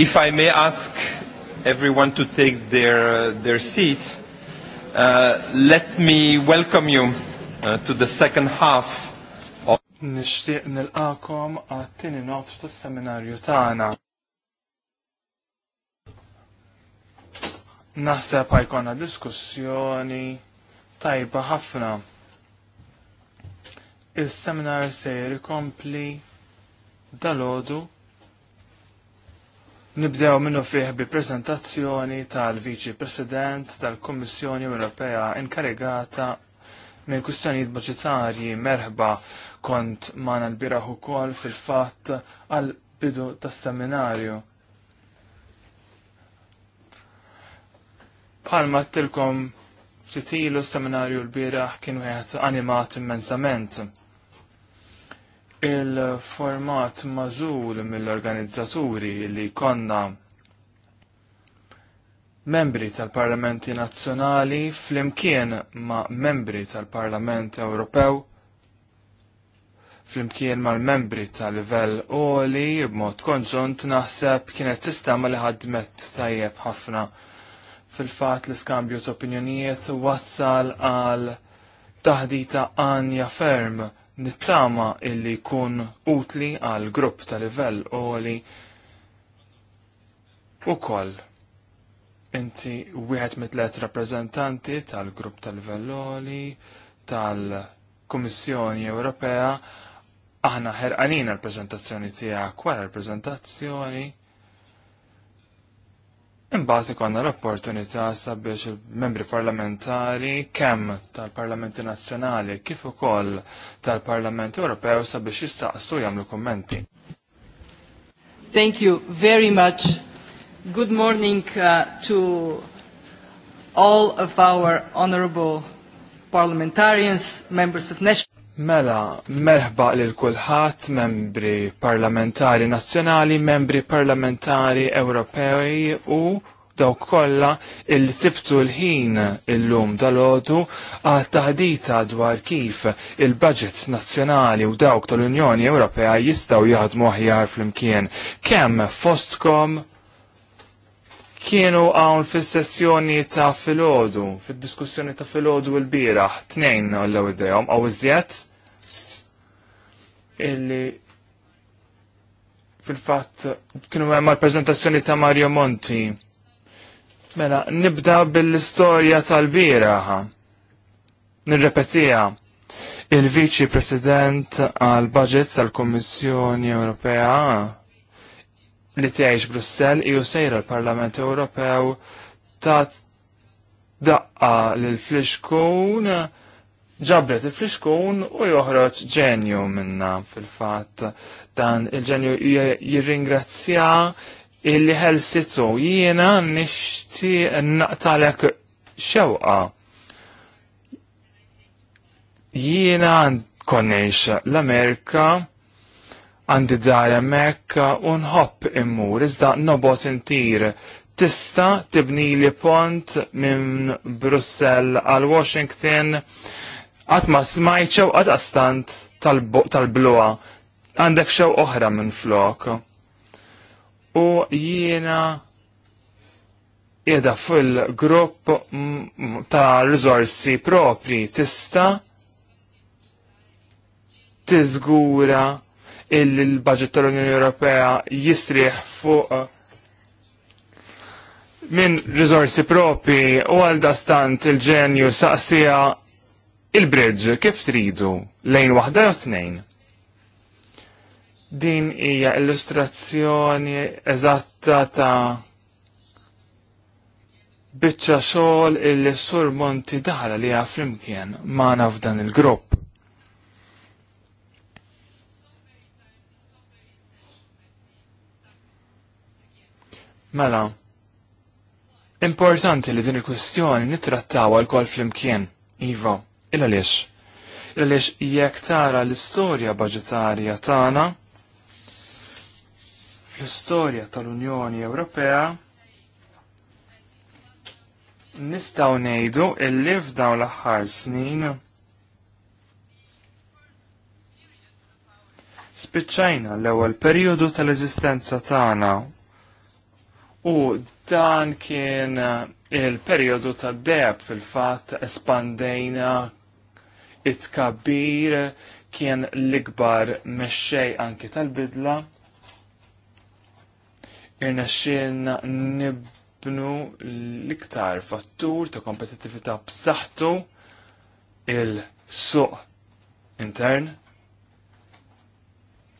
If I may ask everyone to take their, uh, their seats, uh, let me welcome you uh, to the second half of... Nishtiq nil-għakom nofs tas-seminarju tagħna. Naħseb ħajkonna diskussjoni tajba ħafna. Il-seminar se jkompli dalodu Nibdew minnu fih bi prezentazzjoni tal-Viċi President tal-Kommissjoni Ewropea inkarigata minn kustjonijiet budġetarji merħba kont mana l-biraħ ukoll fil-fatt għal bidu tas-seminarju. Palma tilkom titilu s-seminarju l-biraħ kien wieħed animat immensament il-format mażul mill-organizzaturi li konna membri tal-Parlamenti Nazzjonali flimkien ma' membri tal-Parlament Ewropew flimkien mal-membri tal-livell oli b'mod konġunt naħseb kienet sistema li ħadmet tajjeb ħafna fil-fat l skambju ta' opinjonijiet wassal għal taħdita għanja ferm nittama illi kun utli għal grupp ta' livell oli u koll. Inti wieħed mitlet rappresentanti tal-grupp tal-livell oli tal-Kummissjoni Ewropea aħna ħerqanina l prezentazzjoni tiegħek wara l-prezentazzjoni Imbazi konna l-opportunità sabiex il-membri parlamentari kemm tal-Parlamenti Nazzjonali kif ukoll tal-Parlament Ewropew sabiex jistaqsu jagħmlu kummenti. Thank you very much. Good morning uh, to all of our honorable parliamentarians, members of national Mela, merħba lil kulħadd membri parlamentari nazzjonali, membri parlamentari Ewropej u daw kollha il sibtu l-ħin illum dal-għodu għal taħdita dwar kif il-budgets nazzjonali u dawk tal-Unjoni Ewropea jistgħu jaħdmu aħjar flimkien. Kemm fostkom kienu għawn fil-sessjoni ta' filgħodu, fil-diskussjoni ta' filgħodu il bieraħ tnejn l id idejhom għaw iżjed, illi fil-fatt kienu hemm għal-preżentazzjoni ta' Mario Monti. Mela, nibda bil-istorja tal-bieraħ. Nirrepetija. Il-Viċi President għal budget tal-Kommissjoni Ewropea li tgħix Brussell ju sejra l-Parlament Ewropew ta' daqqa l-Flixkun ġabret il-fliskun u joħroġ ġenju minna fil-fat. Dan il-ġenju jirringrazzja illi ħelsitu jiena nishti naqtalek xewqa. Jiena konnex l-Amerika għandi dar hemmhekk u nħobb immur iżda nobot intir tista tibni li pont minn Brussell għal Washington Għat ma smajċew għad astant tal-bloa, għandek xew oħra minn flok. U jiena jeda fil-grupp ta' rizorsi propri tista' tiżgura il-budget tal-Unjoni Ewropea jistriħ fuq minn rizorsi propri u għal dastant il-ġenju saqsija il-bridge kif tridu lejn waħda jew tnejn. Din hija illustrazzjoni eżatta ta' biċċa xogħol illi sur Monti daħla li ja flimkien naf f'dan il-grupp. Mela, importanti li din il-kwistjoni nittrattaw għal kol flimkien, Iva. Illa lix? Illa lix jekk tara l-istorja budgetarja tagħna fl-istorja tal-Unjoni Ewropea nistaw nejdu illi f'dawn l-aħħar snin spiċċajna l-ewwel perjodu tal-eżistenza tagħna u dan kien il-perjodu tad-deb fil-fatt espandejna it kabir kien l-ikbar mexxej anki tal-bidla. Irnexxilna nibnu l-iktar fattur ta' kompetitivita b'saħħtu il-suq intern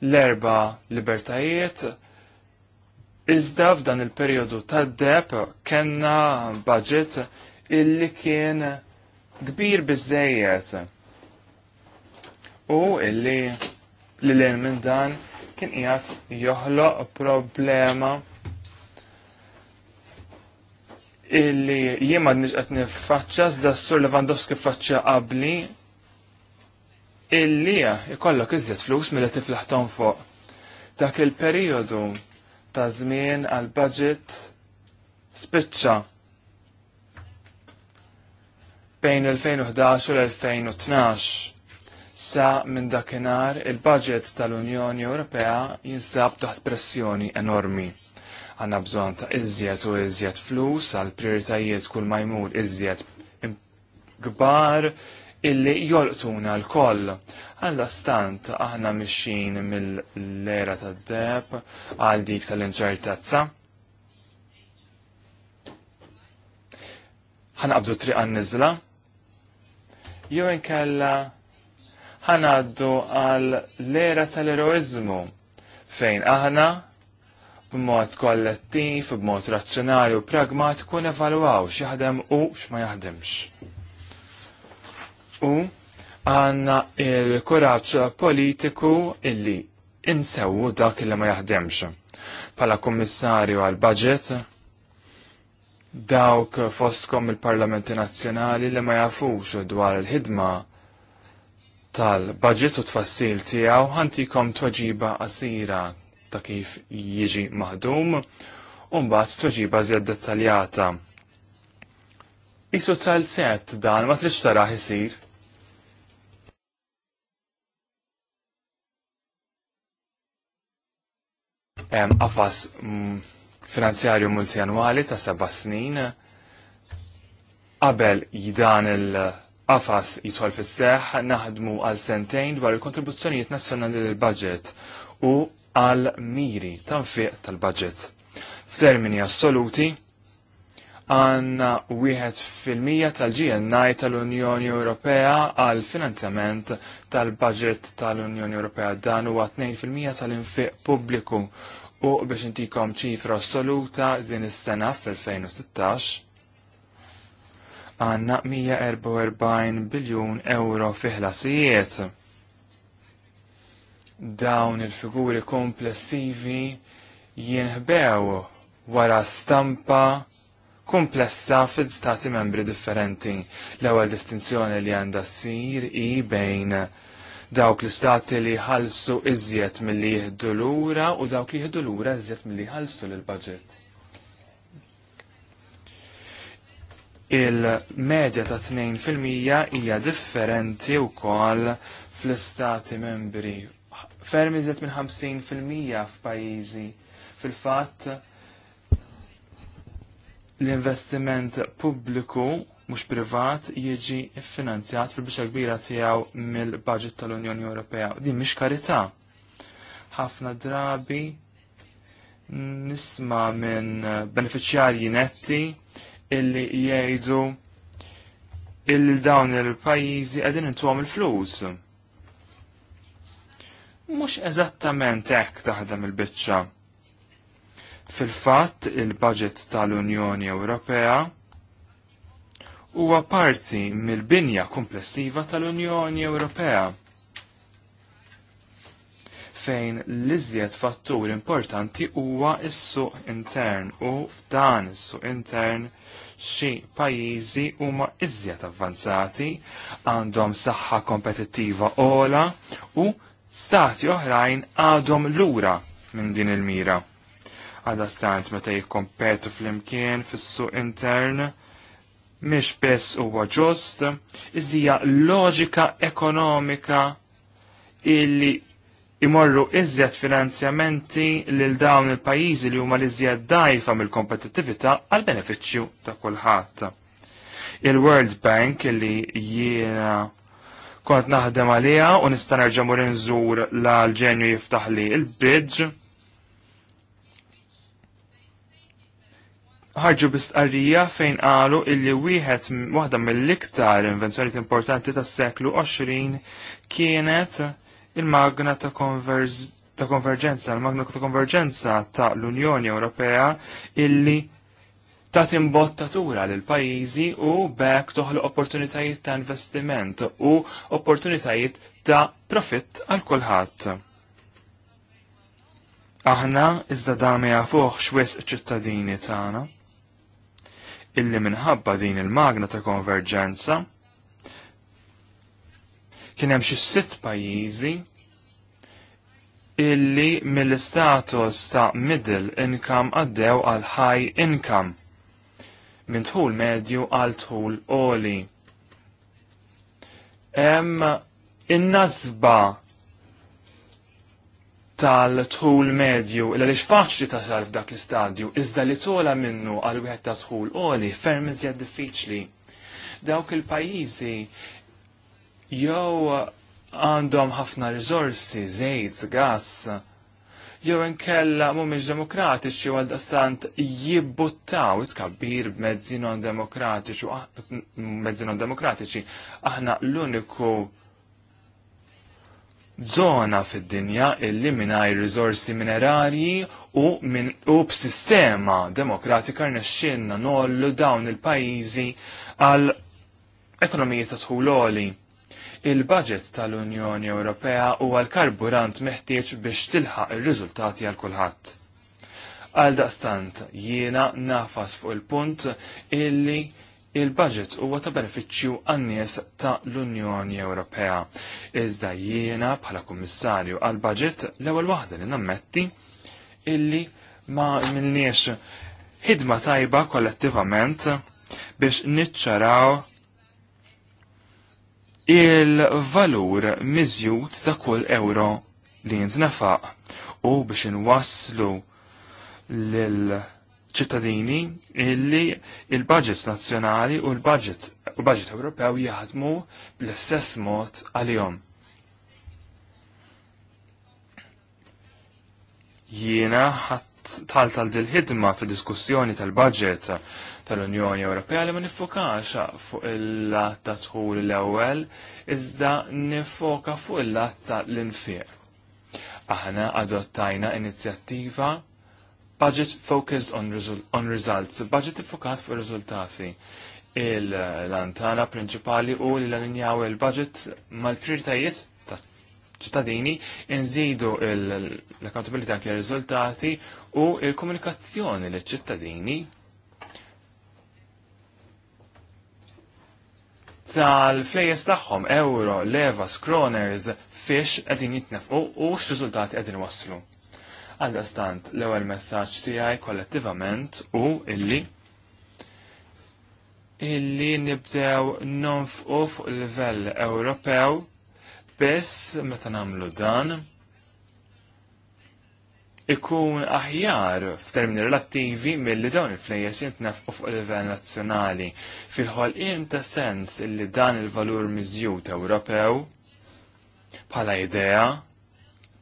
l-erba libertajiet. Iżda f'dan il-periodu tad deb kena budget illi kien kbir biżejjed u illi l minn dan kien qiegħed joħloq problema illi jien ma qed niffaċċa iżda s-sur Lewandowski faċċa qabli illi ikollok kizzet flus milli tiflaħtom fuq. Dak il periodu ta' żmien għal budget spiċċa bejn 2011 u l-2012 Sa minn dakinhar il-budget tal-Unjoni Ewropea jinsab taħt pressjoni enormi. Għanna bżon ta' iżjed u iżjed flus għal prioritajiet kull ma jmur iżjed kbar illi jolqtuna l-koll. Għalla stant aħna mixin mill-lera tad-deb għal dik tal-inċertezza. ħanqabdu triq triqan nizla Jew inkella ħanaddu għal l-era tal-eroizmu fejn aħna b'mod kollettiv, b'mod razzjonali u pragmatiku nevalwaw x'jaħdem u x'ma jaħdemx. U għanna il kuraġġ politiku illi insewu dak li ma jaħdemx. Pala kummissarju għal budget dawk fostkom il-parlamenti nazzjonali li ma jafux dwar il-ħidma tal-budget u tfassil tiegħu ħantikom tweġiba qasira ta' kif jiġi maħdum u mbagħad tweġiba żjed dettaljata. Isu tal-set dan ma trix taraħ isir. Hemm qafas mm, finanzjarju multjanwali ta' seba' snin qabel jidan il- Għafas jitħol fis-seħ naħdmu għal sentejn dwar il-kontribuzzjonijiet nazzjonali lill-budget u għal miri tanfiq tal-budget. F'termini assoluti, għanna 1% tal-GNI tal-Unjoni Ewropea għal finanzjament tal-budget tal-Unjoni Ewropea dan huwa 2% tal-infiq pubbliku u biex intikom ċifra assoluta din is-sena fl-2016 għanna 144 biljun euro fi ħlasijiet. Dawn il-figuri komplessivi jinħbew wara stampa komplessa fi stati membri differenti. L-ewwel distinzjoni li għandha ssir i bejn dawk l-istati li ħalsu iżjed mill-li u dawk li jihdulura iżjed mill-li ħalsu l-budget il-medja ta' 2% hija differenti wkoll fl-istati membri. Fermi iżet minn 50% f'pajjiżi. Fil-fatt l-investiment pubbliku mhux privat jiġi finanzjat fil-bixa kbira tiegħu mill-budget tal-Unjoni Ewropea. Din mhix karità. Ħafna drabi nisma minn beneficjarji netti illi jgħidu illi dawn il-pajjiżi qegħdin intuhom il-flus. Mhux eżattament hekk taħdem il-biċċa. Fil-fatt il-budget tal-Unjoni Ewropea huwa parti mill-binja komplessiva tal-Unjoni Ewropea fejn l-iżjed fattur importanti huwa s-suq intern u f'dan is-suq intern xi pajjiżi huma iżjed avvanzati, għandhom saħħa kompetittiva ola u stati oħrajn għadhom lura minn din il-mira. stant meta jikkompetu fl-imkien fis-suq intern, mhix biss huwa ġust, iżdija loġika ekonomika illi imorru iżjed finanzjamenti lil dawn il-pajjiżi li huma l-iżjed dajfa mill-kompetittività għal benefiċċju ta' kulħadd. Il-World Bank li jiena kont naħdem għaliha u nista' nerġa' mur inżur l-ġenju jiftaħ li il-bidġ. ħarġu bistqarrija fejn qalu illi wieħed waħda mill-iktar invenzjoniet importanti tas-seklu 20 kienet il-magna ta' konverz ta' konverġenza, l-magna ta' konverġenza ta' l-Unjoni Ewropea illi ta' timbottatura l pajjiżi u bekk toħlu opportunitajiet ta' investiment u opportunitajiet ta' profitt għal kulħadd. Aħna iżda dan ma jafuh xwes ċittadini tagħna illi minħabba din il-magna ta' konverġenza kien hemm xi sitt pajjiżi illi mill-status ta' middle income għaddew għal high income minn tħul medju għal tħul oli. Hemm in-nazba tal-tħul medju illa li faċli tasal f'dak l-istadju, iżda li tola minnu għal wieħed ta' tħul oli ferm iżjed diffiċli. Dawk il-pajjiżi jew għandhom ħafna rizorsi, żejt, gass, jew inkella mhumiex demokratiċi u għaldastant jibbuttaw tkabbir b'mezzi non demokratiċi mezzi non demokratiċi aħna l-uniku zona fid-dinja illi minnaj rizorsi minerarji u min u b'sistema demokratika rnexxinna nollu dawn il-pajjiżi għal ekonomijiet ta' tħuloli il-budget tal-Unjoni Ewropea huwa l-karburant meħtieġ biex tilħaq ir-riżultati għal kulħadd. Għal daqstant jiena nafas fuq il-punt illi il-budget huwa ta' benefiċċju għan-nies ta' l-Unjoni Ewropea. Iżda jiena bħala kummissarju għal budget l-ewwel waħda li nammetti illi ma minniex ħidma tajba kollettivament biex niċċaraw il-valur miżjud ta' kull euro li jintnefaq u biex inwasslu l-ċittadini illi il-budgets nazzjonali u l-budget Ewropew jaħdmu bl-istess mod għalihom. Jiena ħadd tal tal dil-ħidma fil-diskussjoni tal-budget tal-Unjoni Ewropea li ma nifokax fuq il-lat ta' tħul l-ewwel iżda nifoka fuq il latta ta' l-infiq. Aħna adottajna inizjattiva Budget Focused on, result, on Results, budget ifokat fuq riżultati il-lantana prinċipali u li l linjaw il-budget mal-prioritajiet ċittadini nżidu l-accountability anke riżultati u il-komunikazzjoni l ċittadini tal-flejes tagħhom euro, leva, scroners, fish qegħdin jitnefqu u x'riżultati qegħdin waslu. Għal stant l-ewwel messaġġ tiegħi kollettivament u illi illi nibdew nonfqu fuq il-livell Ewropew biss meta nagħmlu dan ikun aħjar f'termini relattivi mill-li dawn il-flejjes u fuq livell nazzjonali fil-ħolqien ta' sens li dan il-valur miżjut Ewropew bħala idea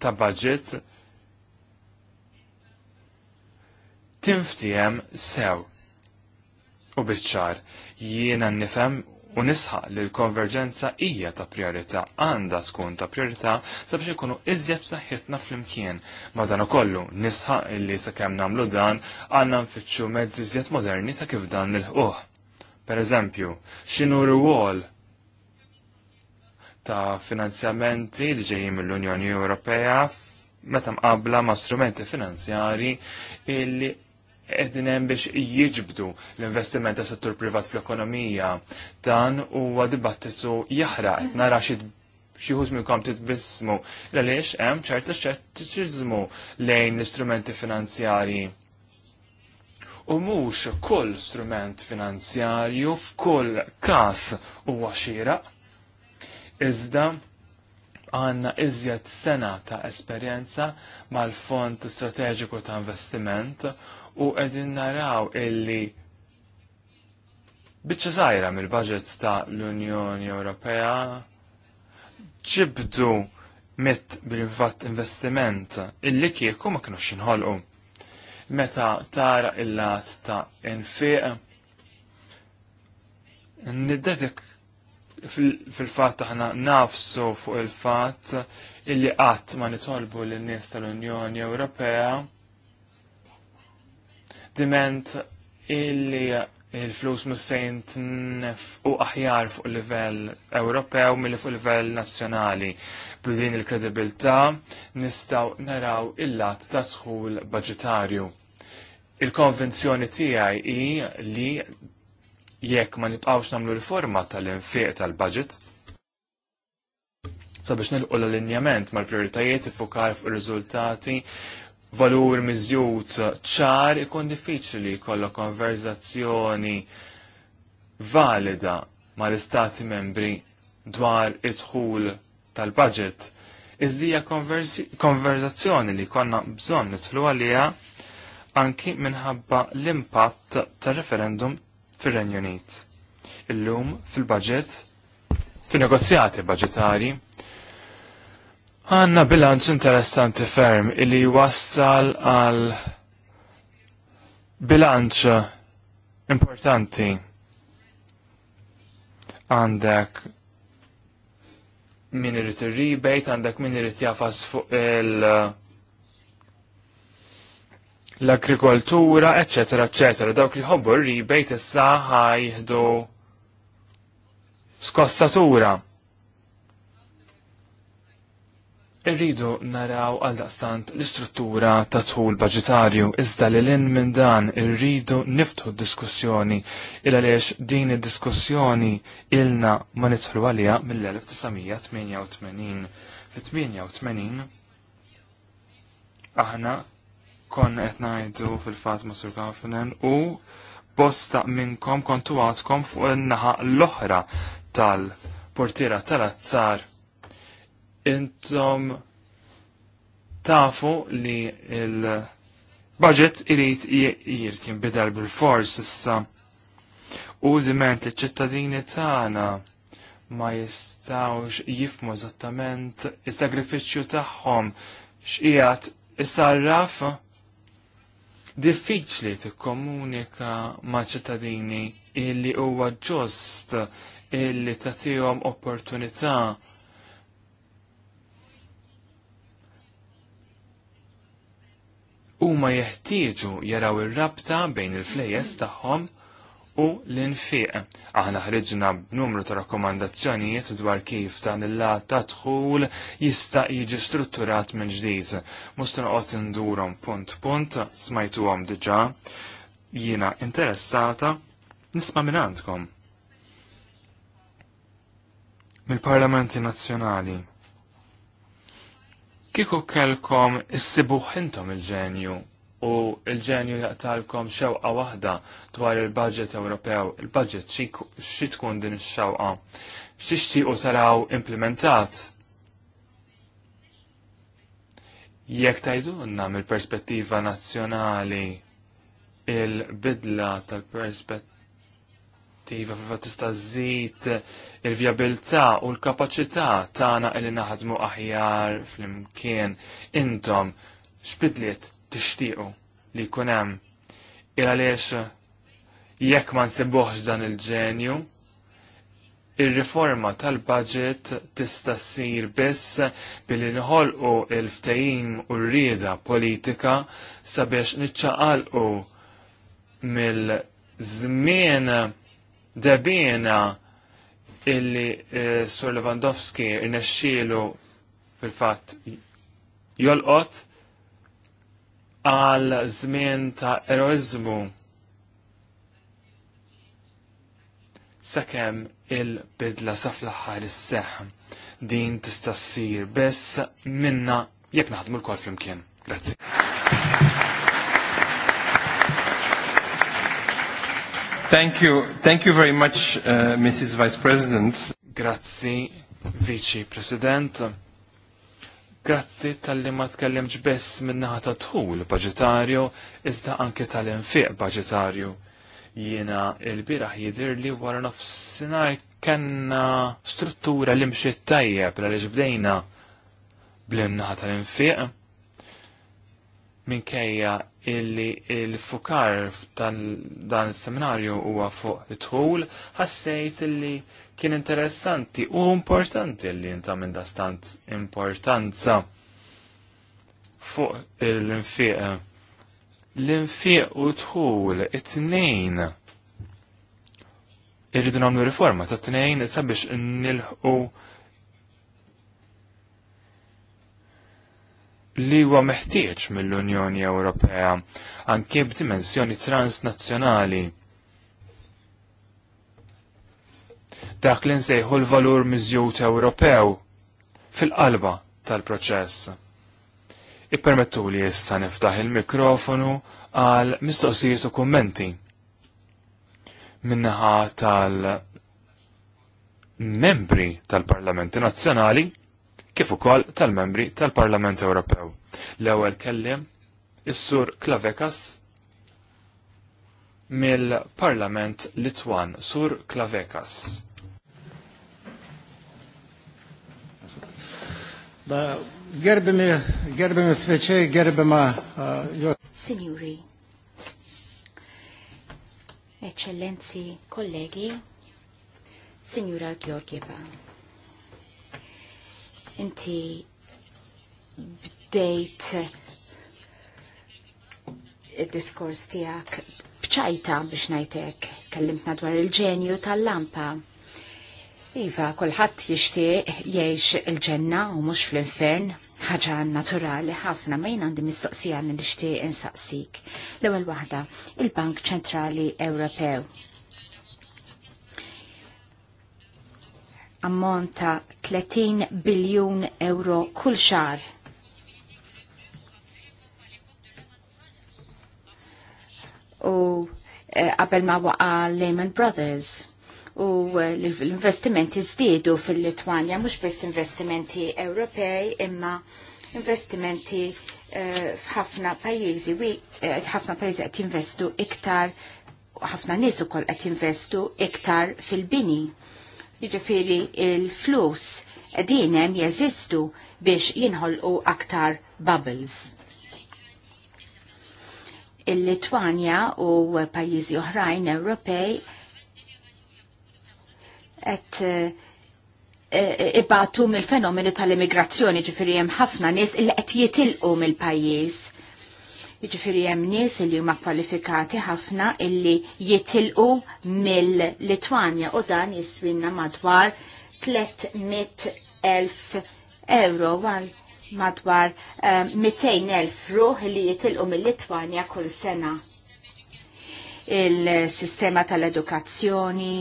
ta' budget tinftiem sew u biċċar jiena nifem u nisħaq li l-konverġenza hija ta' priorità għandha tkun ta' priorità sabiex ikunu iżjed saħħitna fl-imkien. Madana kollu nisħaq li sakemm nagħmlu dan għandna nfittxu mezzi iżjed moderni ta' kif dan nilħuh. Per eżempju, x'inhu rwol ta' finanzjamenti li ġejjin mill-Unjoni Ewropea meta mqabbla ma' strumenti finanzjari illi edin hemm biex jiġbdu l-investiment ta' settur privat fl-ekonomija. Dan huwa dibattitu jahra, qed nara xi xieħuż minnkom titbismu għaliex hemm ċert xettiċiżmu lejn l-istrumenti finanzjarji. U mhux kull strument finanzjarju f'kull każ huwa xieraq. Iżda għanna iżjed sena ta' esperjenza mal-Fond Strateġiku ta' Investiment u qegħdin naraw illi bieċa żgħira mill-budget ta' l-Unjoni Ewropea ġibdu mit bil-fatt investiment illi kieku ma kinux xinħolqu. Meta tara il ta' infiq niddetik fil-fatt aħna nafsu fuq il-fatt illi qatt ma nitolbu l-nies tal-Unjoni Ewropea diment illi il-flus mussejn u aħjar fuq livell Ewropew mill fuq livell nazzjonali. Bidin il-kredibilità nistaw naraw il-lat ta' sħul budgetarju. Il-konvenzjoni tiegħi hi li jekk ma nibqgħux nagħmlu riforma tal-infiq tal-budget, sabiex nilqu l-allinjament mal-prioritajiet ifukar fuq ir-riżultati valur miżjut ċar ikun diffiċli kollha konverzazzjoni valida mal-istati membri dwar id-dħul tal-budget. Iżdija konverzazzjoni li konna bżon nitlu għalija anki minħabba l-impatt tar referendum fir-Renju Unit. Illum fil-budget, fin negozjati budgetari, Għanna bilanċ interessanti ferm illi wassal għal bilanċ importanti għandek min irrit il-rebate, għandek min irrit jafas fuq il- l-agrikoltura, eccetera, eccetera. Dawk li hobbu r-rebate issa ħajdu skossatura. Irridu naraw għal daqstant l-istruttura ta' tħul budgetarju iżda li l minn dan irridu niftu diskussjoni il għaliex din id-diskussjoni ilna ma nitħlu għalija mill-1988. Fit-88 aħna kon qed ngħidu fil-fatt ma' Kafinen u bosta minnkom kontu għatkom fuq in-naħa l-oħra tal-portiera tal-azzar intom tafu li il-budget irrit jirt jimbidel bil-fors issa u diment li ċittadini tagħna ma jistawx jifmu eżattament is-sagrifiċċju tagħhom x'qiegħed isarraf diffiċli tikkomunika ma' ċittadini illi huwa ġust illi tagħtihom opportunità huma jeħtieġu jaraw ir-rabta bejn il-flejes tagħhom u l-infiq. Aħna ħriġna b'numru ta' rakkomandazzjonijiet dwar kif dan il-lat ta' dħul jista' jiġi strutturat minn ġdid. Mustu noqgħod indurhom punt punt smajtuhom diġà. Jiena interessata nisma' minn għandkom. Mill-Parlamenti Nazzjonali Kiku kelkom issibuħ intom il-ġenju u il-ġenju jaqtalkom xewqa waħda dwar il-budget Ewropew, il-budget xi tkun din ix-xewqa, u taraw implementat. Jekk tajdunna mill-perspettiva nazzjonali il-bidla tal-perspettiva direttiva fil tista' żżid il-vjabilità u l-kapaċità tagħna li naħdmu aħjar flimkien intom x'bidliet tixtiequ li jkun hemm il għaliex jekk ma nsibuhx dan il-ġenju, ir-riforma tal-budget tista' ssir biss billi nħolqu il-ftehim u r-rieda politika sabiex niċċaqalqu mill-żmien debina illi eh, Sur Lewandowski inesċilu fil-fatt jolqot għal żmien ta' eroizmu sakemm il-bidla sa fl-aħħar seħ din tista' ssir biss minna jekk naħdmu l-kol flimkien. Grazzi. Thank you. Thank you very much, uh, Mrs. Vice President. Grazzi, Vice President. Grazzi tal-li ma tkellimx biss minnaħa ta' tħul budgetarju, iżda anke tal-infiq budgetarju. Jiena il-biraħ jidir li wara nofsinar kanna struttura li mxiet tajjeb li ġbdejna bl-imnaħa tal-infiq minkejja illi il-fukar dan il-seminarju huwa fuq it-tħul, ħassejt illi kien interessanti u importanti illi jinta minn dastant importanza fuq l-infiq. L-infiq u tħul, it-tnejn. Irridu namlu riforma ta' t-tnejn sabiex nilħu li huwa meħtieġ mill-Unjoni Ewropea anke b'dimensjoni transnazzjonali. Dak li nsejħu l-valur miżjut Ewropew fil-qalba tal-proċess. Ippermettu li jista niftaħ il-mikrofonu għal mistoqsijiet u kummenti. Minnaħa tal-membri tal-Parlamenti Nazzjonali kif ukoll tal-membri tal-Parlament Ewropew. L-ewwel kellim is-sur Klavekas mill-Parlament Litwan, Sur Klavekas. Da, Signori, eccellenzi, kollegi, signora Georgieva. Inti bdejt il-diskors tijak bċajta biex najtek, kellimtna dwar il-ġenju tal-lampa. Iva, kulħadd jishtiq jiex il-ġenna u mux fl-infern, ħaġa naturali ħafna ma jien għandi mistoqsija li nixtieq insaqsik. L-ewwel waħda, il-Bank Ċentrali Ewropew ammonta 30 biljun euro kull xar. U eh, qabel ma waqa Lehman Brothers u eh, l-investimenti zdiedu fil-Litwanja, mux biss investimenti Ewropej, imma investimenti eh, f'ħafna pajjiżi, ħafna pajjiżi qed investu iktar, ħafna nisu kol qed investu iktar fil-bini. Jiġifieri il-flus qegħdin hemm jeżistu biex jinħolqu aktar bubbles. Il-Litwanja u pajjiżi oħrajn Ewropej qed eh, eh, ibatu mill-fenomenu tal-immigrazzjoni ġifiri hemm ħafna nies illi qed jitilqu mill-pajjiż Jiġifieri hemm nies li huma kwalifikati ħafna illi jitilqu mill-Litwanja u dan jiswinna madwar 300,000 euro għal madwar 200,000 eh, ruħ li jitilqu mill-Litwanja kull sena. Il-sistema tal-edukazzjoni,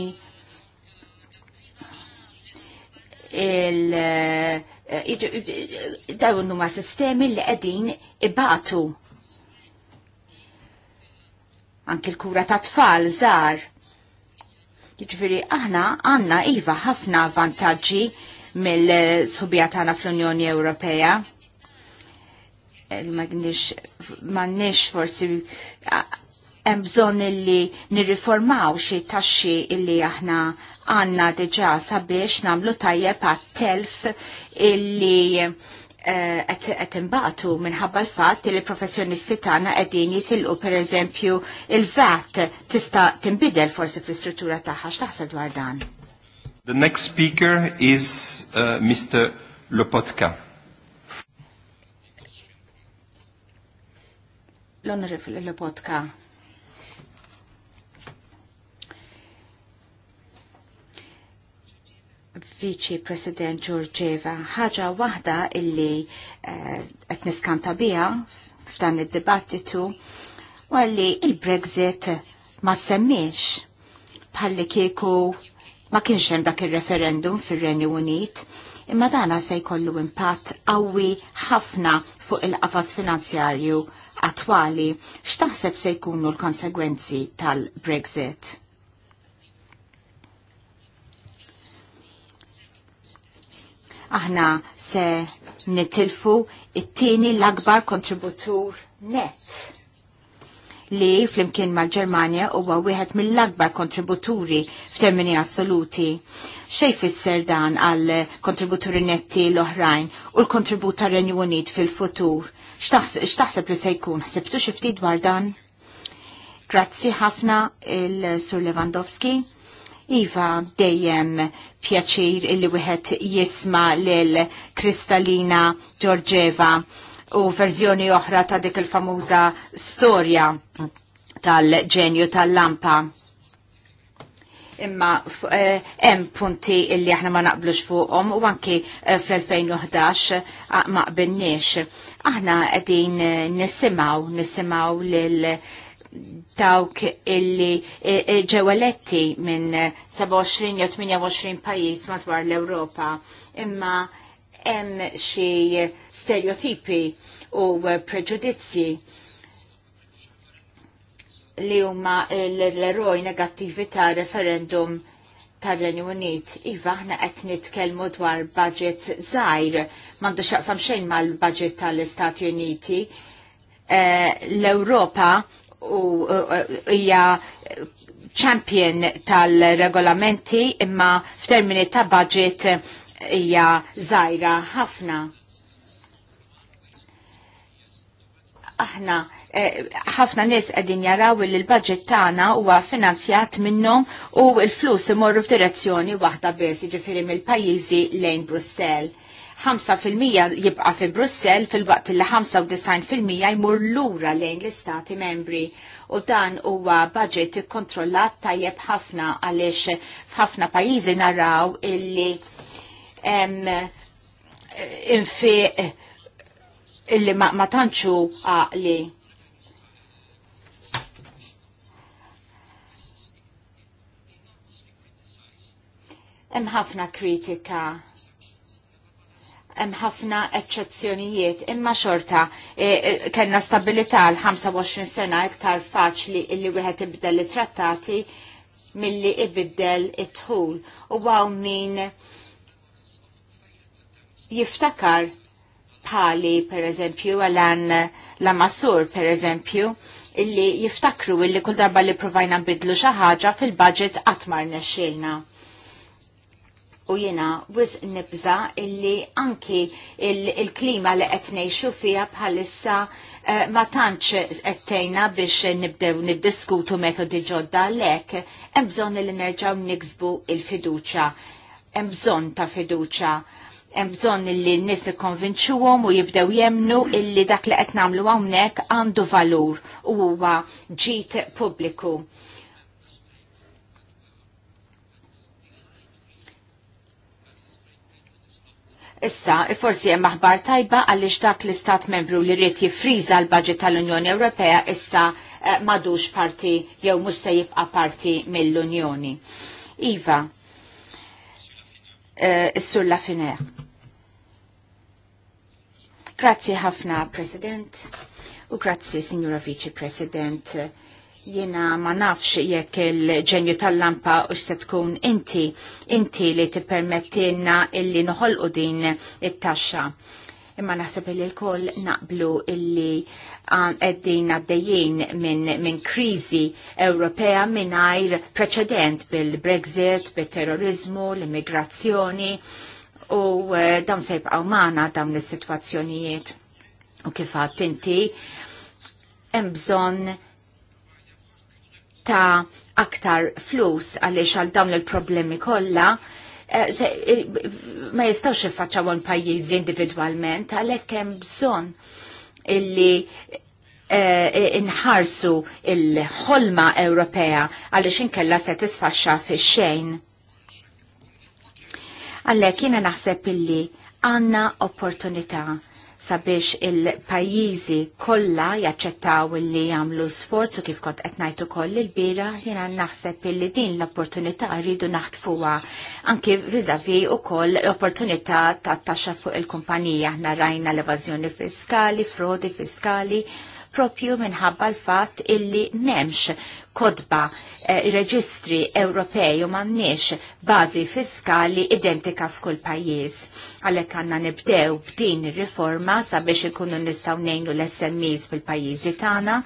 il eh, dawn huma sistemi li qegħdin ibatu anki l-kura ta' tfal zar. Jiġifieri aħna għandna iva ħafna vantaġġi mill-subija tagħna fl-Unjoni Ewropea. Eh, m'għandniex forsi hemm bżonn illi nirriformaw xi taxxi illi aħna għandna diġà sabiex nagħmlu tajjeb għat-telf illi għet eh, imbagħtu minħabba l fat li professjonisti tana għedin jitilqu per eżempju il-VAT tista' timbidel forsi fl-istruttura tagħha x'taħseb dwar dan. The next speaker is uh, Mr. Lopotka. L-Onorevole Lopotka Viċi President Giorgieva, ħaġa waħda illi eh, qed niskanta biha f'dan id-dibattitu għalli il-Brexit ma semmiex bħalli kieku ma kienx hemm dak ir-referendum fir-Renju Unit, imma dana se jkollu impatt qawwi ħafna fuq il-qafas finanzjarju attwali. X'taħseb se jkunu l-konsegwenzi tal-Brexit? aħna se nitilfu it-tieni l-akbar kontributur net li flimkien mal-Ġermanja huwa wieħed mill-akbar kontributuri f'termini assoluti. Xej fisser dan għal kontributuri netti l-oħrajn u l kontributa tar Renju Unit fil-futur. X'taħseb li se jkun? Ħsibtu xi ftit dwar dan? Grazzi ħafna il-Sur Lewandowski. Iva, dejjem pjaċir illi wieħed jisma lil Kristalina Giorgeva u verżjoni oħra ta' dik il-famuża storja tal-ġenju tal-lampa. Imma eh, hemm eh, punti illi aħna ma naqblux fuqhom u anki eh, fl-2011 ah, ma qbilniex. Aħna qegħdin eh, nisimgħu nisimgħu lil dawk illi e, e, ġewaletti minn 27 jew 28 pajjiż madwar l-Ewropa imma hemm xi stereotipi u preġudizzji li huma l-eroj negattivi ta' referendum tar-Renju Unit. Iva, ħna qed nitkellmu dwar budget żgħir, m'għandu x'aqsam xejn mal-budget tal-Istati Uniti. Eh, L-Ewropa u hija champion tal-regolamenti imma f'termini ta' budget hija żgħira ħafna. Aħna eh, ħafna nies qegħdin jaraw li l-budget tagħna huwa finanzjat minnhom u l-flus imorru f'direzzjoni waħda biss, jiġifieri mill-pajjiżi lejn Brussell 5% jibqa' fi Brussell fil-waqt li 95% jmur lura lejn l-istati membri u dan huwa budget ikkontrollat tajjeb ħafna għaliex f'ħafna pajjiżi naraw illi infi illi ma, ma tantxu għaqli. Hemm ħafna kritika hemm ħafna eċċezzjonijiet, imma xorta e, e, kellna stabilità l-25 sena iktar faċli li wieħed ibdel it-trattati milli ibdel it-tħul. U għaw min jiftakar pali, per eżempju, għalan la masur, per eżempju, illi jiftakru illi kull darba li provajna bidlu xaħġa fil-budget għatmar nesċilna u jena wis nibza illi anki il-klima li qed ngħixu fiha bħalissa eh, ma tantx qedtejna biex nibdew niddiskutu metodi ġodda lek hemm bżonn li nerġgħu niksbu il-fiduċja. Hemm bżonn ta' fiduċja. Hemm bżonn li n-nies nikkonvinċuhom u jibdew jemnu illi dak li qed nagħmlu hawnhekk għandu valur u huwa ġid pubbliku Issa, forsi hemm aħbar tajba għaliex dak l-istat membru li rrid jifriża l-budget tal-Unjoni Ewropea issa eh, madux parti jew mhux se jibqa' parti mill-Unjoni. Iva, eh, issur la finer. Grazzi ħafna, President, u grazzi, Signora Vice President Jena ma nafx jekk il-ġenju tal-lampa u se tkun inti, inti li tippermettilna illi noħolqu din it-taxxa. Imma naħseb li l-koll naqblu illi għeddin għaddejjien minn min krizi Ewropea għajr preċedent bil-Brexit, bil-terrorizmu, l-immigrazzjoni u e, dawn se jibqaw maħna dawn is-sitwazzjonijiet. U kifat inti, hemm bżonn ta' aktar flus għaliex għal dawn il-problemi kollha eh, eh, ma jistawx għon pajjiżi individwalment għalhekk hemm bżonn illi eh, inħarsu il-ħolma Ewropea għaliex inkella se tisfaxxa fix-xejn. Għalhekk jiena naħseb illi għandna opportunità sabiex il-pajjiżi kollha jaċċettaw li jagħmlu sforz u kif kont qed ngħid ukoll il-bira jiena naħseb li din l-opportunità rridu naħtfuha anki u koll l-opportunità ta' taxxa fuq il-kumpanija aħna rajna l-evażjoni fiskali, frodi fiskali, propju minħabba l-fat illi memx kodba eh, reġistri Ewropej u mannix bazi fiskali identika f'kull pajjiż. Għalhekk għandna nibdew b'din ir-riforma sabiex ikunu nistgħu ngħinu l-SMEs fil-pajjiżi tagħna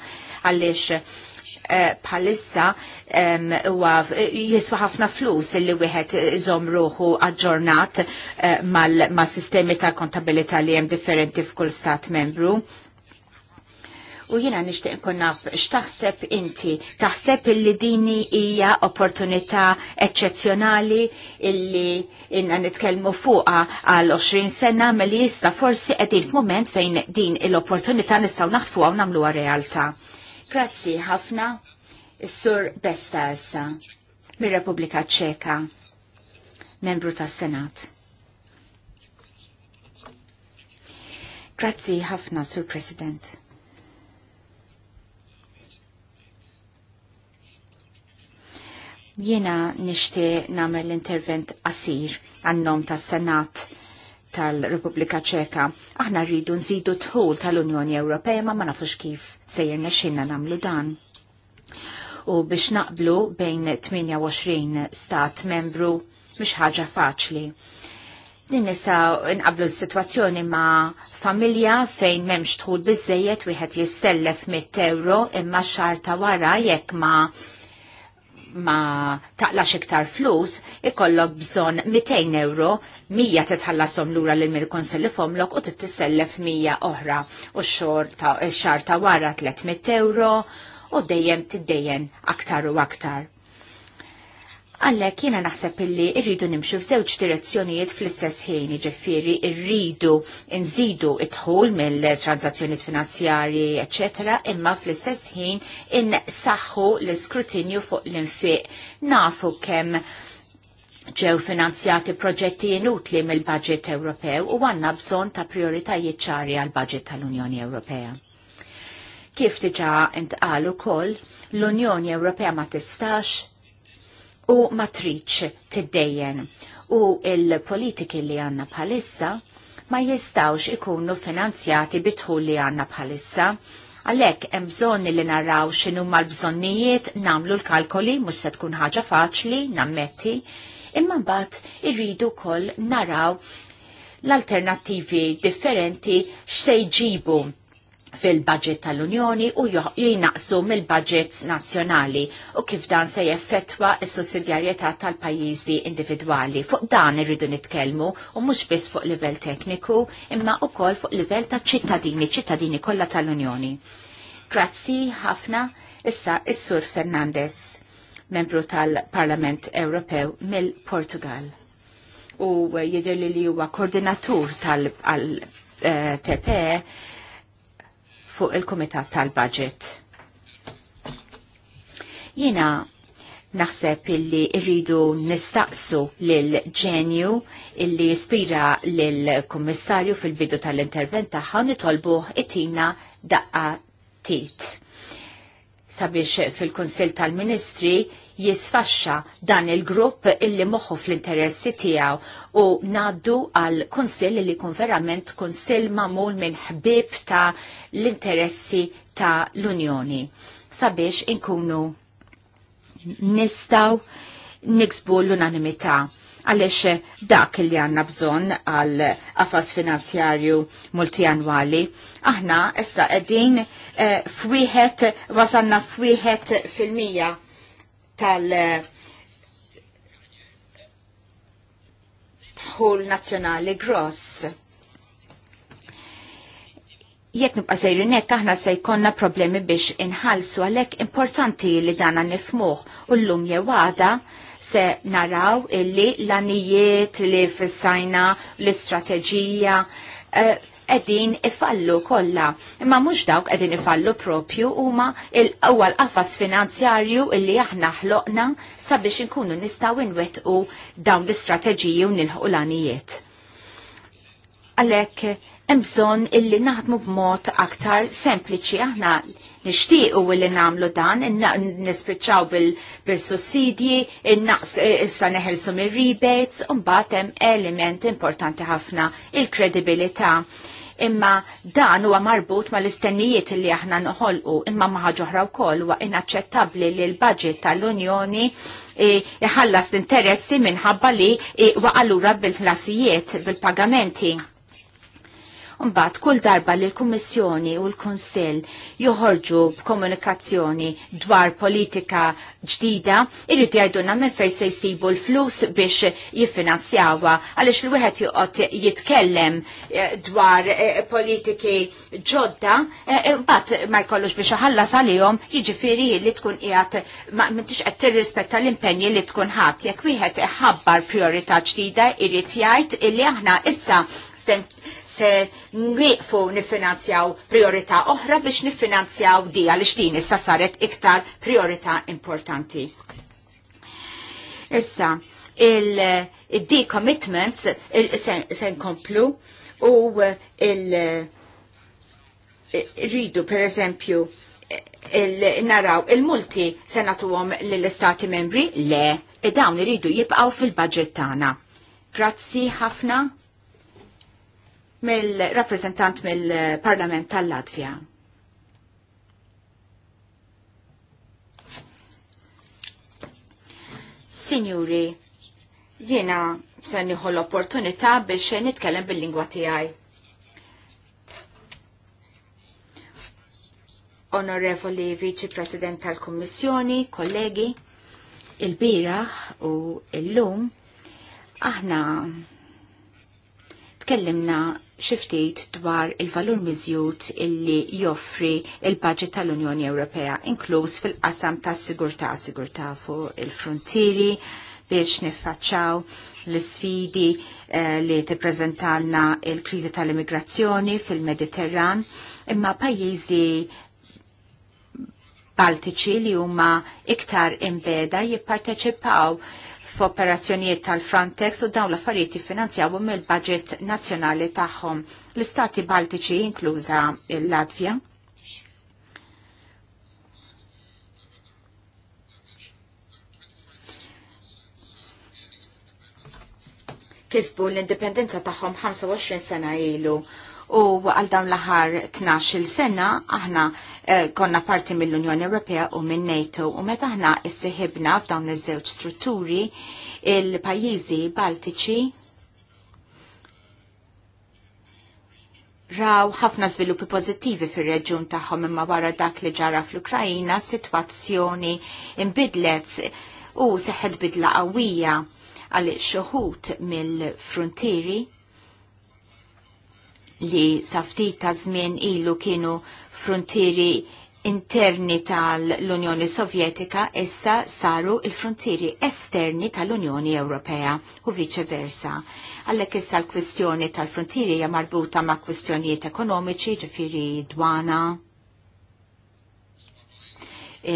għaliex eh, bħalissa jiswa ħafna flus illi wieħed iżom ruħu aġġornat eh, mal-sistemi ta' kontabilità li hemm differenti f'kull stat membru u jina nishtiq naf x'taħseb inti, taħseb illi dini hija opportunità eċċezzjonali illi inna nitkellmu fuqha għal 20 sena milli jista' forsi qegħdin f'mument fejn din l-opportunità nistgħu naħtfuha u nagħmluha realtà. Grazzi ħafna, Sur Besta issa, mir-Repubblika Ċeka, membru tas-Senat. Grazzi ħafna, Sur President. Jiena nixtieq nagħmel l-intervent qasir għannom tas-Senat tal-Repubblika Ċeka. Aħna rridu nżidu tħul tal-Unjoni Ewropea ma ma nafux kif sejjer nexxinna nagħmlu dan. U biex naqblu bejn 28 stat membru mhux ħaġa faċli. Din nisa nqablu s-sitwazzjoni ma' familja fejn memx tħul biżejjed wieħed jissellef 100 euro imma xarta wara jekk ma' ma taqlax iktar flus, ikollok bżon 200 euro, 100 titħallasom lura l mir konselli fomlok u titisellef 100 oħra u xar ta' wara 300 euro u dejjem tiddejjen aktar u aktar. Għallek jiena naħseb illi rridu nimxu f'żewġ direzzjonijiet fl-istess ħin, ġifiri rridu nżidu it dħul mill-transazzjonijiet finanzjarji, eccetera, imma fl-istess ħin insaħħu l-iskrutinju fuq l-infiq nafu kemm ġew finanzjati proġetti inutli mill-budget Ewropew u għanna bżon ta' prioritajiet ċari għal budget tal-Unjoni Ewropea. Kif diġa intqalu ukoll, l-Unjoni Ewropea ma tistax u matriċ tiddejjen u il-politiki li għanna bħalissa ma jistawx ikunu finanzjati bitħu li għanna bħalissa. Għalek hemm bżonni li naraw x'inhu mal-bżonnijiet namlu l-kalkoli mhux se tkun ħaġa faċli nammetti, imma mbagħad irridu koll naraw l-alternattivi differenti x'se jġibu fil-budget tal-Unjoni u jinaqsu mill-budgets nazzjonali u kif dan se jeffettwa s-sussidjarjetà tal-pajjiżi individwali. Fuq dan irridu nitkellmu u mhux biss fuq livell tekniku imma ukoll fuq livell ta' ċittadini, ċittadini kollha tal-Unjoni. Grazzi ħafna issa is-Sur Fernandez, membru tal-Parlament Ewropew mill-Portugal. U jidher li huwa koordinatur tal-PPE fuq il-Komitat tal-Budget. Jina naħseb illi rridu nistaqsu l ġenju illi jispira l kummissarju fil-bidu tal-intervent tagħha nitolbu it-tina daqqa tit. Sabiex fil konsil tal-Ministri jisfaxxa dan il-grupp illi moħħu fl-interessi tiegħu u naddu għal kunsill li kun verament kunsill mamul minn ħbib ta' l-interessi ta' l-Unjoni sabiex inkunu nistaw niksbu l-unanimità għalix dak li għanna bżon għal affas finanzjarju multianwali. Aħna issa qegħdin eh, fwieħed wasanna fwieħed fil-mija tal- eh, tħul nazzjonali gross. Jekk nibqa' sejrin hekk aħna se jkollna problemi biex inħallsu għalhekk importanti li dana nifmuh u llum jew għada se naraw illi l-anijiet li fissajna l-istrateġija uh, qegħdin ifallu kollha. Imma mhux dawk qegħdin ifallu propju huma l-ewwel qafas finanzjarju illi aħna ħloqna sabiex inkunu nistgħu nwettqu dawn l-istrateġiji u ħulanijiet Għalek, għanijiet Għalhekk hemm bżonn illi naħdmu b'mod aktar sempliċi aħna nixtiequ illi nagħmlu dan, nispiċċaw bil-sussidji, naqs eh, issa neħelsu mir-rebates, u mbagħad hemm element importanti ħafna il-kredibilità imma dan huwa marbut ma l-istennijiet li aħna noħolqu imma ma ħaġoħra wkoll huwa inaċċettabbli li l-budget tal-Unjoni e, iħallas l-interessi minħabba li e, waqalura bil-ħlasijiet bil-pagamenti. bil bil ħlasijiet bil pagamenti Mbagħad kull darba li l-Kummissjoni u l-Kunsill joħorġu b'komunikazzjoni dwar politika ġdida, irridu jgħidulna minn fejn se jsibu l-flus biex jiffinanzjawha għaliex l wieħed joqgħod jitkellem eh, dwar eh, politiki ġodda, eh, mbagħad ma jkollux biex ħallas għalihom jiġifieri li tkun qiegħed ma m'intix qed tirrispetta l-impenji li tkun ħadd jekk wieħed iħabbar priorità ġdida irrid jgħid illi aħna issa se nwiqfu nifinanzjaw priorità oħra biex nifinanzjaw di għaliex din issa saret iktar priorità importanti. Issa, il-decommitments il se nkomplu u il- ridu per eżempju il naraw il-multi għom lill-istati membri le e dawn iridu jibqaw fil-budget tagħna. Grazzi ħafna mill-rappresentant mill-Parlament tal-Latvja. Signori, jiena se nieħu l-opportunità biex nitkellem bil-lingwa tiegħi. Onorevoli Vici President tal-Kummissjoni, kollegi, il-biraħ u l-lum aħna tkellimna xiftit dwar il-valur miżjud illi joffri il-budget tal-Unjoni Ewropea, inkluż fil-qasam ta' sigurtà sigurtà fuq il-frontieri biex niffaċċaw l-sfidi eh, li tippreżentalna il-kriżi tal-immigrazzjoni fil-Mediterran, imma pajjiżi Baltiċi li huma iktar imbeda jipparteċipaw f'operazzjonijiet tal-Frontex u dawn l-affarijiet finanzjawu mill-budget nazzjonali tagħhom. L-Istati Baltiċi inkluża l-Latvja. Kisbu l-indipendenza tagħhom 25 sena ilu u għal dawn l-aħħar 12 sena aħna eh, konna parti mill-Unjoni Ewropea u minn NATO u meta aħna issiħibna f'dawn iż-żewġ strutturi il-pajjiżi Baltiċi raw ħafna żviluppi pożittivi fir-reġjun tagħhom imma wara dak li ġara fl-Ukrajina sitwazzjoni imbidlet u seħħet bidla qawwija għal xoħut mill-frontieri li safti ta' żmien ilu kienu frontieri interni tal-Unjoni Sovjetika issa saru il-frontieri esterni tal-Unjoni Ewropea u vice versa. Għallek issa l-kwistjoni tal-frontieri hija marbuta ma' kwistjonijiet ekonomiċi ġifiri dwana,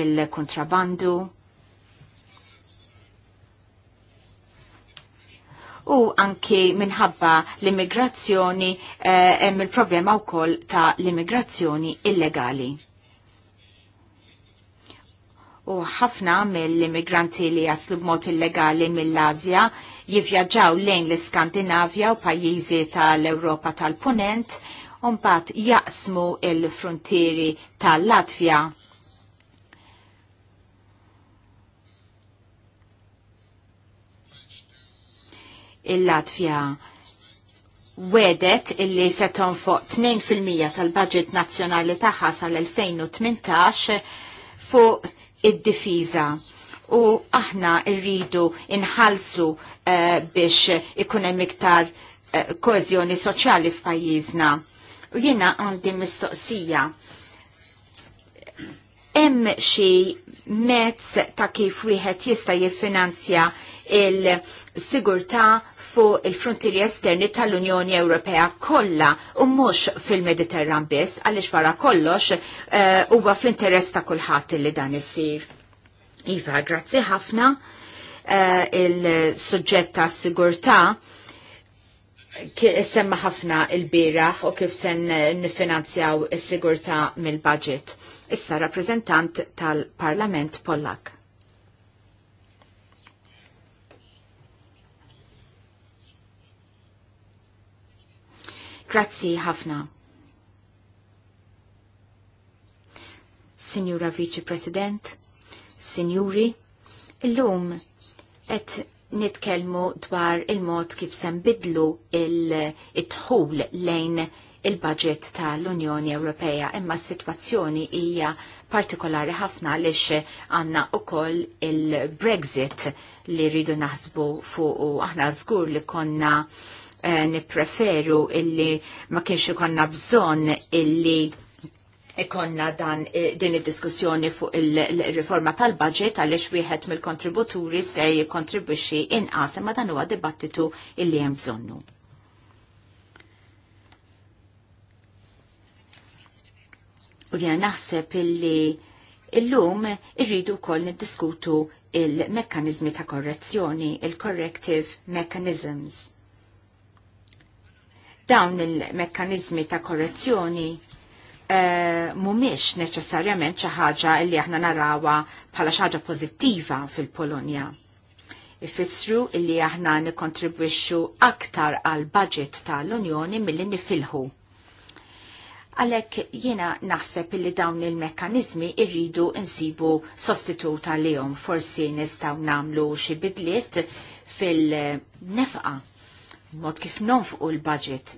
il-kontrabandu, u anki minħabba l-immigrazzjoni eh, hemm eh, il-problema wkoll ta' l-immigrazzjoni illegali u ħafna mill-immigranti li jaslu b'mod illegali mill-Azja jivvjaġġaw lejn l-Skandinavja u pajjiżi tal-Ewropa tal-Punent u mbagħad jaqsmu l-frontieri tal-Latvja il latvija wedet illi se tonfoq 2% tal-budget nazzjonali tagħha sal-2018 fuq id-difiża. U aħna rridu inħalsu uh, eh, biex ikun hemm iktar uh, koeżjoni soċjali f'pajjiżna. U jiena għandi mistoqsija. Hemm xi mezz ta' kif wieħed jista' jiffinanzja il-sigurtà fuq il-frontieri esterni tal-Unjoni Ewropea kollha u mhux fil-Mediterran biss għaliex wara kollox eh, huwa uh, fl-interess ta' kulħadd li dan isir. Iva, grazzi ħafna uh, il-suġġett ta' sigurtà semma ħafna il-biraħ u kif sen eh, nifinanzjaw is-sigurtà mill-budget. Issa rappreżentant tal-Parlament Pollak. Grazzi ħafna. Signora Vice President, Signori, illum et nitkelmu dwar il-mod kif sembidlu il-tħul lejn il-budget tal-Unjoni Ewropea imma s-situazzjoni hija partikolari ħafna lix għanna u koll il-Brexit li rridu naħsbu fuq u aħna zgur li konna Eh, nipreferu illi ma kienx ikonna bżonn illi ikonna dan eh, din id-diskussjoni fuq il-riforma tal-budget għaliex wieħed mill-kontributuri se jikkontribwixxi inqas ma dan huwa dibattitu illi hemm bżonnu. U jena naħseb illi illum irridu wkoll niddiskutu il-mekkanizmi ta' korrezzjoni, il-corrective mechanisms Dawn il-mekkanizmi ta' korrezzjoni uh, eh, mumiex neċessarjament xi ħaġa li aħna narawa bħala xi ħaġa pożittiva fil-Polonja. Ifissru illi aħna nikkontribwixxu aktar għal budget tal-Unjoni milli nifilħu. Għalek jiena naħseb li dawn il-mekkanizmi irridu nsibu li għalihom forsi nistgħu namlu xi bidliet fil-nefqa mod kif nonfqu l-budget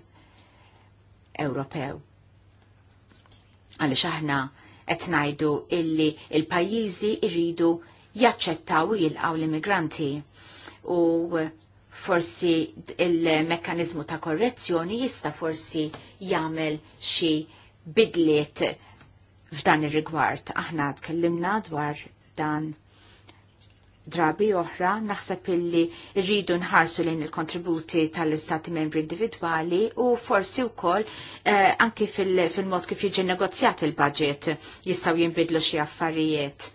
Ewropew. Għaliex aħna qed ngħidu illi il-pajjiżi jridu jaċċettaw u jilqgħu l-immigranti u forsi il-mekkanizmu ta' korrezzjoni jista' forsi jagħmel xi bidliet f'dan ir-rigward. Aħna tkellimna dwar dan drabi oħra naħseb illi rridu nħarsu lejn il-kontributi tal-istati membri individwali u forsi wkoll eh, anki fil-mod fil kif jiġi negozjat il-budget jistgħu jinbidlu xi affarijiet.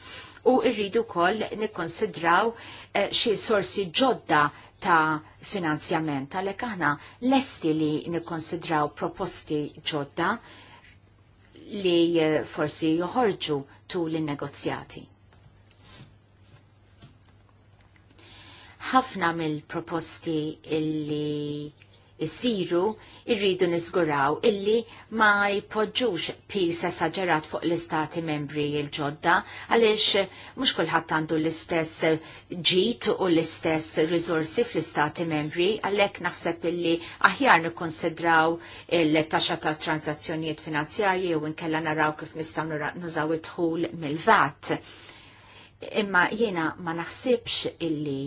U rridu wkoll nikkonsidraw eh, xi sorsi ġodda ta' finanzjament għalhekk aħna lesti li nikkonsidraw proposti ġodda li eh, forsi joħorġu tul in-negozjati. ħafna mill-proposti illi jisiru irridu nisguraw illi ma jpoġġux pis esagerat fuq l-istati membri il-ġodda għaliex mhux kulħadd għandu l-istess ġit u l-istess risorsi fl-istati membri għalhekk naħseb illi aħjar nikkonsidraw il-taxxa ta' transazzjonijiet finanzjarji u nkella naraw kif nistgħu nużaw it dħul mill-vat. Imma jiena ma naħsibx illi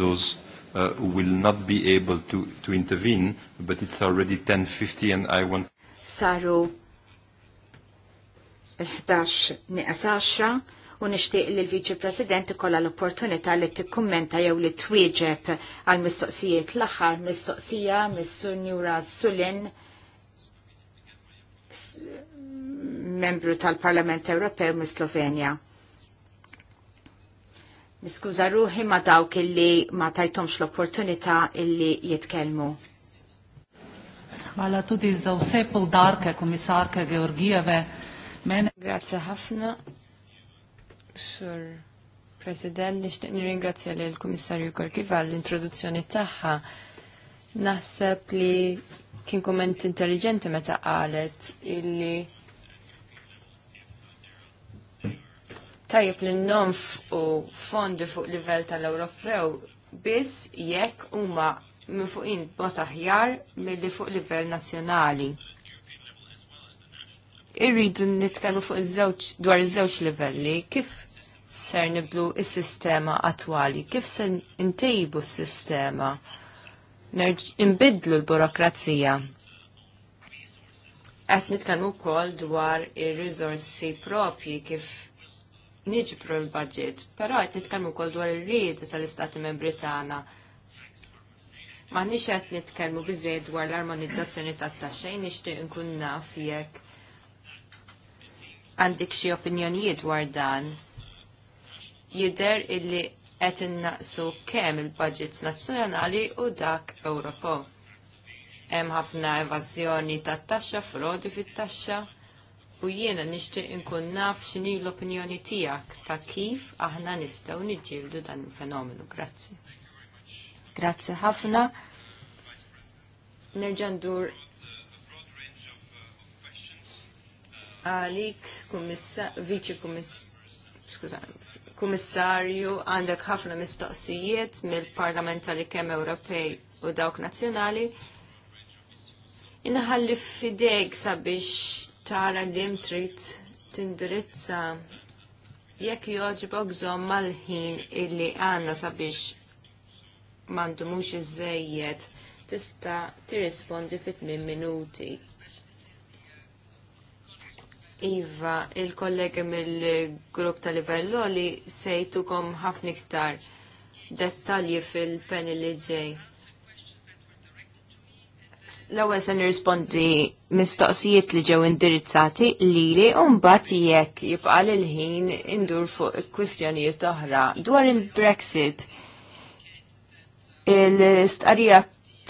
those uh, who will not be able to, to intervene, but it's already 10.50 and I want... Saru il-11 10 u nishtiq li l vice President kolla l opportunita li t-kommenta jew li twieġeb għal mistoqsijiet l axar mistoqsija mis-Sur Sulin membru tal-Parlament Ewropew mis-Slovenja. Niskuża ruħi ma dawk illi ma tajtomx l-opportunità illi jitkellmu. Għala tudi za vse poudarke komisarke Georgijeve. Mene... Grazie ħafna, sur President, nishtiq nirringrazzja li l-Komissarju Gorgiva l-introduzzjoni tagħha. Naħseb li kien komment intelligenti meta qalet illi tajjeb li nonf u fondi fuq livell tal-Ewropew biss jekk huma minn fuqin bot aħjar milli fuq livell nazzjonali. Irridu nitkellmu fuq iż-żewġ dwar iż-żewġ livelli kif ser niblu is-sistema attwali, kif se ntejbu s-sistema, nbidlu l-burokrazija. Qed nitkellmu wkoll dwar ir-riżorsi propji kif niġbru l-budget, però qed nitkellmu wkoll dwar ir-rieda tal-Istati Membri tagħna. M'aħniex qed nitkellmu biżejjed dwar l-armonizzazzjoni tat-taxxej nixtieq inkun naf jekk għandik xi opinjonijiet dwar dan. Jidher illi qed innaqsu kemm il-budgets nazzjonali u dak Ewropew. Hemm ħafna evażjoni tat-taxxa, frodi fit-taxxa u jiena nixtieq inkun naf x'inhi l-opinjoni tiegħek ta' kif aħna nistgħu niġġieldu dan il-fenomenu. Grazzi. Grazzi ħafna. Nerġa' ndur għalik viċi kummissarju għandek ħafna mistoqsijiet mill-parlamentari kemm Ewropej u dawk nazzjonali. Inħalli fidejk sabiex tara li jem trid tindirizza jekk joġbok żomm mal-ħin illi għandna sabiex mandu mhux iżżejjed tista' tirrispondi fit tmien minuti. Iva, il-kollega mill-grupp tal livello li sejtukom ħafna iktar dettalji fil-penil li ġej. L-ewwel se nirrispondi mistoqsijiet li ġew indirizzati lili u mbagħad jekk jibqa' lil ħin indur fuq kwistjonijiet oħra dwar il-Brexit. Il-istqarrija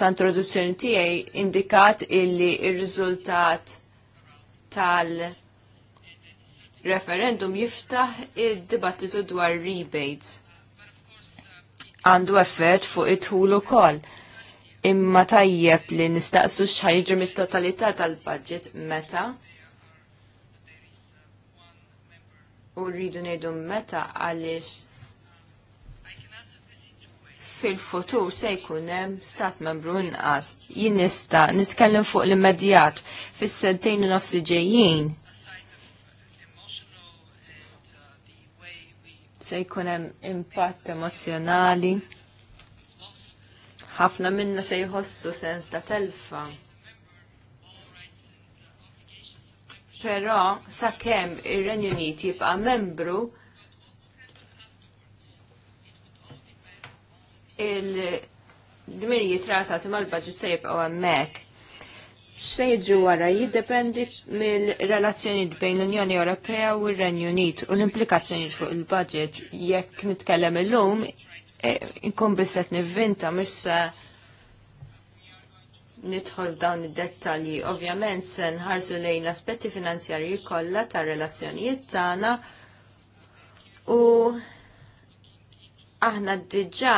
ta' introduzzjoni tiegħi indikat illi ir-riżultat tal- referendum jiftaħ id-dibattitu dwar rebates. Għandu effett fuq it-tul ukoll. koll imma tajjeb li nistaqsu xħajġu mit-totalità tal-budget meta u rridu ngħidu meta għaliex fil-futur se jkun hemm stat membru inqas. Jien nista' nitkellem fuq l-immedjat fis-sentejn u nofsi ġejjin. Se jkun hemm impatt emozjonali ħafna minna se jħossu sens ta' telfa. Però sakemm ir-Renju Unit jibqa' membru il-dmirijiet ratati mal-budget se jibqgħu hemmhekk xejġu wara jiddependi mill-relazzjonijiet bejn l-Unjoni Ewropea u r-Renju Unit u l-implikazzjonijiet fuq il-budget jekk nitkellem illum Eh, inkun biset nivvinta, mux nidħol dawn id-dettalji. Ovvjament se nħarsu lejn l-aspetti finanzjarji kollha tar relazzjonijiet tagħna u aħna diġà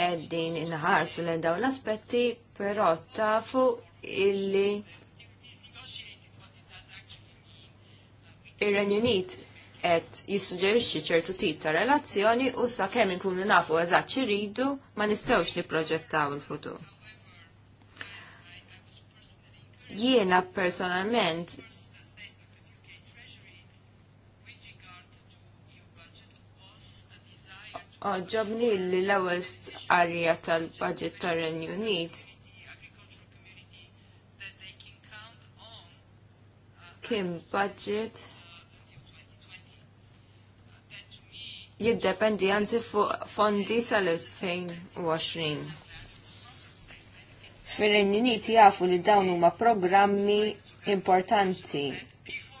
qegħdin inħarsu lejn dawn l-aspetti, però tafu illi ir-Renju Unit qed jissuġġerixxi ċertu tip ta' relazzjoni u sa kemm inkunu nafu eżatt xiridu ma nistgħux nipproġettaw il-futur. Jiena personalment Oġobni li l-ewwel arja tal-budget tar-Renju Unit kien budget jiddependi għanzi fuq fondi sal-2020. Fir-Renju jafu li dawn huma programmi importanti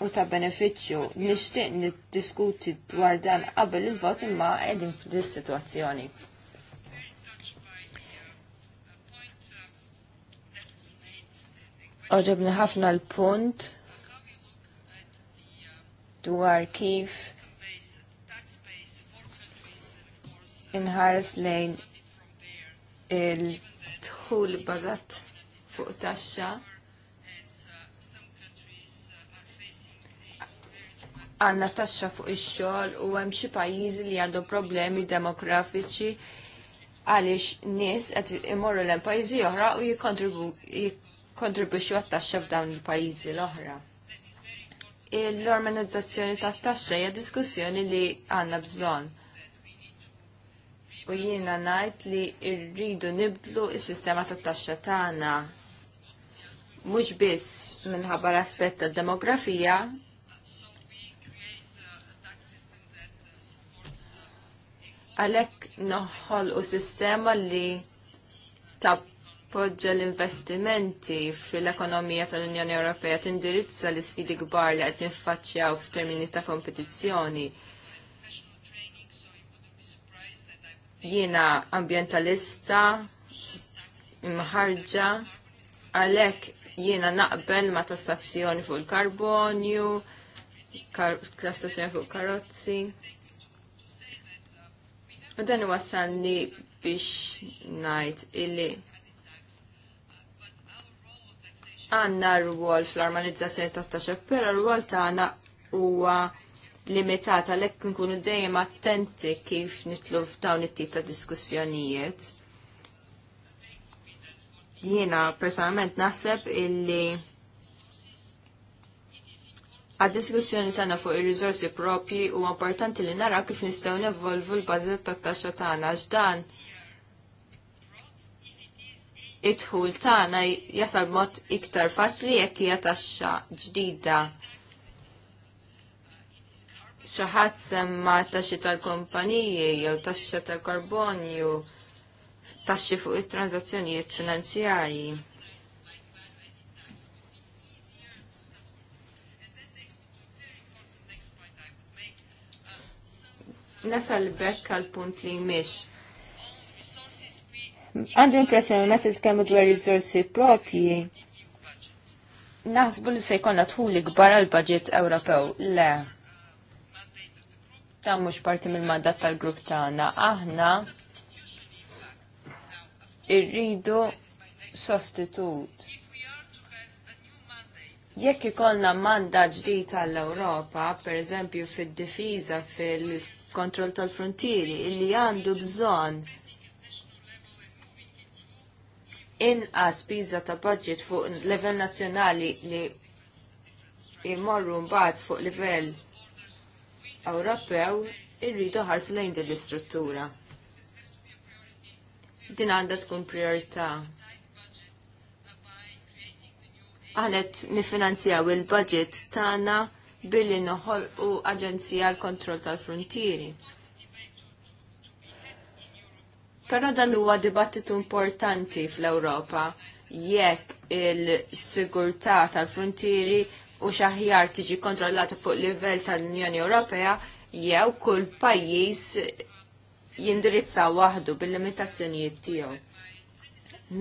u ta' beneficju. Nixtieq niddiskuti dwar dan qabel il-vot imma qegħdin f'dis sitwazzjoni. Oġobni ħafna l-punt dwar kif inħares lejn il-tħul bazat fuq taxxa għanna taxxa fuq ix-xogħol u hemm xi pajjiżi li għandhom problemi demografiċi għaliex nies qed imorru lejn pajjiżi oħra u jikkontribwixxu għat-taxxa f'dawn il-pajjiżi l-oħra. L-ormanizzazzjoni tat-taxxa hija diskussjoni li għandna bżonn u jiena ngħid li rridu nibdlu s-sistema tat taxxa tagħna mhux biss minħabba l-aspett tad-demografija għalhekk noħolqu sistema li tappoġġa l-investimenti fil-ekonomija tal-Unjoni Ewropea tindirizza l-isfidi kbar li qed niffaċċjaw f'termini ta' kompetizzjoni jiena ambientalista imħarġa għalek jiena naqbel ma tassazzjoni fuq il-karbonju, tassazzjoni fuq karozzi. U dan wasalni biex najt illi għanna r-wol fl-armonizzazzjoni tat taxxa, pero r-wol ta' huwa limitata lek nkunu dejjem attenti kif nitlu f'dawn it-tip ta' diskussjonijiet. Jiena personalment naħseb illi għad diskussjoni tagħna fuq ir-riżorsi propji u importanti li nara kif nistgħu nevolvu l-bażi tat-taxxa tagħna għax dan it-dħul tagħna jasal mod iktar faċli jekk hija taxxa ġdida xaħat semma taxxi tal-kompaniji jew taxxa tal-karbonju taxxi fuq it-transazzjonijiet finanzjarji. Nasal bekk għal punt li mish. Għandi impressjoni nasal t-kemmu dwar risorsi propji. Naħsbu li se jkollna tħuli kbar għal budget Ewropew. Le, Dan mhux parti mill-mandat tal-grupp tagħna. Aħna irridu sostitut. Jekk ikollna mandat ġdid għall-Ewropa, pereżempju fid-difiża fil-kontroll tal-frontieri, li għandu bżonn inqas biża ta' budget fuq level nazzjonali li jmorru mbagħad fuq livell Ewropew irridu ħarsu lejn din l-istruttura. Din għandha tkun priorità. Għanet nifinanzjaw il-budget tagħna billi noħolqu aġenzija għal kontroll tal-frontieri. Però dan huwa dibattitu importanti fl-Ewropa jekk il-sigurtà tal-frontieri u xaħjar tiġi kontrollata fuq livell tal-Unjoni Ewropea jew kull pajjiż jindirizza waħdu bil-limitazzjonijiet tiegħu.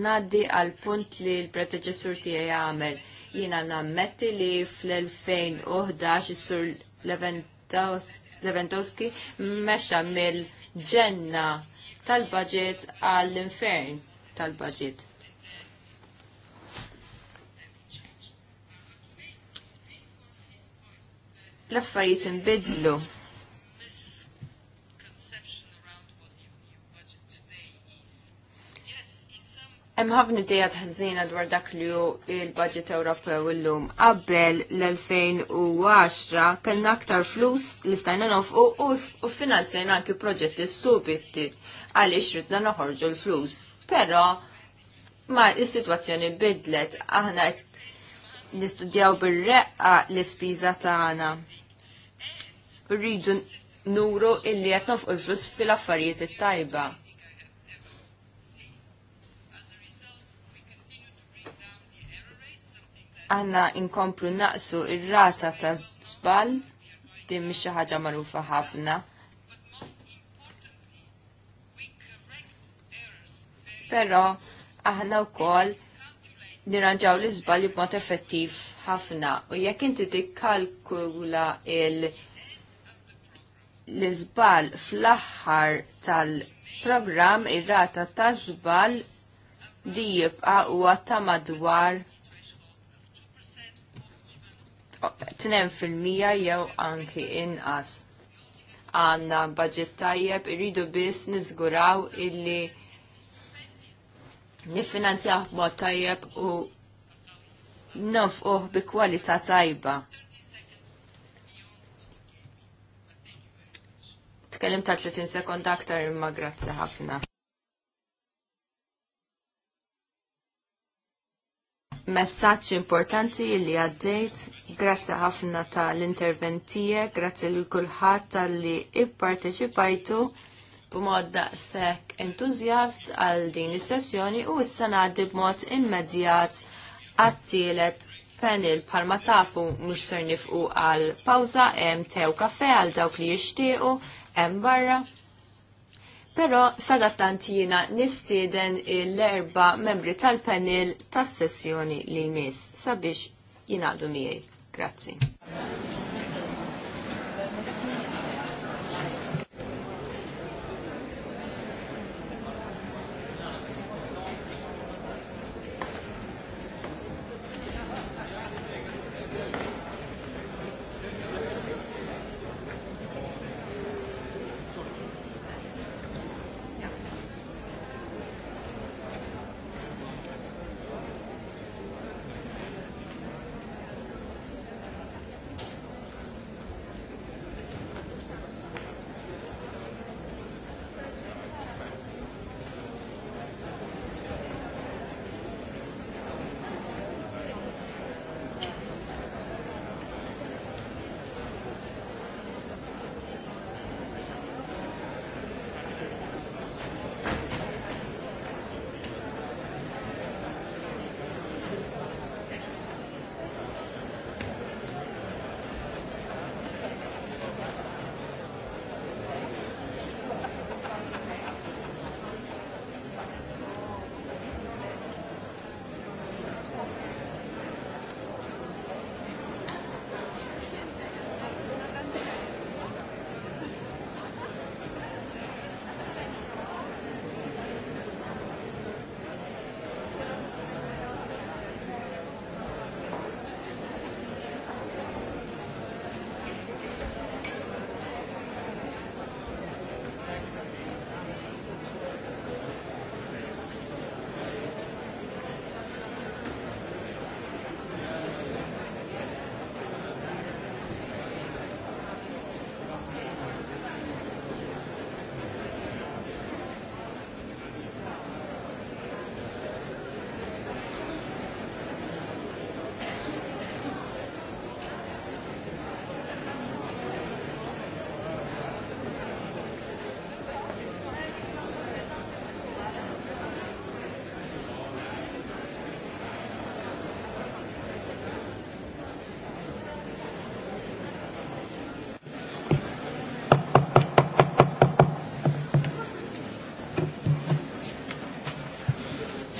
Naddi għal punt li l-predeċessur tiegħi għamel jiena nammetti li fl-2011 is-sur Lewandowski mexa mill-ġenna tal-budget għall-infern tal-budget l-affarijiet inbidlu. Hemm ħafna idejat ħażina dwar dak li hu l-budget Ewropew illum. Qabel l-2010 kellna aktar flus li stajna nofqu u finanzjajna anki proġetti stupidi għaliex ridna noħorġu l-flus. Però ma is-sitwazzjoni bidlet aħna nistudjaw bir-reqqa l-ispiża tagħna rridu nuru illi għetna nofqu l-flus fil-affarijiet it-tajba. Għanna inkomplu naqsu ir-rata ta' żball din mhix xi ħaġa magħrufa ħafna. Però aħna wkoll nirranġaw l-iżbal b'mod effettiv ħafna u jekk inti tikkalkula il- l-iżbal fl-aħħar tal-programm ir-rata ta' żball li jibqa' huwa ta' madwar 2% jew anki inqas. Għanna budget tajjeb irridu biss niżguraw illi nifinanzjaw b'mod tajjeb u nofquh bi kwalità tajba. Tkellim ta' 30 sekond aktar imma grazzi ħafna. Messaċ importanti li għaddejt, grazzi ħafna tal interventije grazzi l kulħadd tal-li ipparteċipajtu b'mod daqshekk entużjast għal din is-sessjoni u issa ngħaddi b'mod immedjat għat-tielet panel palma tafu mux ser nifqu għal pawza hemm tew kafe għal dawk li jixtiequ hemm barra. Però sadattant jiena nistieden l-erba membri tal-panel tas-sessjoni li jmiss sabiex jingħaqdu miegħi. Grazzi.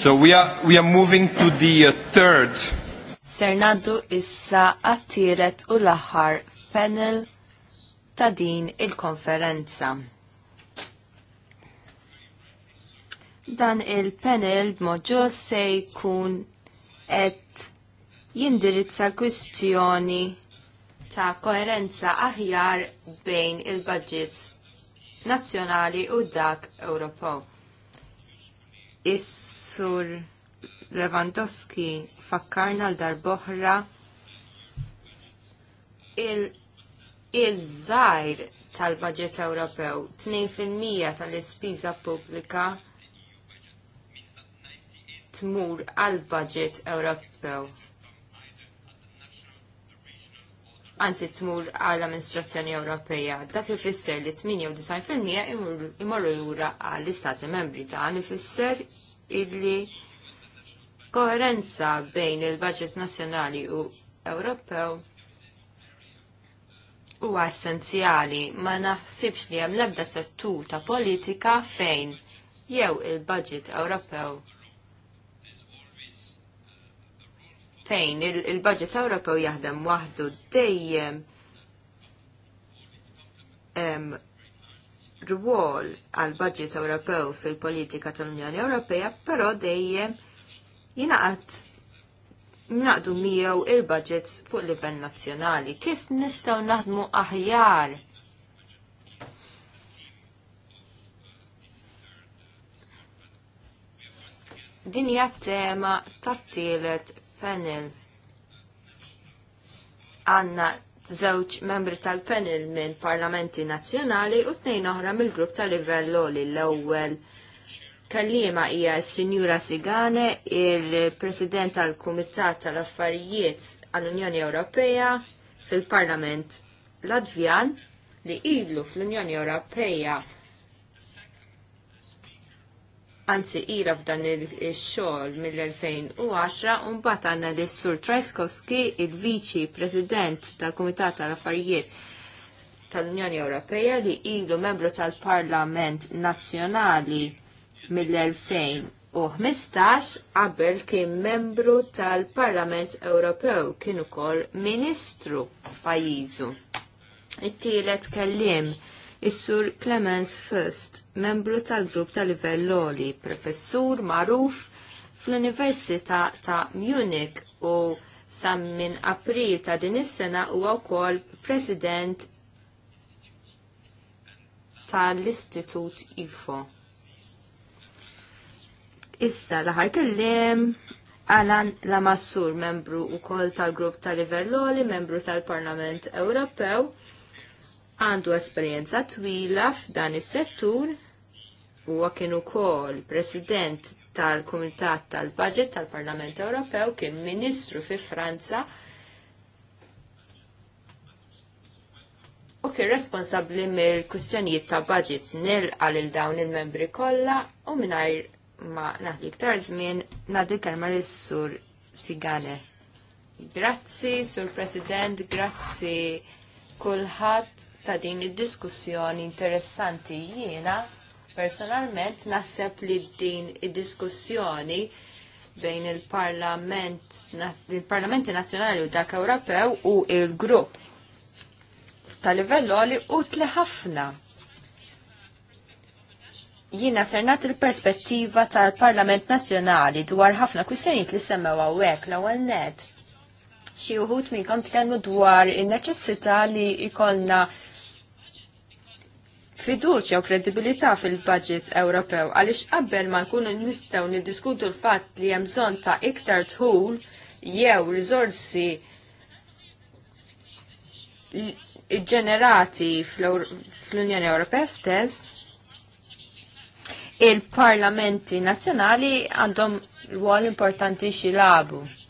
So we are, we are moving to the uh, third. Sernaddu issa attiret u l-aħħar panel ta' din il-konferenza. Dan il-panel b'moġġur se jkun qed jindirizza l-kwistjoni ta' koerenza aħjar bejn il-budgets nazzjonali u dak Ewropew Is-sur Lewandowski fakkarna l-darboħra il-żajr il żajr tal budget Ewropew, 2% tal-ispiża pubblika tmur għal budget Ewropew. anzi tmur għall-Amministrazzjoni Ewropea. Dak ifisser li 98% imorru lura għall-Istati Membri ta' ifisser illi koerenza bejn il-budget nazzjonali u Ewropew huwa essenzjali ma naħsibx li hemm l-ebda settur ta' politika fejn jew il-budget Ewropew fejn il-budget Ewropew jaħdem waħdu dejjem rwol għal budget Ewropew fil-politika tal-Unjoni Ewropea, però dejjem jinaqat naqdu miegħu il-budgets fuq livell nazzjonali. Kif nistgħu naħdmu aħjar? Din hija tema tat-tielet panel għanna żewġ membri tal-panel minn parlamenti nazzjonali u tnejn oħra mill-grupp tal-livelloli l-ewwel kallima hija s-Sinjura Sigane, il-President tal-Kumitat tal-Affarijiet għall-Unjoni Ewropea fil-Parlament Latvjan li ilu fl-Unjoni Ewropea anzi ira f'dan il-xol mill-2010 unbat għanna li sur Trajskowski, il-Viċi President tal-Komitat tal-Affarijiet tal-Unjoni Ewropeja li ilu membru tal-Parlament Nazzjonali mill-2015 qabel kien membru tal-Parlament Ewropew kien ukoll Ministru f'pajjiżu. It-tielet kellim Is-Sur Clemens First, membru tal-grupp tal-livell loli, professur magħruf fl-Università ta' Munich u sa minn April ta' din is-sena huwa wkoll President tal-Istitut IFO. Issa l-aħar kellem Alan Lamassur, membru u koll tal-grupp tal Livelloli, membru tal-Parlament Ewropew, għandu esperjenza twila f'dan is-settur huwa kien ukoll president tal-Kumitat tal-Budget tal-Parlament Ewropew kien Ministru fi Franza u kien responsabbli mill-kwistjonijiet ta' budget għal lil dawn il-membri kollha u mingħajr ma naħli iktar żmien nagħdi kelma lis-Sur Sigane. Grazzi, Sur President, grazzi kulħadd ta' din id-diskussjoni interessanti jiena personalment naħseb li din id-diskussjoni bejn il-Parlament il-Parlamenti Nazzjonali u dak Ewropew u il-grupp ta' livell li utli ħafna. Jiena sernat il-perspettiva tal-Parlament Nazzjonali dwar ħafna kwistjonijiet li semmew hawnhekk l-ewwel net. Xi wħud minnkom tkellmu dwar in-neċessità li jkollna fiduċja u kredibilità fil-budget Ewropew għaliex qabel ma nkunu nistgħu niddiskutu l-fatt li hemm bżonn ta' iktar tħul jew riżorsi ġenerati fl-Unjoni Ewropea stess, il-parlamenti nazzjonali għandhom l-għol importanti xilabu. labu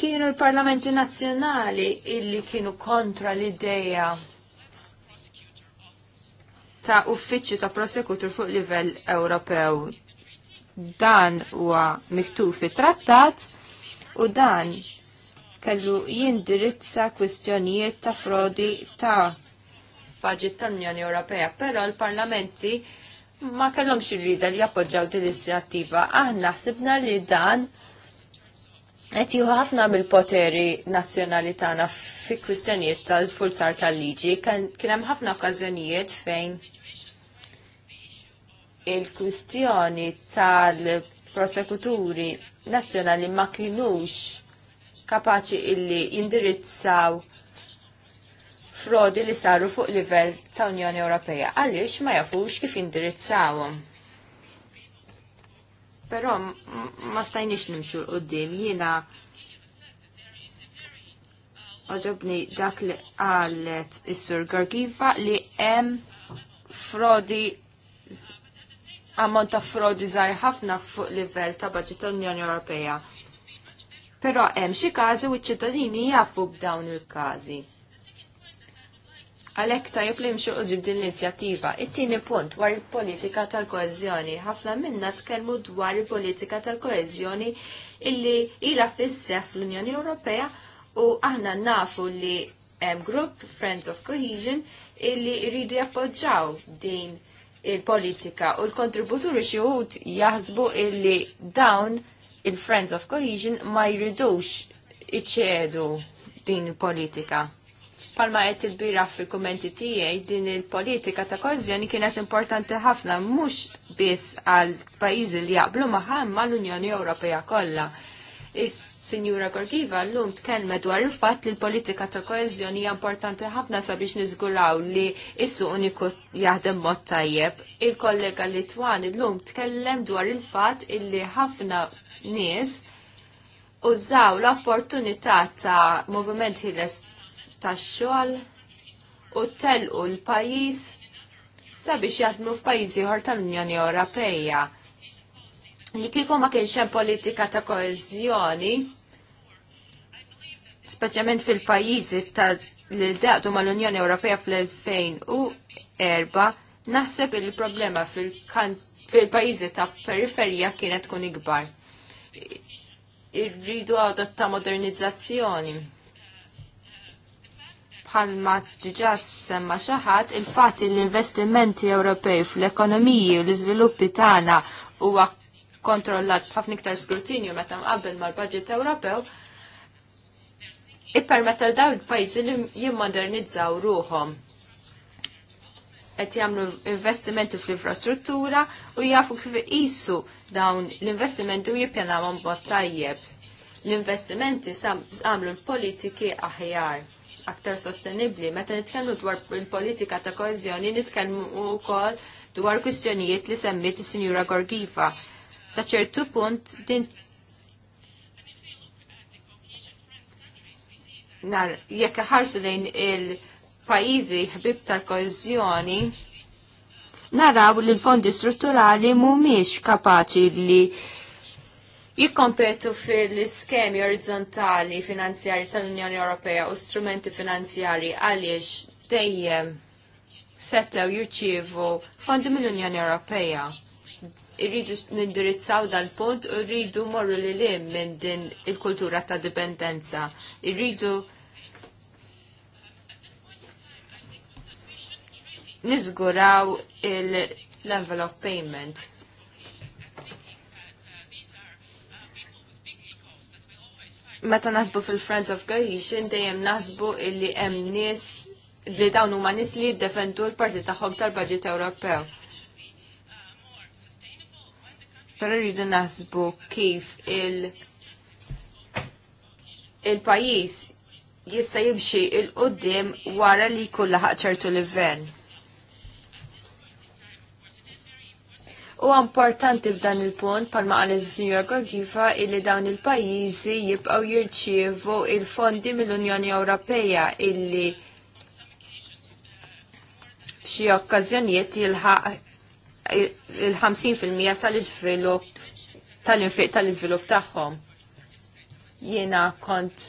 kienu l-parlamenti nazzjonali illi kienu kontra l-ideja ta' uffiċċju ta' prosekutur fuq livell Ewropew. Dan huwa miktub fit-trattat u dan kellu jindirizza kwistjonijiet ta' frodi ta' budget tal-Unjoni Ewropea, però l-parlamenti ma kellhomx irrida li jappoġġaw din l-inizjattiva. Aħna ħsibna li dan qed jieħu ħafna mill-poteri nazzjonali tagħna fi kwistjonijiet tal fulsar tal-liġi kien hemm ħafna okkażjonijiet fejn il-kwistjoni tal-prosekuturi nazzjonali ma kienux kapaċi illi jindirizzaw frodi li saru fuq livell ta' Unjoni Ewropea għaliex ma jafux kif indirizzawhom. Però ma stajniex nimxu l-qoddim jiena oġobni dak li għallet is-sur Gorgiva li hemm frodi ammont ta' frodi żgħar ħafna fuq livell ta' budget Unjoni Ewropea. Però hemm xi każi u ċ-ċittadini jafu b'dawn il-każi. Għalek ta' jiblim xuq ġib din l-inizjattiva. It-tieni punt war il-politika tal-koezjoni. Ħafna minna tkellmu dwar il-politika tal-koezjoni illi ila fissef l-Unjoni Ewropea u aħna nafu li hemm grupp Friends of Cohesion illi jridu jappoġġaw din il-politika u l-kontributuri xi wħud jaħsbu illi dawn il-Friends of Cohesion ma jridux iċċedu din il-politika. Palma qed il-bira fil kumenti tiegħi din il-politika ta' kożjoni kienet importanti ħafna mhux biss għal pajjiżi li jaqblu maħam ma l-Unjoni Ewropea kollha. Is-Sinjura Gorgiva llum tkellmet dwar il-fatt li l-politika ta' koeżjoni hija importanti ħafna sabiex nizguraw li issu uniku jaħdem mod tajjeb. Il-kollega l-lum tkellem dwar il-fatt illi ħafna nies użaw l-opportunità ta' moviment tax-xogħol u telqu l-pajjiż sabiex jaħdmu f'pajjiżi ieħor tal-Unjoni Ewropea. Li kieku ma kienx hemm politika ta' koeżjoni, speċjalment fil-pajjiżi li ldaqtu mal-Unjoni Ewropea fl-2004, naħseb il-problema fil-pajjiżi ta' periferija kienet tkun ikbar irridu għadot ta' modernizzazzjoni bħalma ġiġa semma xaħat il-fat l-investimenti Ewropej fl-ekonomiji u l-iżviluppi tagħna huwa kontrollat b'ħafna iktar skrutinju meta mqabbel mal-budget Ewropew, ippermetta l dawn il-pajjiżi li jimmodernizzaw ruhom qed jagħmlu investimenti fl-infrastruttura u jafu kif iqisu dawn l-investimenti u jippjanawhom b'mod tajjeb. L-investimenti għamlu l-politiki aħjar aktar sostenibli. Meta nitkellmu dwar il-politika ta' koezjoni, nitkellmu wkoll dwar kwistjonijiet li semmit is-Sinjura Gorgiva. Sa ċertu punt din nar jekk ħarsu lejn il-pajjiżi ħbib tal-koezjoni, naraw li l-fondi strutturali mhumiex kapaċi li jikkompetu fil-iskemi orizzontali finanzjari tal-Unjoni Ewropea u strumenti finanzjari għaliex dejjem u jirċivu fondi mill-Unjoni Ewropea. Irridu nindirizzaw dal-punt u rridu morru li li minn din il-kultura ta' dipendenza. Irridu nizguraw l-envelope payment Meta nasbu fil-Friends of Cohesion dejjem nasbu illi hemm nies li dawn huma nies li jiddefendu l-parti tagħhom tal-Baġit Ewropew. Però rridu nasbu kif il il-pajjiż jista' jimxi il-qudiem wara li jkun laħaq ċertu livell. U importanti f'dan il-punt, palma għal il-Sinjor Gorgiva, illi dawn il-pajizi jibqaw jirċievu il-fondi mill-Unjoni Ewropeja illi f'xi okkażjonijiet il-50% tal-iżvilupp tal-infiq tal-iżvilupp tagħhom. Jiena kont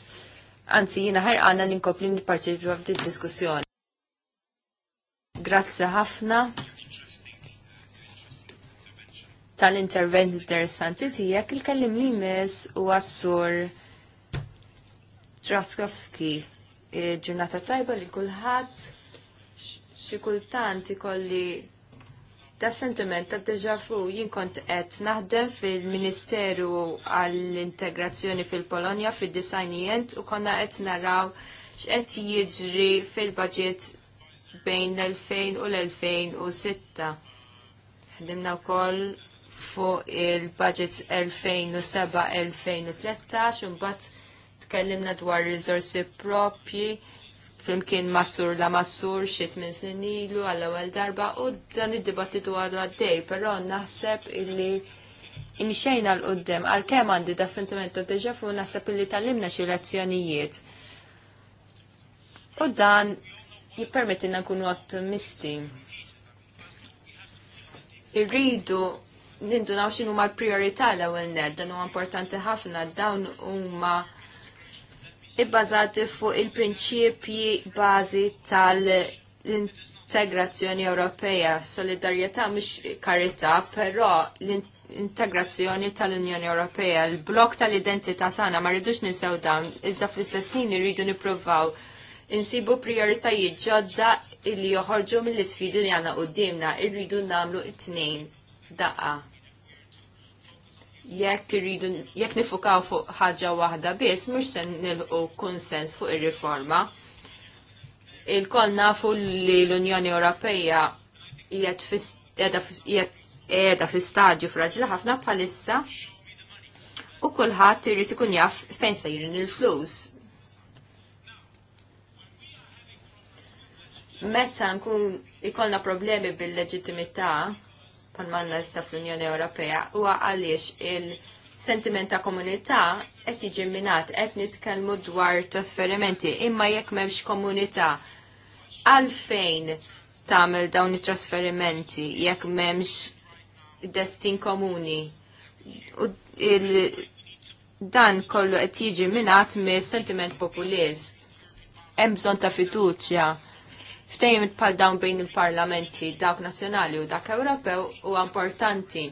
anzi jiena ħerqana li nkopli nipparteċipa f'din diskussjoni. Grazzi ħafna tal-intervent interessanti tijak il-kellim li mis u għassur Traskowski. E, ġurnata tajba li kullħat xikultant ikolli ta' sentiment ta' deja vu jien kont qed naħdem fil-Ministeru għall-Integrazzjoni fil-Polonja fid-disajnijent u konna qed naraw x'qed jiġri fil-budget bejn l-2000 u l-2006. Ħdimna wkoll fuq il-budget 2007-2013 u bat tkellimna dwar rizorsi propji flimkien massur la massur xiet minn snin ilu għall ewwel darba u dan id-dibattitu għadu għaddej, però naħseb illi imxejna l qoddem għal kem għandi da sentiment ta' deġa fu naħseb illi tallimna xi lezzjonijiet. U dan jippermettilna nkunu ottimisti. Irridu nindunaw xinu ma l-priorità l ewwel ned, dan huwa importanti ħafna, dawn huma ibbażati fuq il-prinċipji bażi tal-integrazzjoni Ewropea, solidarjetà mux karità, però l-integrazzjoni tal-Unjoni Ewropea, l-blok tal-identità tagħna ma rridux ninsew dawn, iżda fl-istess ħin niprovaw nippruvaw insibu prioritajiet ġodda li joħorġu mill-isfidi li għandna qudiemna, irridu nagħmlu it-tnejn daqqa jekk irridu jekk nifukaw fuq ħaġa waħda biss mhux se nilqu konsens fuq ir-riforma. Il-koll nafu li l-Unjoni Ewropea qiegħda fi stadju fraġil ħafna bħalissa u kulħadd irid ikun jaf fejn se jirin il-flus. Meta nkun ikollna problemi bil-leġittimità pal manna issa fl-Unjoni Ewropea huwa għaliex il-sentiment ta' komunità qed jiġi minat qed nitkellmu dwar trasferimenti imma jekk m'hemmx komunità għalfejn tagħmel dawn it-trasferimenti jekk m'hemmx destin komuni. U dan kollu qed jiġi minat mis sentiment populist. Hemm bżonn ta' fiduċja ftejmet pal dawn bejn il-parlamenti dawk nazzjonali u dak Ewropew huwa importanti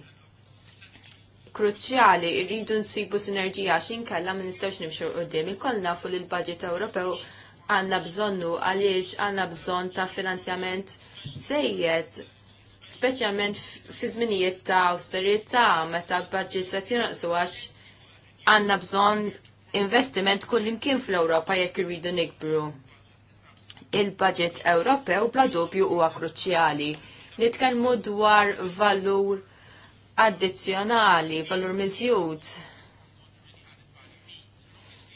kruċjali rridu nsibu sinerġija xin kalla ma nistgħux nimxu qudiem. Ikollna fuq il l-budget Ewropew għandna bżonnu għaliex għandna bżonn ta' finanzjament sejjed speċjalment fi żminijiet ta' austerità meta l-budget se tinqsu għax għandna bżonn investiment kullimkien fl-Ewropa jekk irridu nikbru il-budget Ewropew bla dubju huwa kruċjali. Nitkellmu dwar valur addizzjonali, valur miżjud.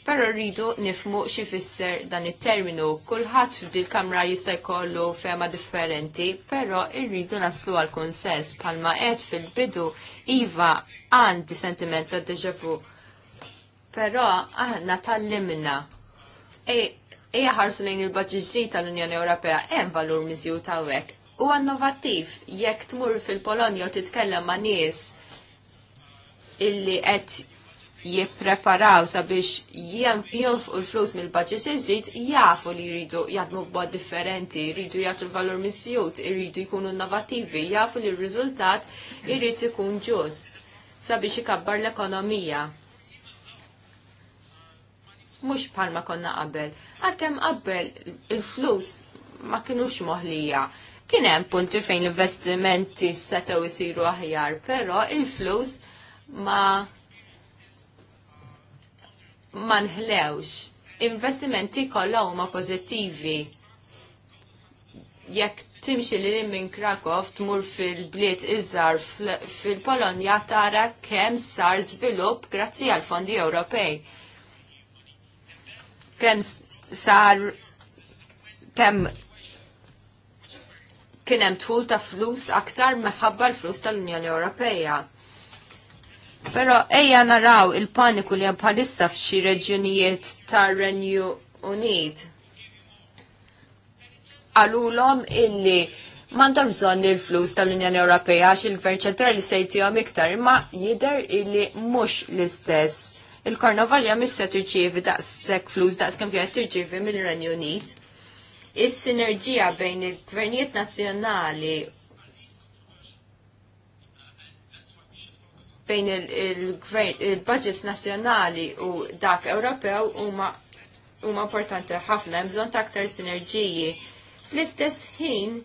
Però rridu nifmu xi fisser dan it-terminu. Kulħadd fil kamra jista' jkollu fema differenti, però rridu naslu għal konsens bħalma qed fil-bidu iva għandi sentiment ta' deja vu. Però aħna tal-limna. E eja ħarsu lejn il-budget tal-Unjoni Ewropea hemm valur miżjud hawnhekk. U innovattiv jekk tmur fil-Polonja u titkellem ma' nies illi qed jippreparaw sabiex jonfqu l-flus mill-budget iġdid jafu li jridu jadmu b'mod differenti, jridu jagħtu l-valur miżjud, jridu jkunu innovattivi, jafu li r-riżultat irid ikun ġust sabiex ikabbar l-ekonomija mhux bħalma konna qabel. Għalkemm qabel il-flus ma kienux moħlija. Kien hemm punti fejn l-investimenti setgħu jsiru aħjar, però il-flus ma ma nħlewx. Investimenti kollha huma pożittivi. Jekk timxi li minn Krakow tmur fil-bliet iżar fil-Polonja tara kemm sar żvilupp grazzi għal fondi Ewropej kemm sar kem kien hemm tħul ta' flus aktar meħabba l-flus tal-Unjoni Ewropeja. Però ejja naraw il-paniku li hemm bħalissa f'xi reġjonijiet tar-Renju Unit. Għalulhom illi m'għandhom bżonn il-flus tal-Unjoni Ewropea għax il-Gvern ċentrali sejtijom iktar imma jidher illi mhux l-istess il-Kornovalja mhux se tirċievi daqshekk flus daqskemm qed tirċievi mill-Renju Unit. Is-sinerġija bejn il-gvernijiet nazzjonali bejn il-budgets il nazzjonali u dak Ewropew huma huma importanti ħafna, hemm bżonn ta' aktar sinerġiji. Fl-istess ħin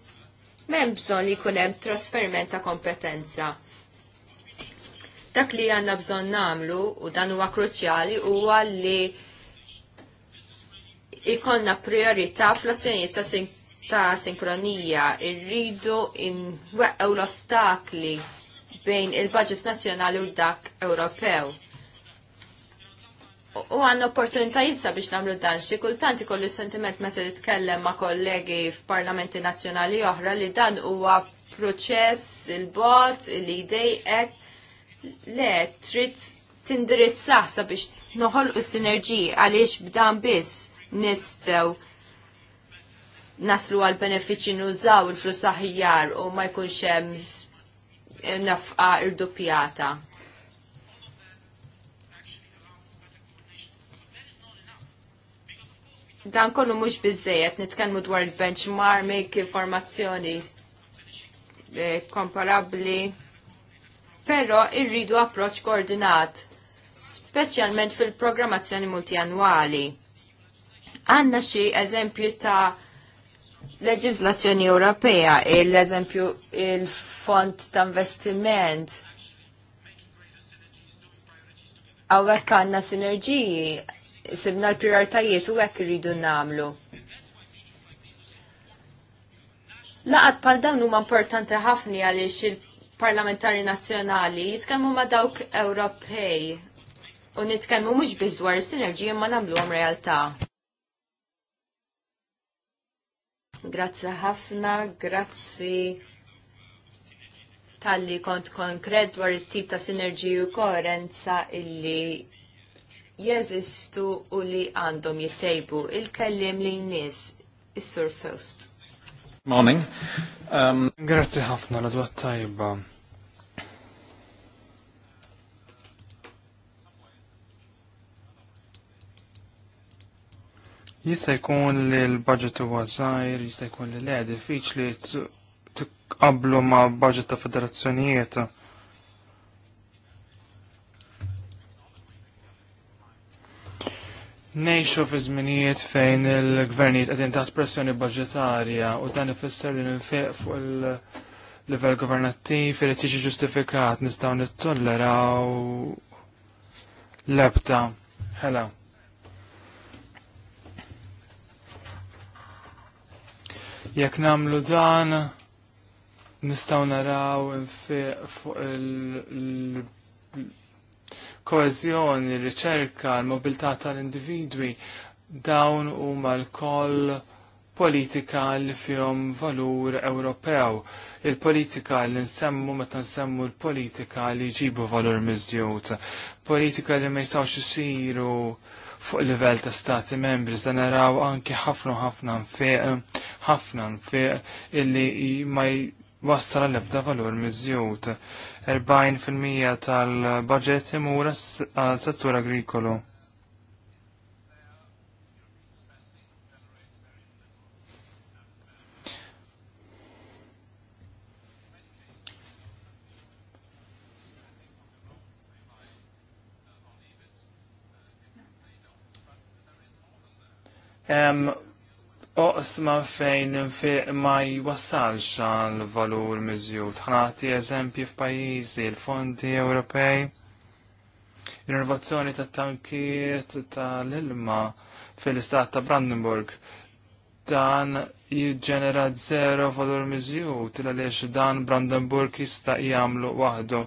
m'hemm bżonn li jkun hemm trasferiment ta' kompetenza Dak li għanna bżon namlu u dan huwa kruċjali huwa li ikonna priorità fl-azzjonijiet ta' ta' sinkronija irridu inweqqew l-ostakli bejn il-budget nazzjonali u dak Ewropew. U għanna opportunitajiet sabiex namlu dan xi kultant ikollu sentiment meta titkellem ma' kollegi f'parlamenti nazzjonali oħra li dan huwa proċess il-bot, il-idej ek Le, trid tindirizza sabiex noħolqu sinerġi għaliex b'dan biss nistgħu naslu għal benefiċi nużaw il-flus aħjar u ma jkunx hemm nafqa irdupjata. Dan kollu mhux biżejjed nitkellmu dwar il-benchmarking, informazzjoni eh, komparabbli però irridu approċ koordinat, speċjalment fil-programmazzjoni multianwali. Għanna xi eżempju ta' leġislazzjoni Ewropea, l-eżempju il fond font ta' investiment. Għawek għanna sinerġiji, sibna l-prioritajiet u għek irridu namlu. Laqat pal dawn huma importanti ħafni għaliex il parlamentari nazzjonali jitkellmu ma' dawk Ewropej u nitkellmu mhux biss dwar is-sinerġija ma nagħmluhom realtà. Grazzi ħafna, grazzi tal-li kont konkret dwar it-tip ta' sinerġiju u koerenza illi jeżistu u li għandhom jittejbu il-kellim li nies is-sur Faust. Morning. Um, Grazzi ħafna l tajba. Jista' jkun li l-budget huwa żgħir, jista' jkun li le diffiċli tqablu ma' budget ta' federazzjonijiet. Nejxu fi żminijiet fejn il-gvernijiet qed taħt pressjoni budgetarja u dan ifisser li nfiq fuq il-livell governattiv li tiġi ġustifikat nistgħu nittolleraw lebta. hela. Jekk nagħmlu dan nistgħu naraw infiq fuq il koezjoni, riċerka, l-mobilità tal-individwi, dawn huma l-koll politika li fihom valur Ewropew, il-politika li nsemmu meta nsemmu l-politika li jġibu valur miżjut, politika li ma jistgħux isiru fuq livell ta' stati membri, zda naraw anki ħafna ħafna nfiq, ħafna nfiq illi ma jwassara l-ebda valur mizjut. 40% tal-budget imur għal-settur agrikolu. Um, oqsma fejn ma jwassalx għal valur miżjud. Ħnati eżempji f'pajjiżi l-fondi Ewropej. L-innovazzjoni ta' tankiet tal-ilma fil-istat ta' Brandenburg dan jiġġenera zero valur miżjud għaliex dan Brandenburg jista' jagħmlu waħdu.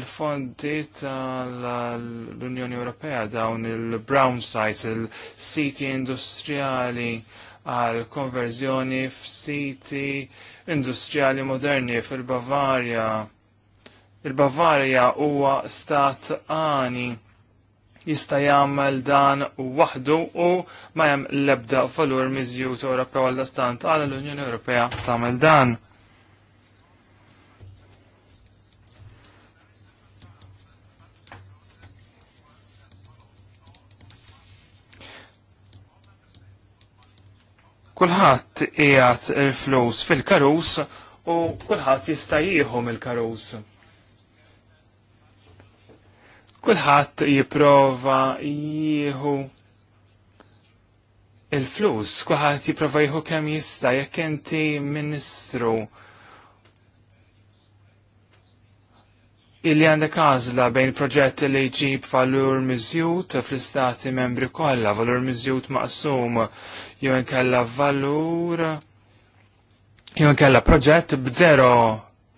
Il-fondi tal-Unjoni Ewropea dawn il-brown sites, il-siti industrijali għal konverżjoni f'siti industrijali moderni fil-Bavarja. Il-Bavarja huwa stat għani jista' jagħmel dan waħdu u ma hemm l-ebda valur miżjut Ewropew għal stant għal l-Unjoni Ewropea tagħmel dan. Kulħadd qiegħed il-flus fil-karus u kulħadd jista' jieħu mill-karus. Kulħadd jipprova jieħu il-flus, kulħadd jipprova jieħu kemm jista' jekk inti ministru illi għandek għażla bejn proġett li jġib valur miżjud fl-istati membri kollha, valur miżjud maqsum jew inkella valur jew inkella proġett b'zero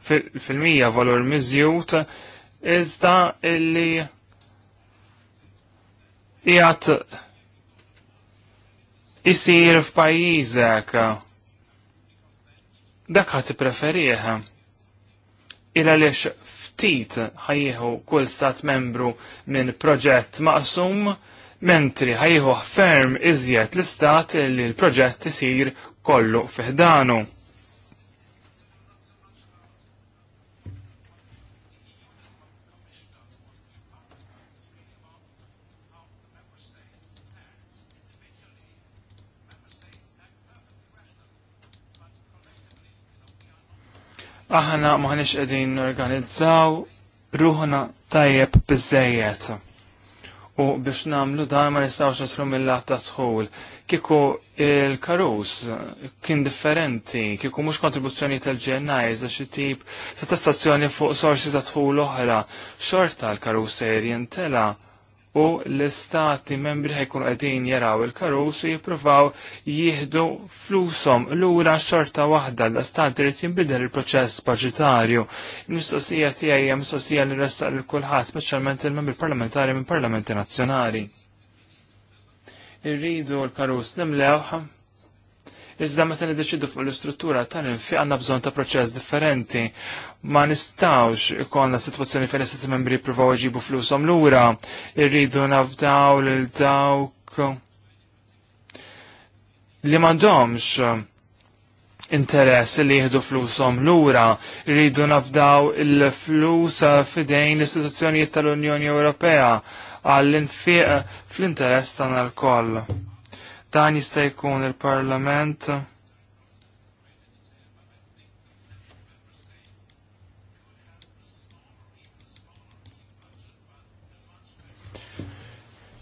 fil-mija valur mizjut, iżda illi jgħat jisir f'pajjiżek. Dak ħati preferieħ. Ila lix ftit ħajjieħu kull stat membru minn proġett maqsum, mentri ħajjieħu ferm iżjed l-istat li l-proġett isir kollu fiħdanu. aħna maħniex qegħdin organizzaw ruħna tajjeb bizzejiet. U biex namlu dan ma nistgħux nitru mill-lat ta' tħul. Kieku il-karus kien differenti, kieku mhux kontribuzzjoni tal ġennaj za xi tip ta' stazzjoni fuq sorsi ta' tħul oħra, xorta l-karus serjentela, u l-istati membri ħajkunu qegħdin jaraw il-karus u jippruvaw jieħdu flusom lura xorta waħda l-istati li jinbidel il-proċess budġetarju. Il-mistoqsija tiegħi hija mistoqsija li resta lil kulħadd, speċjalment il-membri parlamentari minn parlamenti nazzjonali. Irridu l-karus nimlewħam. Iżda meta niddeċidu fuq l-istruttura tal infi għandna bżonn ta' proċess differenti. Ma nistawx ikollna sitwazzjoni fejn istati membri jippruvaw iġibu flushom lura, irridu nafdaw lil dawk li m'għandhomx interess li jihdu flusom lura, irridu nafdaw il-flus fidejn l-istituzzjonijiet tal-Unjoni Ewropea għall-infiq fl-interess tan l-koll. Dan jista' jkun il-Parlament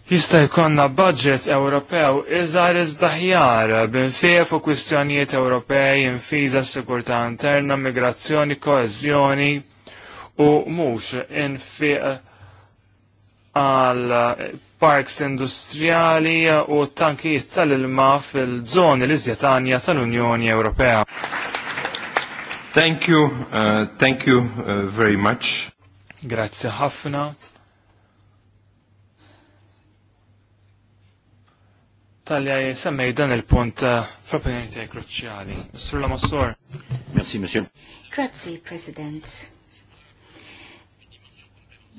Jista' jkollna budget Ewropew iżgħar iżdaħjar b'infiegħ fuq kwistjonijiet Ewropej infiża s-sigurtà interna, migrazzjoni, koeżjoni u mhux infiq għal parks industriali uh, u tankijiet tal-ilma fil-żoni l-Iżjetanja tal-Unjoni Ewropea. Thank you, uh, thank you uh, very much. Grazie ħafna. Talja jisemmej dan il-punt fl uh, f'opinjoni kruċjali. Sur la Massor. Merci, monsieur. Grazie, President.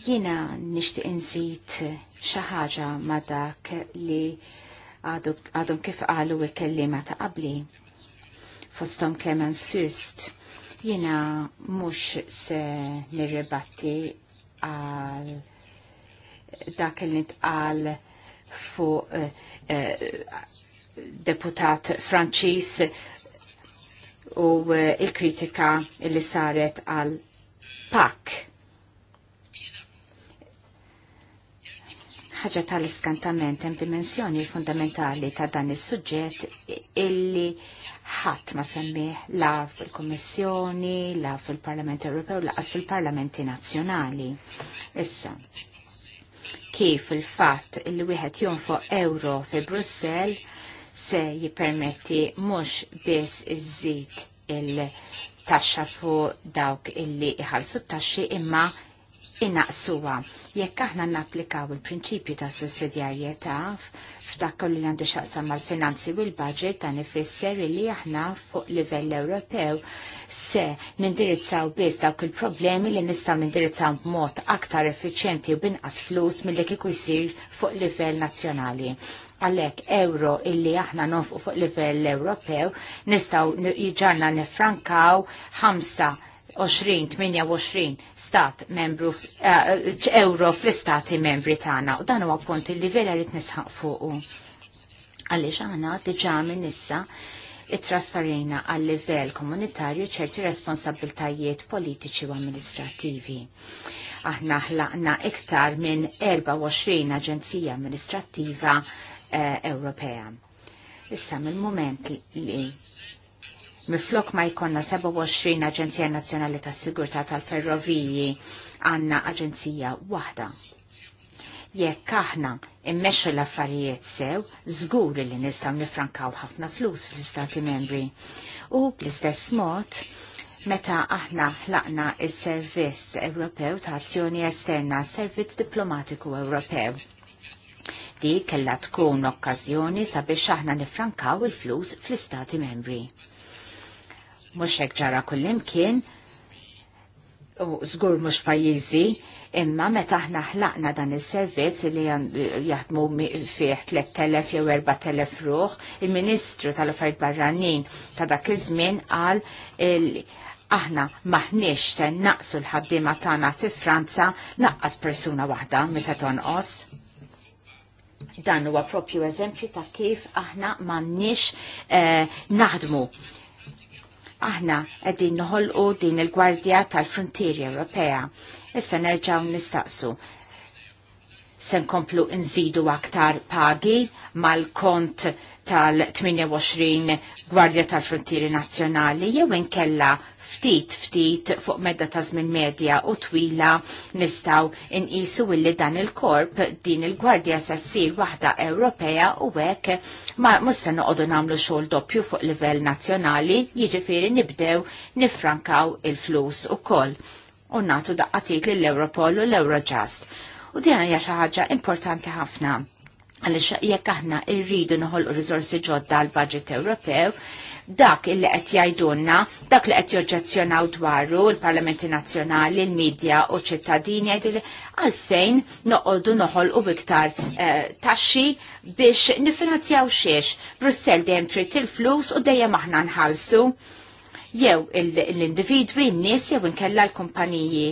Jina nishtiq insit xaħġa ħaġa ma' dak li għadhom kif qalu il kellima ta' qabli. Fostom Clemens First, jiena mhux se nirribatti għal dak li nitqal fuq eh, eh, deputat Franċis u eh, il-kritika li saret għal pak. ħaġa tal-iskantament hemm dimensjoni fundamentali ta' dan is-suġġett illi ħadd ma semmih la fil-Kummissjoni, la fil-Parlament Ewropew, laqas fil-Parlamenti Nazzjonali. Issa, kif il-fatt illi wieħed jonfoq euro fi Brussell se jippermetti mhux biss iżid il-taxxa fuq dawk illi iħallsu t-taxxi imma inaqsuwa. Jekk aħna napplikaw il-prinċipju ta' sussidjarjetà f'dak kollu li għandu xaqsam mal-finanzi u l-budget dan ifisser li aħna fuq livell Ewropew se nindirizzaw biss dawk il-problemi li nistgħu nindirizzaw b'mod aktar effiċjenti u binqas flus milli kieku jsir fuq livell nazzjonali għalek euro illi aħna nofqu fuq livell Ewropew nistaw jġarna nifrankaw ħamsa 20-28 stat membru eh, eh, euro fl-istati membri tagħna u dan huwa punt li vera rrid nisħaq fuqu. Għaliex aħna diġà minn issa it għal livell komunitarju ċerti responsabiltajiet politiċi u amministrativi. Aħna ħlaqna iktar minn 24 aġenzija amministrattiva eh, Ewropea. Issa mill-moment li Miflok ma jkonna 27 Aġenzija Nazzjonali tas Sigurtà tal-Ferroviji għandna aġenzija waħda. Jekk aħna immexxu l-affarijiet sew, żgur li nistgħu nifrankaw ħafna flus fl-Istati Membri. U bl-istess mod, meta aħna ħlaqna is-Servizz Ewropew ta' Azzjoni Esterna, Servizz Diplomatiku Ewropew. Di kella tkun okkażjoni sabiex aħna nifrankaw il-flus fl-Istati Membri mhux hekk ġara kullimkien u żgur mhux pajjiżi, imma meta aħna ħlaqna dan is-servizz li jaħdmu fih 3000 jew 4000 ruħ, il-Ministru tal-Affarijiet Barranin ta' dak iż-żmien qal aħna maħniex se naqsu l-ħaddiema tagħna fi Franza naqqas persuna waħda meta tonqos. Dan huwa propju eżempju ta' kif aħna m'għandniex eh, naħdmu aħna qegħdin noħolqu din il-Gwardja tal-Frontieri Ewropea. Issa nerġgħu nistaqsu se nkomplu nżidu aktar pagi mal-kont tal-28 Gwardja tal-Frontieri Nazzjonali jew inkella ftit ftit fuq medda ta' żmien medja u twila nistgħu inqisu illi dan il-korp din il-gwardja se ssir waħda Ewropea u hekk ma mhux se noqogħdu nagħmlu xogħol doppju fuq livell nazzjonali, jiġifieri nibdew nifrankaw il-flus ukoll u natu daqqatik l-Europol u l-Eurojust. U dina hija xi ħaġa importanti ħafna għaliex jekk aħna rridu noħolqu riżorsi ġodda għall budget Ewropew, dak il-li qed jgħidulna, dak li qed joġġezzjonaw dwaru il-Parlamenti Nazzjonali, il-Midja u ċittadini jgħidu li għalfejn noqogħdu noħolqu iktar eh, taxxi biex nifinanzjaw xiex. Brussell dejjem trid il-flus u dejjem aħna nħallsu jew l-individwi, n-nies jew nkella l-kumpaniji.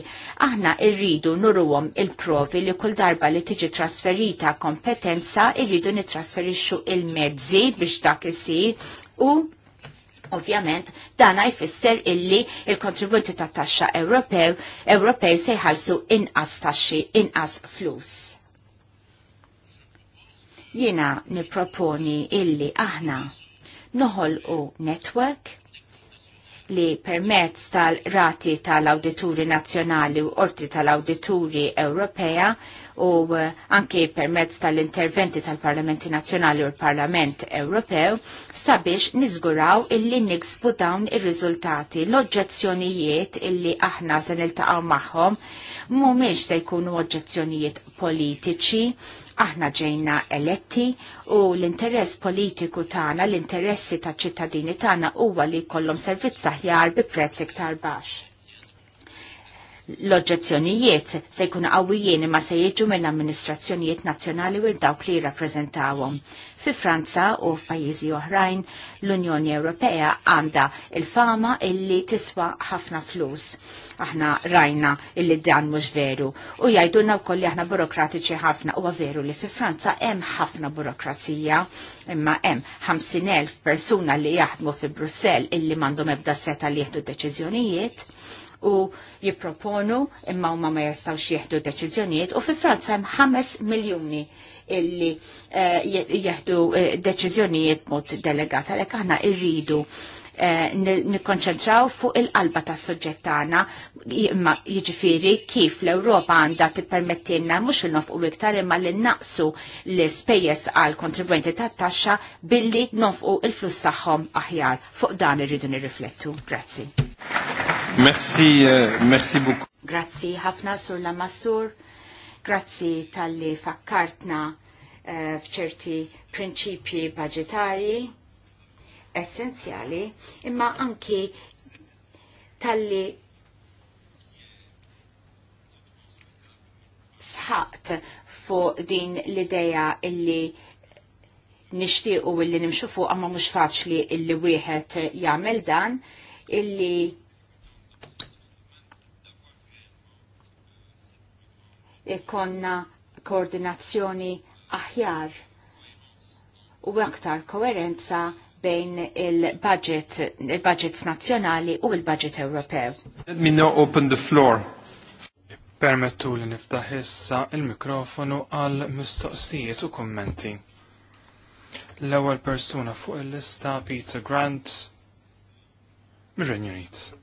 Aħna irridu nurruhom il-provi li kull darba li tiġi trasferita kompetenza irridu nitrasferixxu il-mezzi biex dak isir u Ovvjament, dana jfisser illi il-kontributi ta' taxxa Ewropew Ewropej se jħallsu inqas taxxi, inqas flus. Jiena niproponi illi aħna noħolqu network li permezz tal-rati tal-Awdituri Nazzjonali u Orti tal-Awdituri Ewropea u eh, anke permezz tal-interventi tal-Parlamenti Nazzjonali u l-Parlament Ewropew sabiex niżguraw illi niksbu dawn ir-riżultati l-oġġezzjonijiet illi aħna se niltaqgħu magħhom mhumiex se jkunu oġġezzjonijiet politiċi aħna ġejna eletti u l-interess politiku tagħna, l-interessi taċ ċittadini tagħna huwa li jkollhom servizz aħjar bi prezz iktar baxx l-oġġezzjonijiet se jkunu qawwijien imma se jiġu mill-amministrazzjonijiet nazzjonali u dawk li jirrappreżentawhom. Fi Franza u f'pajjiżi oħrajn l-Unjoni Ewropea għandha il-fama illi tiswa ħafna flus. Aħna rajna illi dan mhux veru u jgħidulna wkoll li aħna burokratiċi ħafna huwa veru li fi Franza hemm ħafna burokrazija imma hemm 50,000 persuna li jaħdmu fi Brussell illi m'għandhom ebda seta li jieħdu deċiżjonijiet u jipproponu imma huma ma jistgħux jieħdu deċiżjonijiet u fi Franza hemm 5 miljuni illi eh, jieħdu eh, deċiżjonijiet mod delegat għalhekk aħna rridu eh, nikkonċentraw fuq il-qalba tas suġġett tagħna imma jiġifieri kif l-Ewropa għandha tippermettilna mhux il-nofqu iktar imma li naqsu l-ispejjeż għal kontribwenti tat-taxxa billi nofqu il-flus tagħhom aħjar. Fuq dan irridu nirriflettu. Grazzi. Merci, euh, merci beaucoup. Grazzi ħafna sur la Massur, grazzi tal-li fakkartna eh, fċerti prinċipji budgetari essenzjali, imma anki tal-li sħaqt fuq din l-ideja illi nishtiqu illi nimxu fuq, ma mux faċli illi wieħed jagħmel dan, illi ikonna koordinazzjoni aħjar u aktar koerenza bejn il-budget, il-budgets nazzjonali u il-budget Ewropew. Let me now open the floor. Permettu li niftaħ issa il-mikrofonu għal mistoqsijiet u kommenti. L-ewwel persuna fuq il-lista Peter Grant mir-Renju Unit.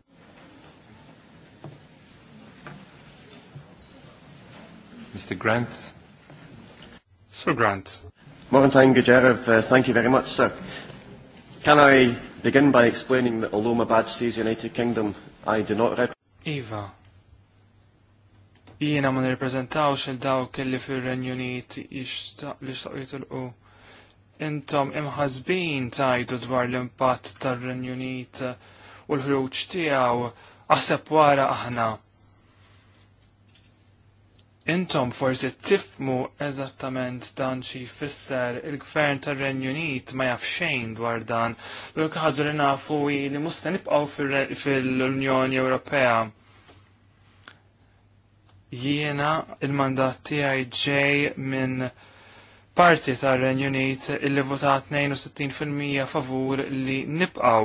Mr. Grant. Sir Grant. Uh, thank you very much, sir. Can I begin by explaining that although my badge says United Kingdom, I do not represent... Iva. Jiena ma nirrepreżentawx il-dawk kelli fir-Renju Unit li xtaq jitilqu. Intom imħazbin tajdu dwar l-impatt tar-Renju Unit u l-ħruġ tiegħu aħseb wara aħna Intom forsi tifmu eżattament dan xi jfisser il-Gvern tar-Renju Unit ma jaf xejn dwar dan. l għu kħadżu li nafu li musta nibqgħu fil-Unjoni Ewropea. Jiena il-mandat tiegħi ġej minn parti tar-Renju Unit illi votat 62% favur li nibqgħu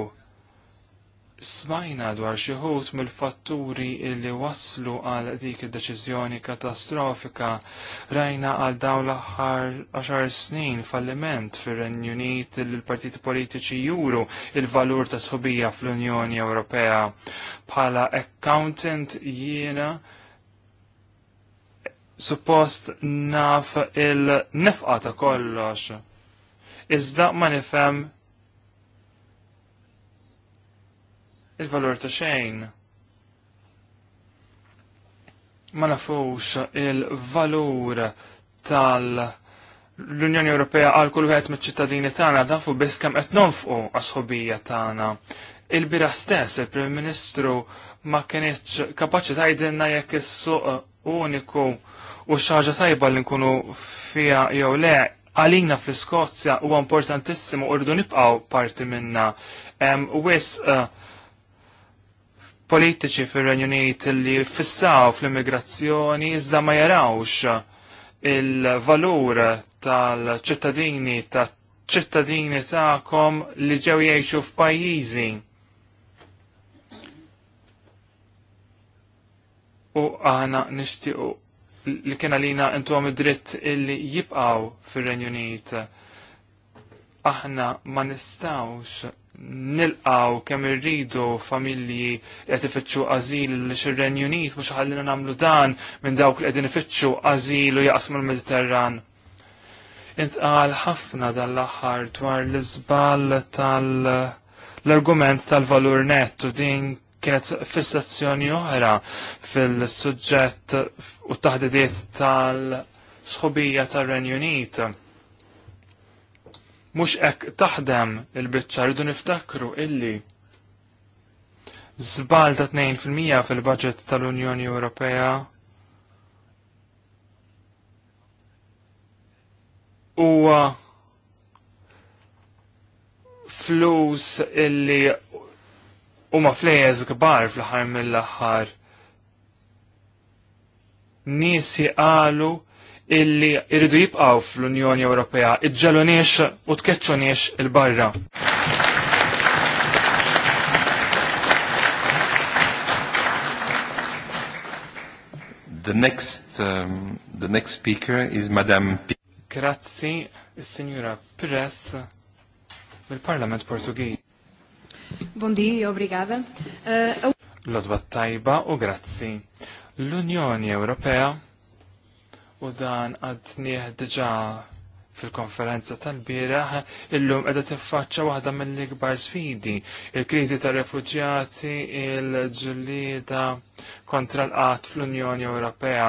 smajna dwar xi ħut mill-fatturi illi waslu għal dik id-deċiżjoni katastrofika rajna għal dawn l-aħħar 10 snin falliment fir-Renju Unit li partiti politiċi juru il-valur ta' sħubija fl-Unjoni Ewropea. Bħala accountant jiena suppost naf il-nefqa ta' kollox. Iżda ma nifhem il-valur ta' xejn. Ma nafux il-valur tal- l-Unjoni Ewropea għal kull wieħed miċ-ċittadini tagħna nafu biss kemm qed nonfqu għas-ħobija tagħna. Il-biraħ stess il-Prim Ministru ma kienx kapaċi tgħidilna jekk is-suq uniku u xi ħaġa tajba li nkunu fiha jew le għalina fl-Skozja huwa importantissimu u nibqaw nibqgħu parti minna. Wis uh, politiċi fir-Renju Unit li fissaw fl-immigrazzjoni iżda ma jarawx il-valur tal-ċittadini ta' ċittadini ta'kom li ġew jgħixu f'pajjiżi. U aħna nixtiequ li kien għalina intom id-dritt illi jibqaw fir-Renju Unit. Aħna ma nistawx nilqaw kemm irridu familji qed ifittxu għażil li xir-Renju Unit mhux ħallina nagħmlu dan minn dawk li qegħdin ifittxu ażil u jaqsmu l-Mediterran. Intqal ħafna dan l-aħħar dwar l-iżbal tal-argument tal-valur net u din kienet fissazzjoni oħra fil-suġġett u t-taħdidiet tal-sħubija tal-Renju Unit Mux ek taħdem il-bicċa rridu niftakru illi zbal ta' 2% fil-budget tal-Unjoni Ewropea u flus illi huma flejjeż kbar fl-aħħar mill ħar nisi għalu illi irridu jibqaw fl-Unjoni Ewropea, iġġalunix u tkeċċunix il-barra. The next, um, the next speaker is Madame P. Grazzi, il-Signora Pires mill-Parlament Portugiż. Bondi, obrigada. Uh, Lodba tajba u grazzi. L'Unione Europea u dan għad nieħ diġa fil-konferenza tal-biraħ illum edha tiffaċċa waħda mill-ikbar sfidi, il-kriżi tar refuġjati, il ġlieda kontra l-qatt fl-Unjoni Ewropea.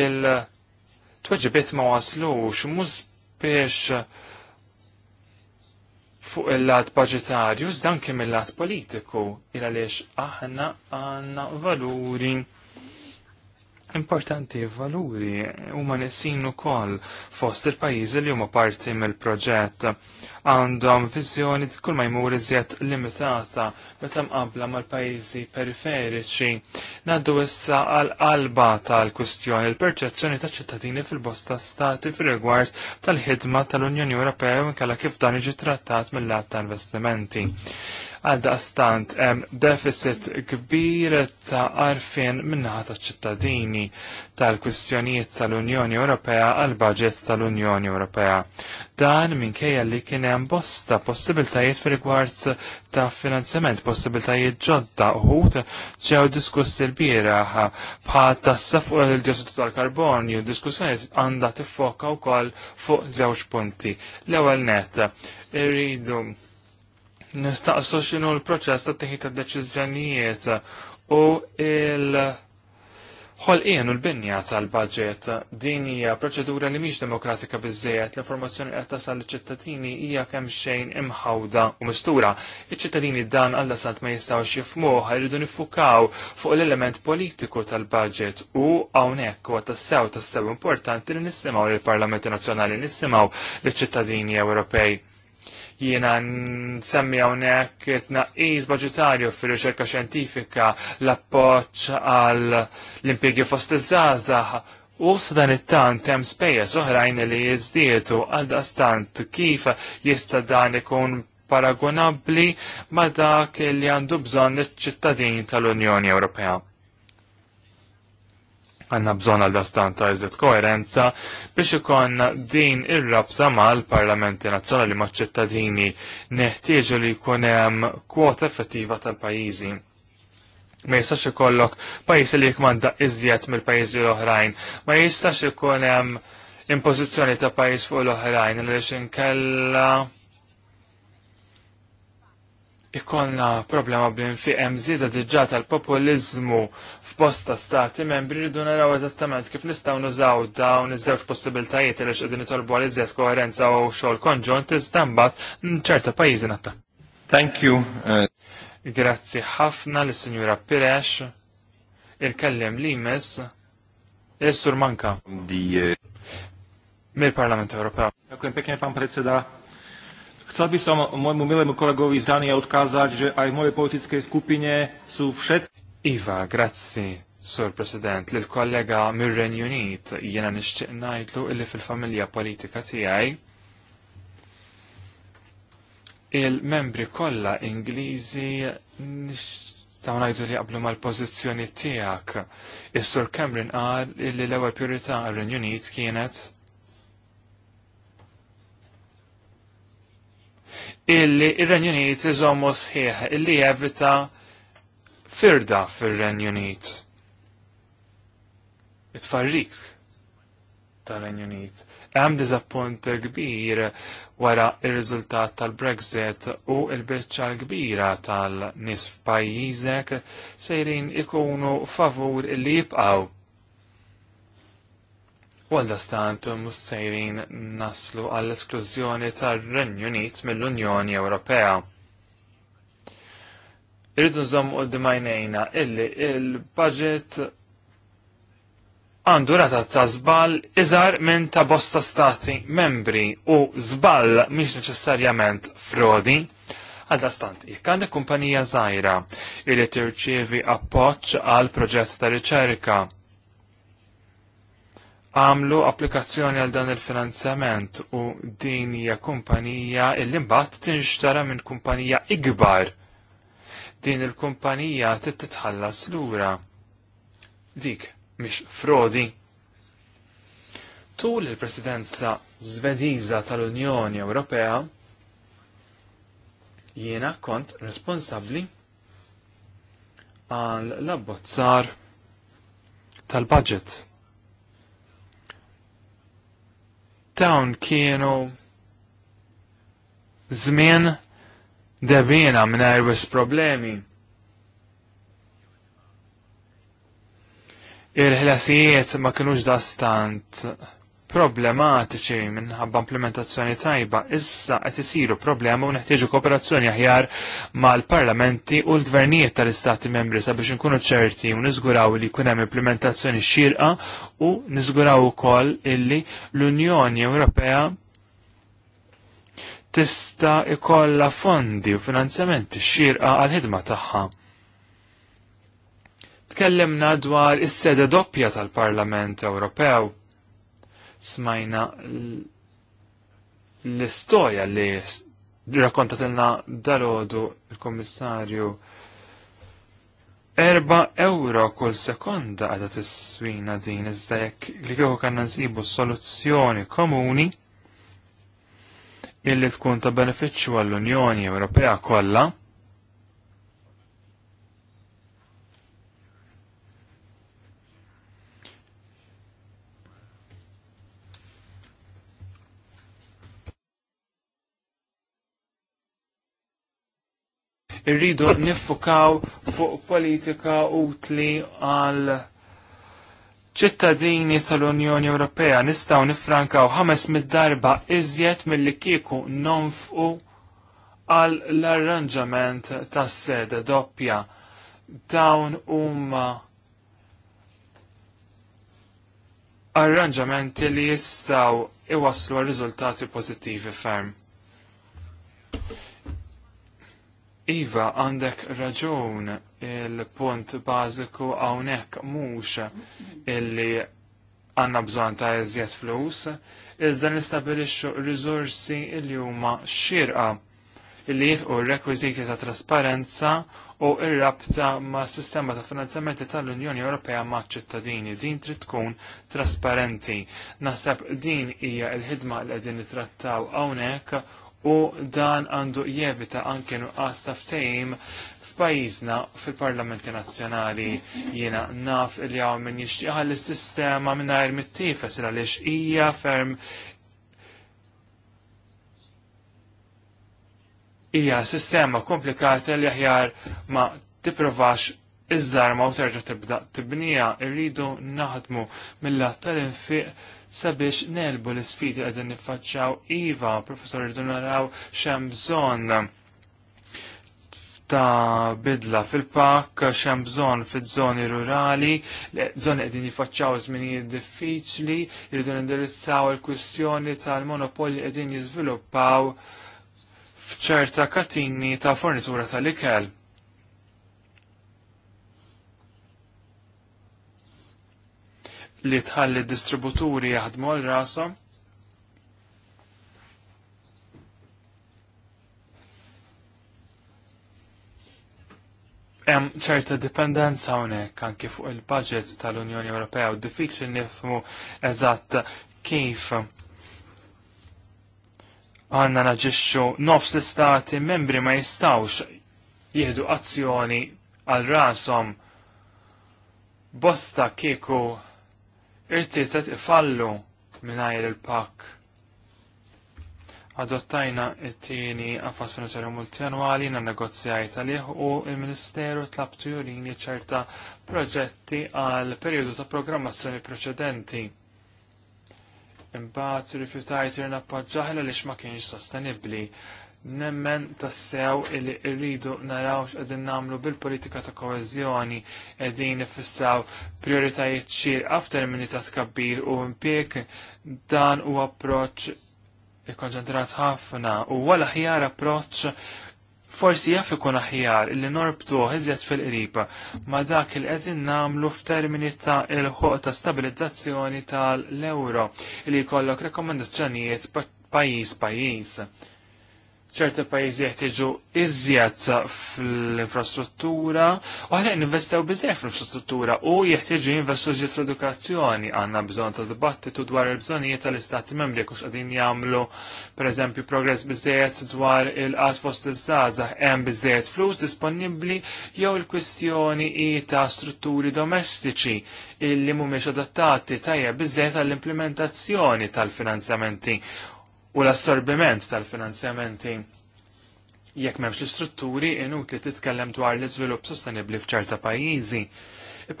Il-tweġibiet ma waslux, mhux biex fuq il-lat budgetarju, zdan kim il-lat politiku, il għaliex aħna għanna valuri importanti valuri huma neqsin ukoll fost il-pajjiżi li huma parti mill-proġett għandhom viżjoni kull ma jmur iżjed limitata meta mqabbla mal-pajjiżi periferiċi. Naddu issa għal qalba tal-kwistjoni il-perċezzjoni ta' ċittadini fil-bosta stati fir-rigward tal-ħidma tal-Unjoni Ewropea u kif dan iġi trattat mill-lat tal-investimenti. Għal stant hemm deficit kbir ta' arfien minnaħa ta' ċittadini tal-kwistjonijiet tal-Unjoni Ewropea għal budget tal-Unjoni Ewropea. Dan minkejja li kien hemm bosta possibiltajiet fir-rigward ta' finanzjament, possibiltajiet ġodda uħut ċew diskuss l-bieraħ bħal tassa fuq il-diossidu tal-karbonju, diskussjoni għandha tiffoka wkoll fuq żewġ punti. L-ewwel net, irridu nistaqsu x'inhu l-proċess ta' teħid ta' deċiżjonijiet u il- ħolqien u l-binja tal-budget din hija proċedura li mhix demokratika biżejjed l-informazzjoni qed tasal liċ-ċittadini hija kemm xejn imħawda u mistura. Iċ-ċittadini dan alla sant ma jistgħux jifmuh jridu niffukaw fuq l-element politiku tal-budget u hawnhekk huwa tassew tassew importanti li nisimgħu lill-Parlamenti Nazzjonali nisimgħu liċ-ċittadini Ewropej Jiena nsemmi hawnhekk tnaqqis budgetarju fir-riċerka xjentifika l-appoġġ għal l-impjegi fost iż-żgħażagħ u dan it-tant hemm spejjeż oħrajn li jiżdietu għal dastant kif jista' dan ikun paragonabbli ma' dak li għandu bżonn iċ-ċittadin tal-Unjoni Ewropea. Għanna bżon għal dastan ta' iżet koerenza biex ikon din ir-rabta l parlamenti nazzjonali ma' ċittadini neħtieġu li jkun hemm kwota effettiva tal-pajjiżi. Ma jistax ikollok pajjiż li jkmanda iżjed mill-pajjiżi l-oħrajn, ma jistax ikun hemm impożizzjoni ta' pajjiż fuq l-oħrajn għaliex inkella Ikonna problema bl fi hemm żieda diġà tal-populiżmu f'bosta stati membri rridu naraw eżattament kif nistgħu nużaw dawn iż-żewġ possibiltajiet li x'qegħdin itolbu għal iżjed koerenza u xogħol konġunt iżda mbagħad ċerta pajjiżi natta. Thank you. Uh, Grazzi ħafna l sinjura Piresh il-kellem li il sur manka. Uh, Mill-Parlament Ewropew. Jekk pan prezzeda Chcel by som môjmu milému kolegovi z Dania odkázať, že aj v mojej politickej skupine sú všetci. Iva, grazie, Sur President, lil kollega Mirren Unit jena nixtieq ngħidlu illi fil-familja politika tijaj. il-membri kolla Ingliżi nixtaw ngħidu li qablu mal pozizjoni tijak. Is-Sur Cameron qal illi l-ewwel priorità għar Unit kienet illi il-Renjunit Unit iżommu sħiħ illi jevita firda fir-Renju Unit. It-farrik tal-Renju Unit. Hemm diżappunt kbir wara il riżultat tal-Brexit u l-biċċa kbira tal-nies f'pajjiżek sejrin ikunu favur li jibqgħu U stant dastant mussejrin naslu għall esklużjoni tar-Renju Unit mill-Unjoni Ewropea. Irridu nżomm u d-dimajnejna illi il-budget għandu rata ta' zbal iżar minn ta' bosta stati membri u zbal miex neċessarjament frodi. Għaldastant, jekk għandek kumpanija żgħira li tirċievi appoġġ għal proġett ta' riċerka għamlu applikazzjoni għal dan il-finanzjament u din hija kumpanija il-limbat tinxtara minn kumpanija ikbar. Din il-kumpanija titħallas lura. Dik mhix frodi. Tul il-Presidenza zvediza tal-Unjoni Ewropea jiena kont responsabbli għal l-abbozzar tal-budget Dawn kienu żmien debina mingħajr wis problemi. Il-ħlasijiet ma kinux dastant problematiċi minħabba implementazzjoni tajba, issa qed isiru problema u neħtieġu kooperazzjoni aħjar mal-parlamenti u l-gvernijiet tal-istati membri sabiex inkunu ċerti u niżguraw li jkun hemm implementazzjoni xirqa u niżguraw ukoll illi l-Unjoni Ewropea tista' ikollha fondi u finanzjamenti xirqa għal-ħidma tagħha. Tkellimna dwar is-seda doppja tal-Parlament Ewropew smajna l istoria li rakkontatilna ħodu il-Kommissarju Erba euro kull sekonda għada t-swina din, iżda jekk li kieku kanna nsibu soluzzjoni komuni illi tkun ta' beneficju għall-Unjoni Ewropea kollha irridu niffukaw fuq politika utli għal ċittadini tal-Unjoni Ewropea nistaw nifrankaw ħames mid-darba iżjed mill-li kieku nonfqu għal l-arranġament tas sede doppja. Dawn huma arranġamenti li jistaw iwaslu riżultati pozittivi ferm. Iva, għandek raġun il-punt bażiku hawnhekk mhux illi għandna bżonn ta' iżjed flus, iżda nistabilixxu rizorsi li huma xirqa li jilqu r-rekwiżiti ta' trasparenza u r-rabta ma' sistema ta' finanzjamenti tal-Unjoni Ewropea ma' ċittadini. Din trid tkun trasparenti. Naħseb din hija l-ħidma li qegħdin nittrattaw hawnhekk u dan għandu jevita anke nuqqas ta' f'pajjiżna fil-Parlamenti Nazzjonali jiena naf il jaw min jixtieq l-sistema mingħajr mit-tifes għaliex hija ferm hija sistema komplikata li aħjar ma tipprovax iż-żarma u terġa' tibda tibnija rridu naħdmu mill-lat tal-infiq sabiex nerbu l-sfidi għadin nifacċaw Iva, professor rridu naraw ta' bidla fil-pak, xem fil zoni rurali, zoni għedin jifacċaw zmini diffiċli, jridun indirizzaw il-kwistjoni tal-monopoli għedin jizviluppaw fċerta katini ta' fornitura tal-ikel. li tħalli distributuri jaħdmu għal rasom. Hemm ċerta dipendenza hawnhekk anke fuq il-budget tal-Unjoni Ewropea u diffiċli nifhmu eżatt kif għandna naġixxu nofs l-istati membri ma jistawx jieħdu azzjoni għal rashom bosta kieku irtiet qed ifallu mingħajr il-pakk. Adottajna it-tieni għafas finanzjarju multjanwali na negozjajt għalih u il-Ministeru jurin li ċerta proġetti għal perjodu ta' programmazzjoni preċedenti. Imbagħad rifjutajt irna appoġġaħ għaliex ma kienx sostenibbli nemmen tassew illi rridu naraw x'qegħdin nagħmlu bil-politika ta' koezjoni qegħdin ifissaw prioritajiet xierqa f'termini ta' tkabbir u impjek dan huwa approċċ ikkonċentrat ħafna u wala ħjar approċċ forsi jaf ikun aħjar illi norbtu iżjed fil-qriba ma dak il qegħdin nagħmlu f'termini ta' il ħuq ta' stabilizzazzjoni tal-euro li jkollok rekomendazzjonijiet pajjiż pajjiż ċerti pajjiżi jeħtieġu iżjed fl-infrastruttura u ħalek ninvestew biżejjed fl-infrastruttura u jeħtieġu jinvestu iżjed fl-edukazzjoni għandna bżonn ta' dibattitu dwar il-bżonnijiet tal-istati membri kux qegħdin jagħmlu pereżempju progress biżejjed dwar il-qas fost iż-żgħażagħ hemm biżejjed flus disponibbli jew il-kwistjoni ta' strutturi domestiċi illi mhumiex adattati tajjeb biżejjed għall-implementazzjoni tal-finanzjamenti u l-assorbiment tal-finanzjamenti. Jekk m'hemmx strutturi inutli titkellem dwar l-iżvilupp sostenibbli f'ċerta pajjiżi. l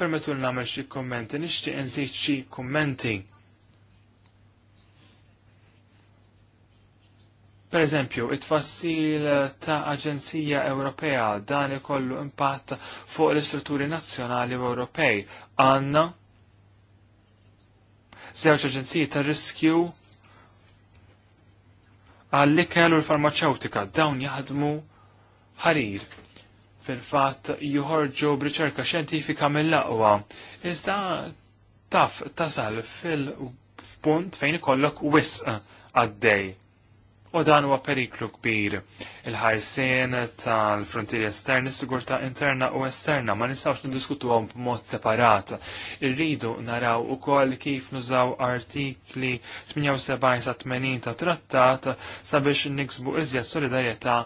nagħmel xi kummenti nixtieq inżid xi kummenti. Per eżempju, it-tfassil ta' Aġenzija Ewropea dan ikollu impatt fuq l-istrutturi nazzjonali u Ewropej. Għanna żewġ aġenziji ta' riskju għall-ikel u l-farmaceutika dawn jaħdmu ħarir fil-fat juħorġu b'riċerka xjentifika mill-laqwa. Iżda taf tasal fil-punt fejn ikollok wisq għaddej u dan huwa periklu kbir. Il-ħarsien tal-frontieri esterni, sigurta interna u esterna ma nistgħux niddiskutuhom b'mod separat. Irridu naraw ukoll kif nużaw artikli 78 sa 80 ta' trattat sabiex niksbu iżjed solidarjetà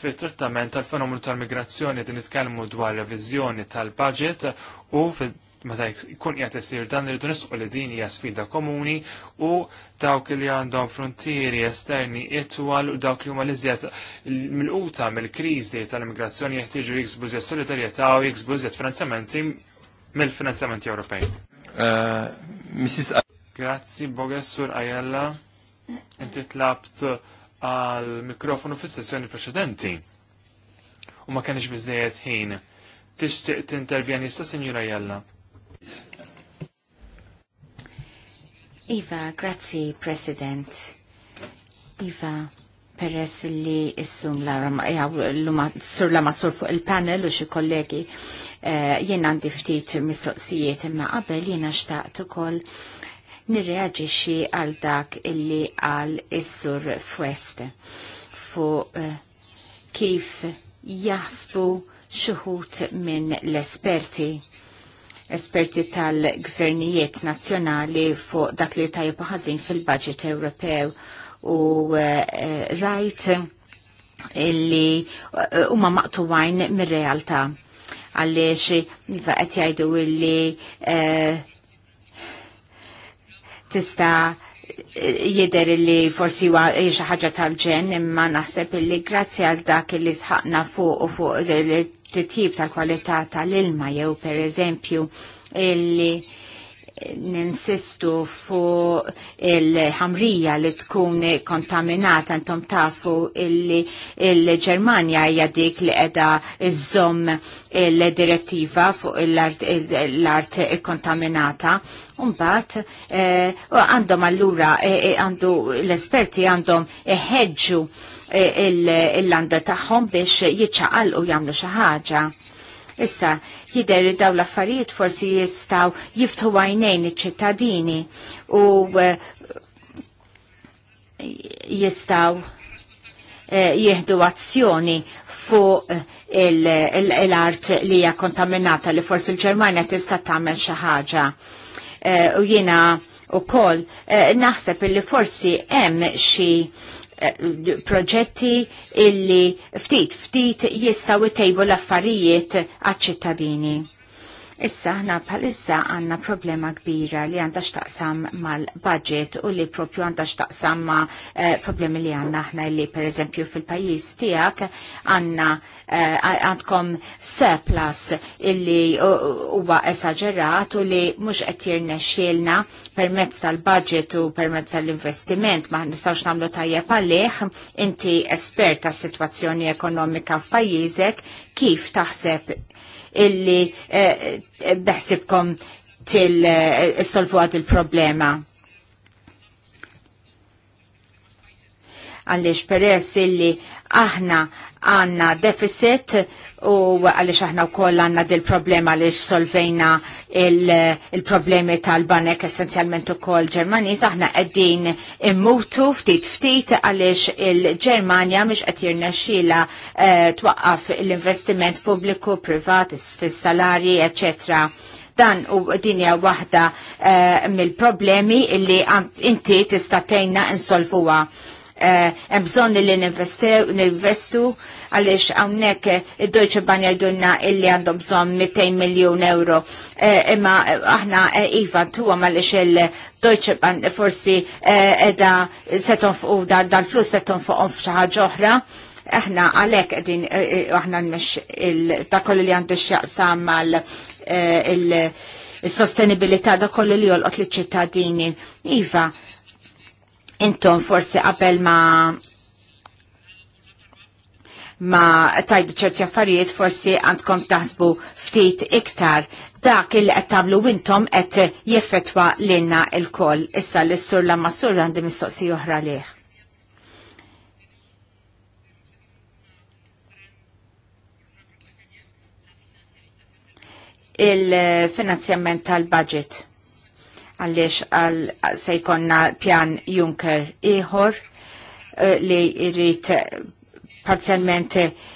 fit-trattament tal-fenomenu tal-migrazzjoni din nitkellmu dwar reviżjoni tal-budget u fit meta jkun qed isir dan irridu nisqu li din hija sfida komuni u dawk li għandhom frontieri esterni itwal u dawk li huma l-iżjed mill-quta mill-kriżi tal-immigrazzjoni jeħtieġu jiksbu żjed solidarjetà u jiksbu żjed finanzjamenti mill-finanzjamenti Ewropej. Uh, Mrs. Grazzi Bogessur Ajella, inti tlabt għal mikrofonu fis-sessjoni preċedenti u ma kenix bizzejet ħin. Tixtieq tintervjeni sta Sinjura Jalla. Iva, grazzi, President. Iva, peress li issum l-luma eh, ma sur fuq il-panel u xi kollegi eh, jien għandi ftit mistoqsijiet imma qabel jiena xtaqt ukoll nirreaġixxi għal dak illi għal is-sur f'West fuq eh, kif jasbu xuħut minn l-esperti esperti tal-gvernijiet nazzjonali fuq dak li tajjeb ħażin fil-budget Ewropew u eh, eh, rajt illi eh, huma maqtuwajn mir-realtà għaliex iva qed jgħidu illi tista' jider li forsi huwa xi ħaġa tal-ġen imma naħseb illi grazzi għal dak li sħaqna fuq u fuq tip ta' kwalità tal-ilma jew per eżempju illi ninsistu fuq il-ħamrija li tkun kontaminata intom tafu il-Germania hija dik li qiegħda iżomm il-direttiva fuq l-art kontaminata. Umbat, eh, għandhom allura, eh, eh, għandu l-esperti għandhom iħedġu Eh, il-landa tagħhom biex jitxaqal u jagħmlu xi ħaġa. Issa, jider daw l-affarijiet forsi jistaw jiftħu għajnejn iċ-ċittadini u eh, jistaw eh, jihdu azzjoni fuq l-art li hija kontaminata li forsi l-Ġermanja tista' tagħmel xi ħaġa. U jiena wkoll naħseb li forsi hemm xi Eh, proġetti illi ftit ftit jistaw tejbu l-affarijiet għaċ ċittadini Issa ħna bħalissa għanna problema kbira li għanda xtaqsam mal-budget u li propju għanda xtaqsam ma eh, problemi li għanna ħna li per eżempju fil-pajis tijak għanna eh, għandkom eh, surplus illi huwa esagerat u li mux għettir per permezz tal-budget u permezz tal-investiment ma nistawx namlu tajjeb għalih inti esperta situazzjoni ekonomika f'pajjiżek kif taħseb illi eh, beħsibkom til-solvu eh, għad il-problema. Għalli peress illi aħna għanna deficit u għalix aħna u koll għanna dil problema għalix solvejna il-problemi il problemi tal banek essenzjalment u koll ġermanis aħna għeddin immutu ftit ftit għalix il-ġermania miex għetjirna xila eh, twaqqaf l-investiment publiku, privat, fis-salari, eccetera dan u dinja wahda eh, mill-problemi illi inti tistatejna insolvuwa. Eh, hemm bżonn li ninvestu għaliex hawnhekk id-Deutsche Bank jgħidulna illi għandhom bżonn 200 miljun euro. E, imma aħna e, iva tuwa għaliex il-Deutsche Bank forsi e, edha seton fuq dal-flus seton fuq għom ħaġa oħra aħna għalek għedin, aħna nmex il-ta' kollu li għandu xjaqsam mal il-sostenibilità da kollu li jolqot li ċittadini. Iva, intom forsi qabel ma ma tajdu ċerti affarijiet forsi għandkom taħsbu ftit iktar dak il qed tagħmlu et qed jeffettwa lilna l-koll. Issa l-sur la massur għandi mistoqsi oħra liħ. il-finanzjament tal-budget għalliex għal sejkonna pjan Juncker iħor eh, li irrit parzialment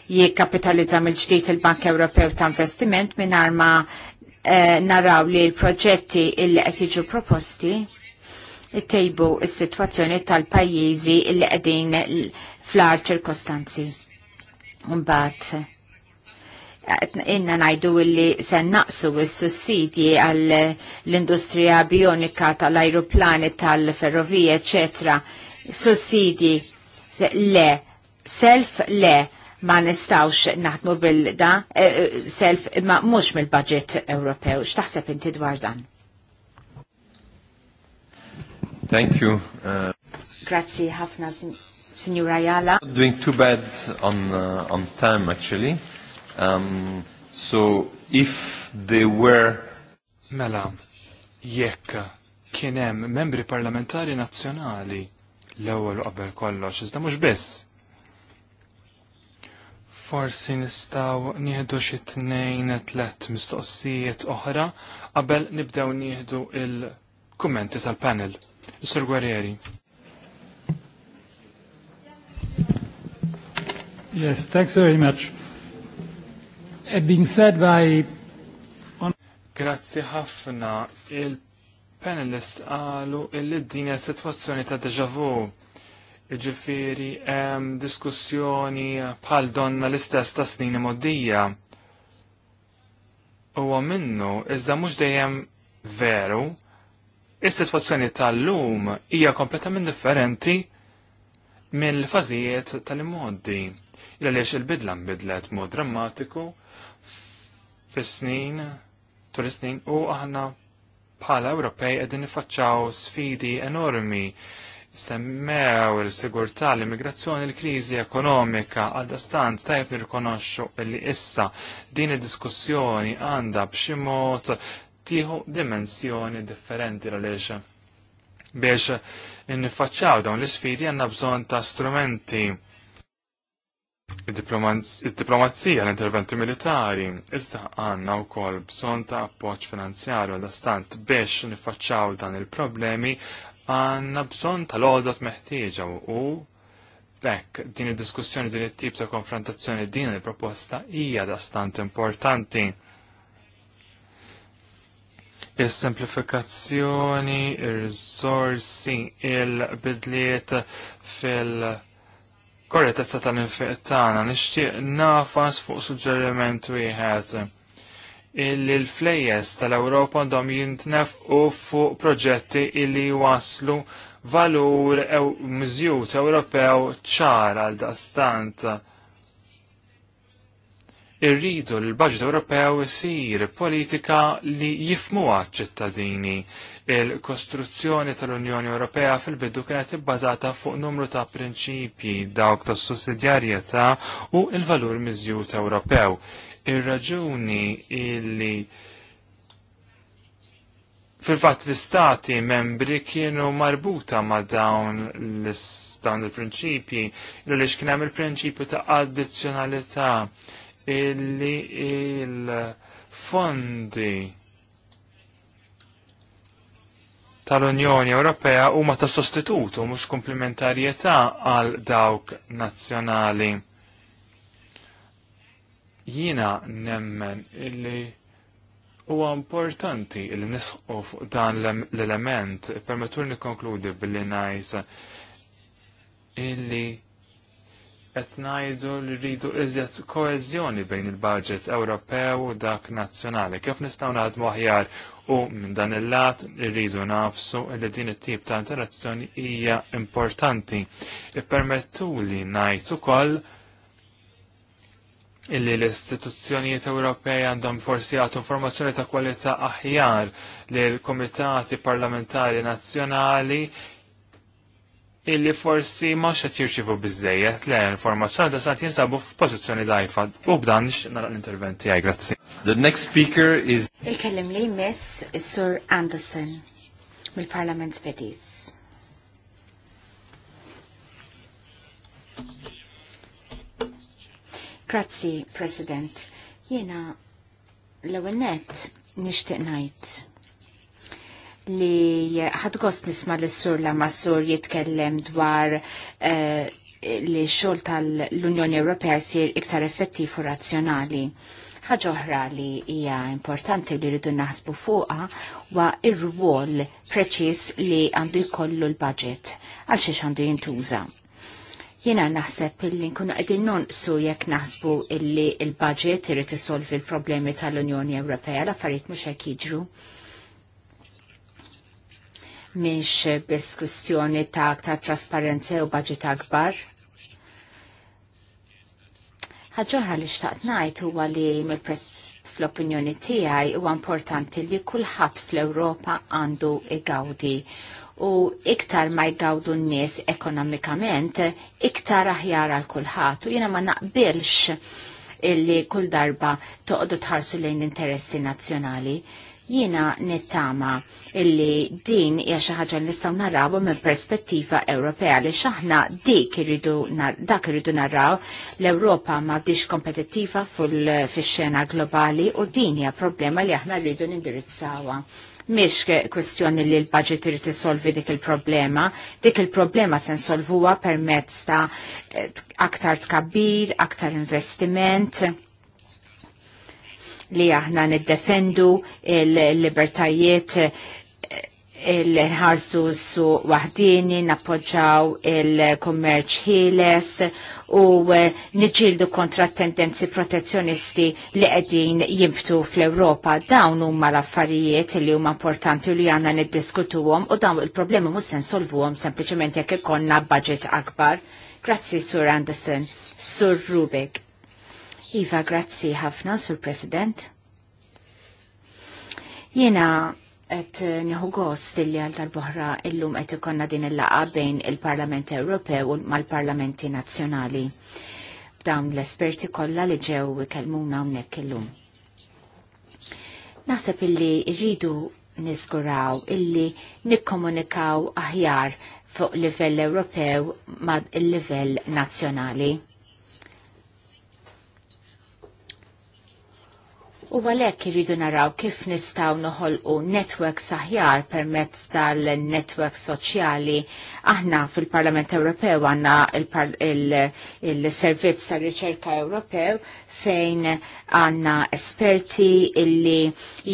jikkapitalizza mill-ġdid il-Bank Ewropew ta' Investiment mingħajr ma eh, naraw li l-proġetti illi qed jiġu proposti ittejbu s-sitwazzjoni tal-pajjiżi illi qegħdin fl-ar ċirkostanzi. Mbagħad inna najdu illi se naqsu s sussidji għall l-industrija bionika tal-ajruplani tal-ferrovija, eccetera. Sussidji le self le ma nistawx naħdmu bil-da eh, eh, self ma mux mill-budget Ewropew. X'taħseb inti dwar dan? Thank you. Uh, Grazzi ħafna, Signora Ayala. Doing too bad on, uh, on time, actually. Um, so, if they were... Mela, jekk kienem membri parlamentari nazzjonali l-ewwel qabel kollox, iżda mhux biss Forsi nistaw nieħdu xi tnejn tlet mistoqsijiet oħra qabel nibdew nieħdu il-kummenti tal-panel. Sur Guerrieri. Yes, thanks very much. It been said by Grazzi ħafna il-panelist qalu illi din situazzjoni sitwazzjoni ta' deja vu Iġifiri, hemm diskussjoni bħal donna l-istess ta' snin imoddija. Huwa minnu, iżda mhux dejjem veru, is-sitwazzjoni tal-lum hija kompletament differenti mill-fażijiet tal-immoddi. Illa għaliex il-bidla nbidlet mod drammatiku fis-snin, tul snin u aħna bħala Ewropej qegħdin nifaċċaw sfidi enormi semmew il-sigurtà l-immigrazzjoni l-kriżi ekonomika għal stant tajb nirkonoxxu li issa din id-diskussjoni għandha b'xi mod tieħu dimensjoni differenti għaliex. Biex niffaċċaw dawn l-isfidi għandna bżonn ta' strumenti il-diplomazija, l-interventi militari, iżda għanna u kol bżon ta' appoċ finanzjarju għal-dastant biex nifacċaw dan il-problemi għanna bżon tal-għodot meħtieġa u bekk din id-diskussjoni din it-tip ta' konfrontazzjoni din il-proposta hija da' stant importanti. Il-semplifikazzjoni, il-risorsi, il-bidliet fil- Korretezza tal-infettana, nixtieq nafas fuq suġġeriment wieħed il-flejjes tal-Ewropa għandhom jintnef u fuq proġetti illi waslu valur ew mżjut Ewropew ċar għal dastant. Irridu l baġit Ewropew isir politika li jifmuha ċittadini. Il-kostruzzjoni tal-Unjoni Ewropea fil-bidu kienet ibbażata fuq numru ta' prinċipji dawk tas sussidjarjetà u il-valur miżjut Ewropew ir-raġuni illi fil-fatt l-istati membri kienu marbuta ma' dawn l istan il-prinċipji, l kien hemm il-prinċipju ta' addizzjonalità illi il-fondi tal-Unjoni Ewropea huma ta' sostitutu mhux komplementarjetà għal dawk nazzjonali. Jiena nemmen illi huwa importanti illi nisqu fuq dan l-element permettur nikkonkludi billi ngħid illi qed ngħidu li rridu iżjed koeżjoni bejn il-budget Ewropew u dak nazzjonali. Kif nistgħu naħdmu aħjar u minn dan il-lat irridu nafsu li din it-tip ta' interazzjoni hija importanti. Ippermettuli ngħid ukoll illi l-istituzzjonijiet Ewropej għandhom forsi għatu informazzjoni ta' kwalità aħjar li l-Komitati Parlamentari Nazzjonali illi forsi ma xed jirċivu bizzejiet l informazzjoni da sant jinsabu f'pożizzjoni dajfa u b'dan nara l-interventi għaj, grazzi. The next speaker is... Il-kellim li miss Sir Anderson mill-Parlament Svediż. Grazzi, President. Jena l-ewwel nett nixtieq ngħid li ħadgost nisma l sur la Massur jitkellem dwar eh, li xogħol tal-Unjoni Ewropea jsir iktar effettiv u razzjonali. Ħaġa oħra li hija importanti li rridu naħsbu fuqha wa ir-rwol preċiż li għandu jkollu l-budget għal xiex għandu jintuża jina naħseb illi nkunu qegħdin su jekk naħsbu illi il-budget irid isolvi l-problemi tal-Unjoni Ewropea l-affarijiet mhux hekk jiġru. Mhix biss kwistjoni ta' aktar trasparenza u budget akbar. Ħaġġorra li xtaqt ngħid huwa li mil pres fl-opinjoni tiegħi huwa importanti li kulħadd fl-Ewropa għandu igawdi u iktar ma jgawdu n-nies ekonomikament, iktar aħjar għal kulħadd u jiena ma naqbilx illi kull darba toqdu tħarsu lejn interessi nazzjonali. Jiena nittama illi din hija xi ħaġa li nistgħu narrawha minn perspettiva Ewropea li x'aħna dik irridu dak irridu narraw l-Ewropa m'għadix kompetittiva fix-xena globali u din hija problema li aħna rridu nindirizzawha miex kwestjoni li l-budget irid isolvi dik il-problema, dik il-problema se nsolvuha permezz ta' aktar tkabbir, aktar investiment li aħna niddefendu il-libertajiet il-ħarsu su wahdini, nappoġġaw il-kommerċ ħieles u eh, nġildu kontra tendenzi protezzjonisti li qegħdin jimftu fl-Ewropa. Dawn huma l-affarijiet li huma importanti li għandna niddiskutuhom u dawn il-problemi mhux se nsolvuhom sempliċement jekk ikonna budget akbar. Grazzi Sur Anderson, Sur Rubik. Iva, grazzi ħafna, Sur President. Jena Et nieħu gost li għal darbohra illum qed ikonna din il-laqa bejn il-Parlament Ewropew u mal-Parlamenti Nazzjonali. Dawn l-esperti kollha li ġew ikellmuna hawnhekk illum. Naħseb illi rridu niżguraw illi nikkomunikaw aħjar fuq livell Ewropew ma' il-livell nazzjonali U għalhekk irridu naraw kif nistgħu noħolqu netwerk saħjar permezz tal-netwerk soċjali. Aħna fil-Parlament Ewropew għandna il-Servizz tal-Riċerka Ewropew fejn għandna esperti illi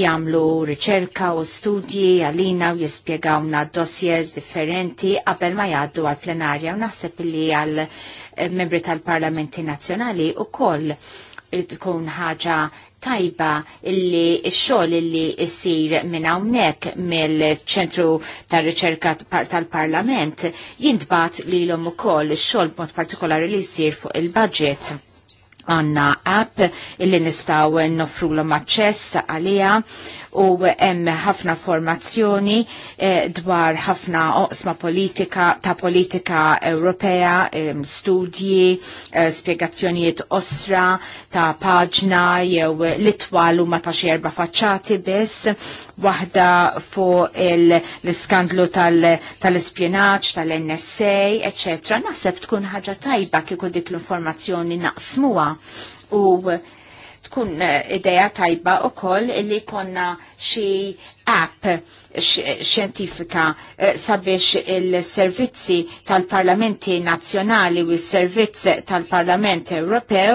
jagħmlu riċerka u studji għalina u jispjegawna dossiers differenti qabel ma jgħaddu għal plenarja u naħseb illi għall membri tal-Parlamenti Nazzjonali u koll tkun ħaġa tajba illi x-xogħol illi jsir minn hawnhekk mill-ċentru tar-riċerka tal-Parlament jintbat lilhom ukoll ix-xogħol b'mod partikolari li jsir fuq il-budget għanna app illi nistaw noffru l-om għalija u hemm ħafna formazzjoni eh, dwar ħafna oqsma politika ta' politika Ewropea, studji, eh, spiegazzjonijiet osra ta' paġna jew litwal itwal huma ta' xi erba' faċċati biss, waħda fuq l-iskandlu tal-ispjonaġġ tal tal-NSA, eċċetera. Naħseb tkun ħaġa tajba kieku dik l-informazzjoni naqsmuha u tkun eh, ideja tajba u koll li konna xi app xjentifika eh, sabiex il-servizzi tal-parlamenti nazjonali u s-servizz tal-parlament Ewropew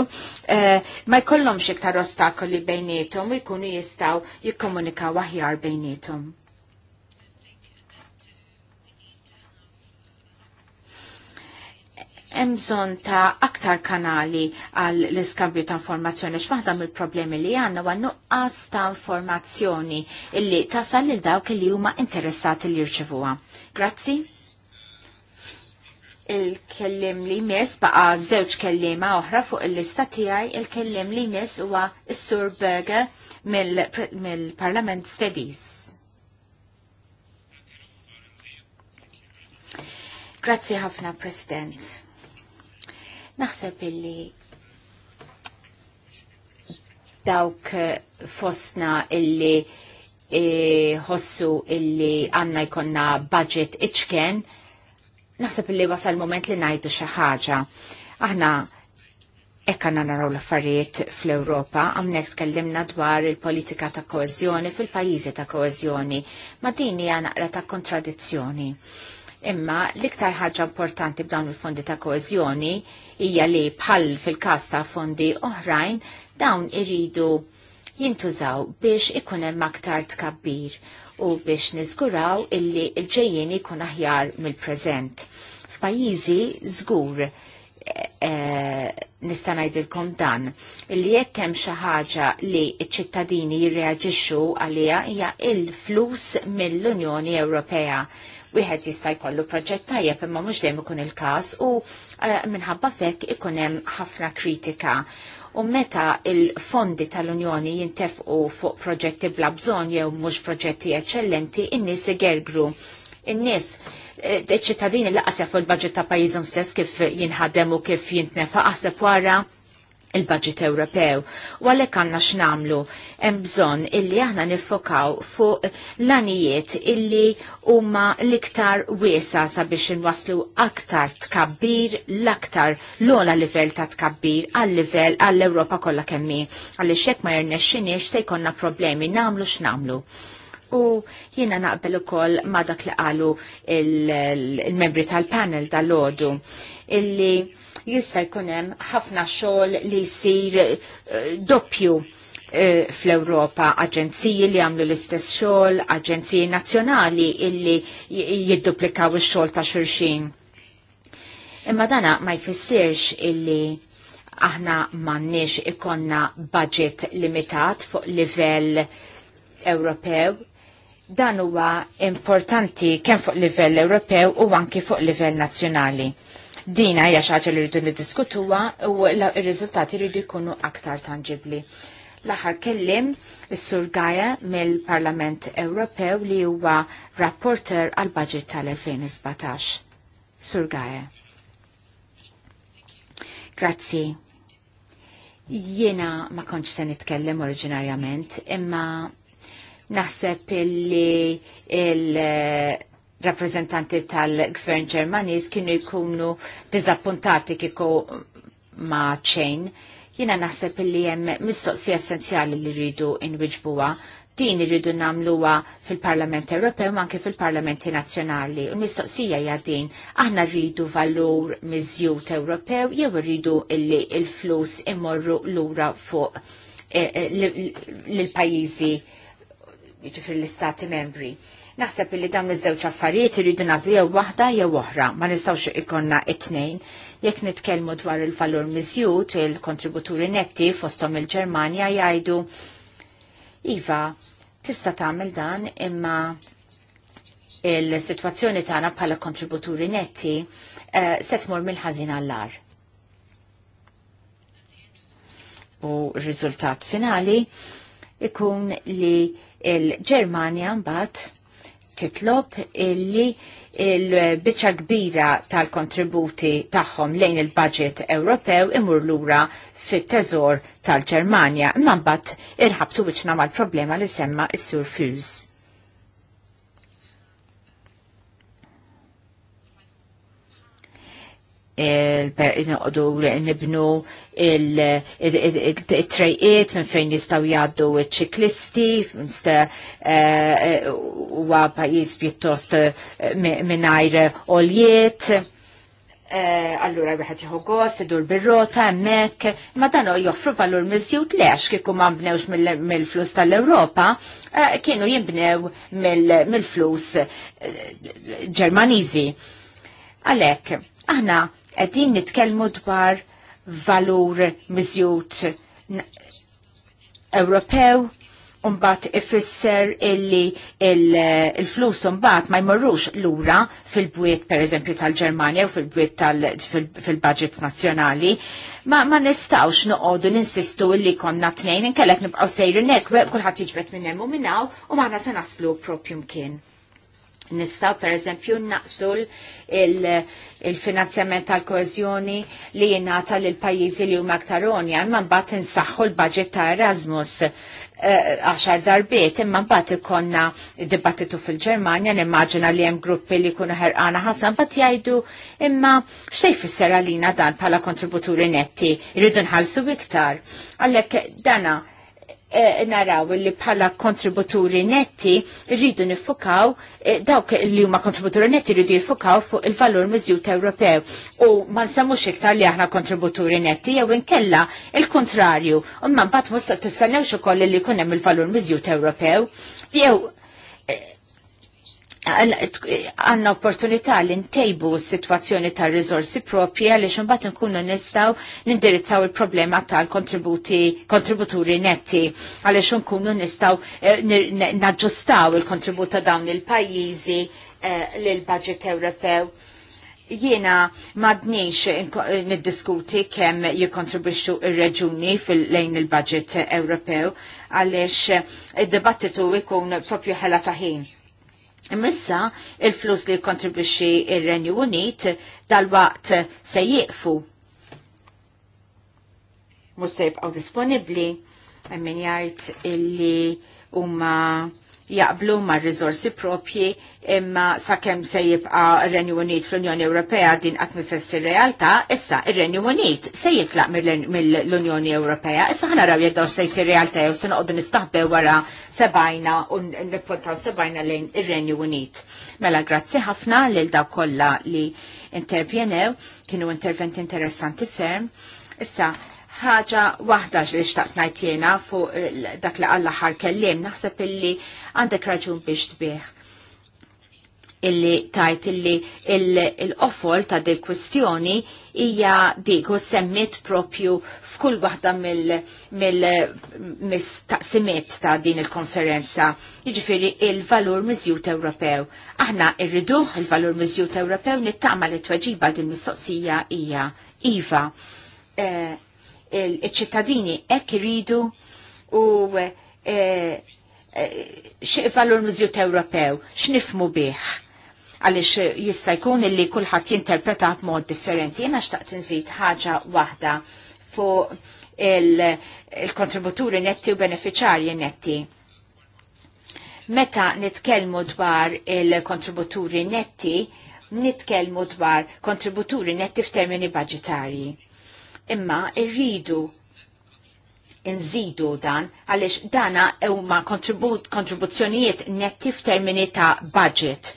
eh, ma jkollhomx iktar ostakoli bejnietom u jkunu jistgħu jikkomunikaw aħjar bejnietom. hemm bżonn ta' aktar kanali għal l-iskambju ta' informazzjoni x'waħda mill-problemi li għandna huwa nuqqas ta' informazzjoni illi tasal lil dawk li huma interessati li jirċevuha. Grazzi. Il-kellim li jmiss baqa żewġ kellima oħra fuq il-lista tiegħi, il-kellim li jmiss huwa s-Sur Berger mill-Parlament mil Svediż. Grazzi ħafna, President. Naħseb illi dawk fosna illi eh, ħossu illi għanna jkonna budget iċken, naħseb illi wasal moment li najdu xaħġa. Aħna ekkan għanna naraw l-affarijiet fl-Europa, għamnek tkellimna dwar il-politika ta' koezjoni fil-pajizi ta' koezjoni, ma dini għanaqra ta' kontradizzjoni Imma l-iktar ħaġa importanti b'dawn il-fondi ta' koezjoni hija li bħal fil-każ ta' fondi oħrajn dawn iridu jintużaw biex ikun hemm aktar tkabbir u biex niżguraw illi l-ġejjien ikun aħjar mill-preżent. F'pajjiżi żgur e, nista' ngħidilkom dan illi jekk hemm xi ħaġa li ċ-ċittadini jirreaġixxu għaliha hija il-flus mill-Unjoni Ewropea wieħed jista' jkollu proġett tajjeb imma mhux dejjem ikun il-każ u eh, minħabba fekk ikun hemm ħafna kritika. U meta il-fondi tal-Unjoni jintefqu fuq proġetti bla bżonn jew mhux proġetti eċċellenti, in-nies igergru. In-nies eh, ċittadini laqas jafu l-budget ta' pajjiżhom stess kif jinħadem u kif jintnefa' aħseb wara il-budget Ewropew. U għalek għanna x'namlu hemm bżonn illi aħna nifokaw fuq l-anijiet illi huma l-iktar wiesa sabiex inwaslu aktar tkabbir l-aktar l-ola livell ta' tkabbir għal livell għall ewropa kollha kemmi. Għaliex hekk ma jirnexxinix se jkollna problemi namlu x'namlu. U jiena naqbel ukoll ma dak li qalu il-membri tal-panel tal-għodu illi jista' jkun hemm ħafna xogħol li jsir eh, doppju eh, fl-Europa aġenziji li għamlu l-istess xogħol, aġenziji nazzjonali illi jidduplikaw ix-xogħol ta' xulxin. Imma dana ma jfissirx illi aħna m'għandniex ikonna budget limitat fuq livell Ewropew. Dan huwa importanti kemm fuq livell Ewropew u anke fuq livell nazzjonali Dina hija xi ħaġa li rridu niddiskutuha u r-riżultati rridu jkunu aktar tangibbli. L-aħħar kellim is-Sur Gaja mill-Parlament Ewropew li huwa rapporter għal budget tal-2017. Sur Gaja. Grazzi. Jiena ma konċ se nitkellem oriġinarjament, imma naħseb li il- rappresentanti tal-gvern ġermaniż kienu jkunu dizappuntati kieku ma ċejn. Jiena naħseb li hemm mistoqsija essenzjali li rridu inwiġbuha din irridu namluwa fil-Parlament Ewropew ma anke fil-Parlamenti Nazzjonali. U mistoqsija hija din, aħna rridu valur miżjut Ewropew jew rridu illi il-flus immorru lura fuq eh, eh, l-pajjiżi jiġifier l-istati membri. Naħseb li dawn iż-żewġ affarijiet iridu nażlu jew waħda jew oħra, ma nistgħux ikonna it-tnejn. Jekk nitkellmu dwar il-valur miżjud il-kontributuri netti fosthom il-Ġermanja jgħidu Iva, tista' tagħmel dan imma il-sitwazzjoni tagħna bħala kontributuri netti uh, se tmur mill-ħażin għall-ar. U r-riżultat finali ikun li il-Ġermanja mbagħad titlob illi il bicċa kbira tal-kontributi tagħhom lejn il-budget Ewropew imur lura fit-teżor tal-Ġermanja, mbagħad irħabtu biċna mal-problema li semma s-surfuse. il li nibnu il-trejqiet minn fejn jistaw jaddu il-ċiklisti, eh, u pajis pjuttost eh, minnajr oljiet. Eh, allura wieħed jieħu gost, idur bir-rota hemmhekk, imma dan joffru valur mizjut lex kieku ma mbnewx mill-flus tal-Ewropa, kienu jimbnew mill-flus Ġermaniżi. Għalhekk, aħna għedin nitkellmu dwar valur miżjut Ewropew unbat ifisser illi il-flus unbat ma jmorrux l-ura fil-bwiet per eżempju tal-Germania u fil-bwiet fil-budgets nazjonali. Ma, ma nistawx nuqodu ninsistu illi konna t-nejn inkellek nibqaw sejri nek, kullħat jġbet minnem u minnaw u maħna se naslu propju mkien. Nistaw per eżempju naqsu il-finanzjament il tal-koezjoni li jenata l-pajizi li huma aktar onja, imma mbagħad insaħħu l-budget ta' Erasmus eh, għaxar darbiet, imma mbagħad ikonna dibattitu fil-Ġermanja, nimmaġina li hemm gruppi li jkunu ħerqana ħafna, mbagħad jgħidu imma x'se jfisser għalina dan bħala kontributuri netti, irridu nħallsu iktar. Għalhekk dana Eh, naraw li bħala kontributuri netti rridu nifukaw eh, dawk li huma kontributuri netti rridu jifukaw fuq il-valur miżjut Ewropew u ma nsemmux iktar li aħna kontributuri netti jew inkella il-kontrarju imma mbagħad mhux tistennewx ukoll li jkun hemm il-valur miżjut Ewropew jew għanna opportunità li ntejbu s-situazzjoni tal rizorsi propri għalli mbagħad nkunu nistgħu nindirizzaw il-problema tal kontributuri netti għalli nkunu nistgħu eh, naġġustaw il-kontribut ta' dawn il-pajjiżi eh, l budget Ewropew. Jiena madniex niddiskuti kemm jikontribwixxu ir-reġuni fil-lejn il-budget Ewropew għaliex eh, id-dibattitu jkun propju ħela ta' ħin Imissa il-flus li kontribuċi il-Renju Unit dal-waqt se jieqfu. Mustejb għaw disponibli, min jgħajt illi huma jaqblu ma' rizorsi propji imma sakemm se jibqa' Renju Unit fl-Unjoni Ewropea din qatt mistessi realtà, issa ir-Renju Unit se jitlaq mill-Unjoni Ewropea. Issa ħana raw jekk se jsir realtà jew se noqogħdu nistaħbew wara sebajna u nippuntaw sebajna lejn ir-Renju Unit. Mela grazzi ħafna lil daw kollha li intervjenew, kienu interventi interessanti ferm. Issa ħaġa waħda li xtaqt ngħid jiena fuq dak li għall aħħar kellim, naħseb illi għandek raġun biex tbieħ illi tajt illi l-offol ta' dil kwestjoni hija dik u semmit propju f'kull waħda mill-taqsimiet ta' din il-konferenza. Jiġifieri il-valur miżjut Ewropew. Aħna rriduh il-valur miżjut Ewropew nittama li tweġiba din mistoqsija hija iva. Eh, il-ċittadini hekk iridu u eh, eh, xie valur mżjut Ewropew, x'nifmu bih għalix jista' jkun illi kulħadd jinterpreta b'mod differenti. Jiena xtaqt inżid ħaġa waħda fuq il-kontributuri netti u beneficjarji netti. Meta nitkellmu dwar il-kontributuri netti, nitkellmu dwar kontributuri netti f'termini budgetarji imma irridu nżidu dan għaliex dana huma kontribuzzjonijiet netti f'termini ta' budget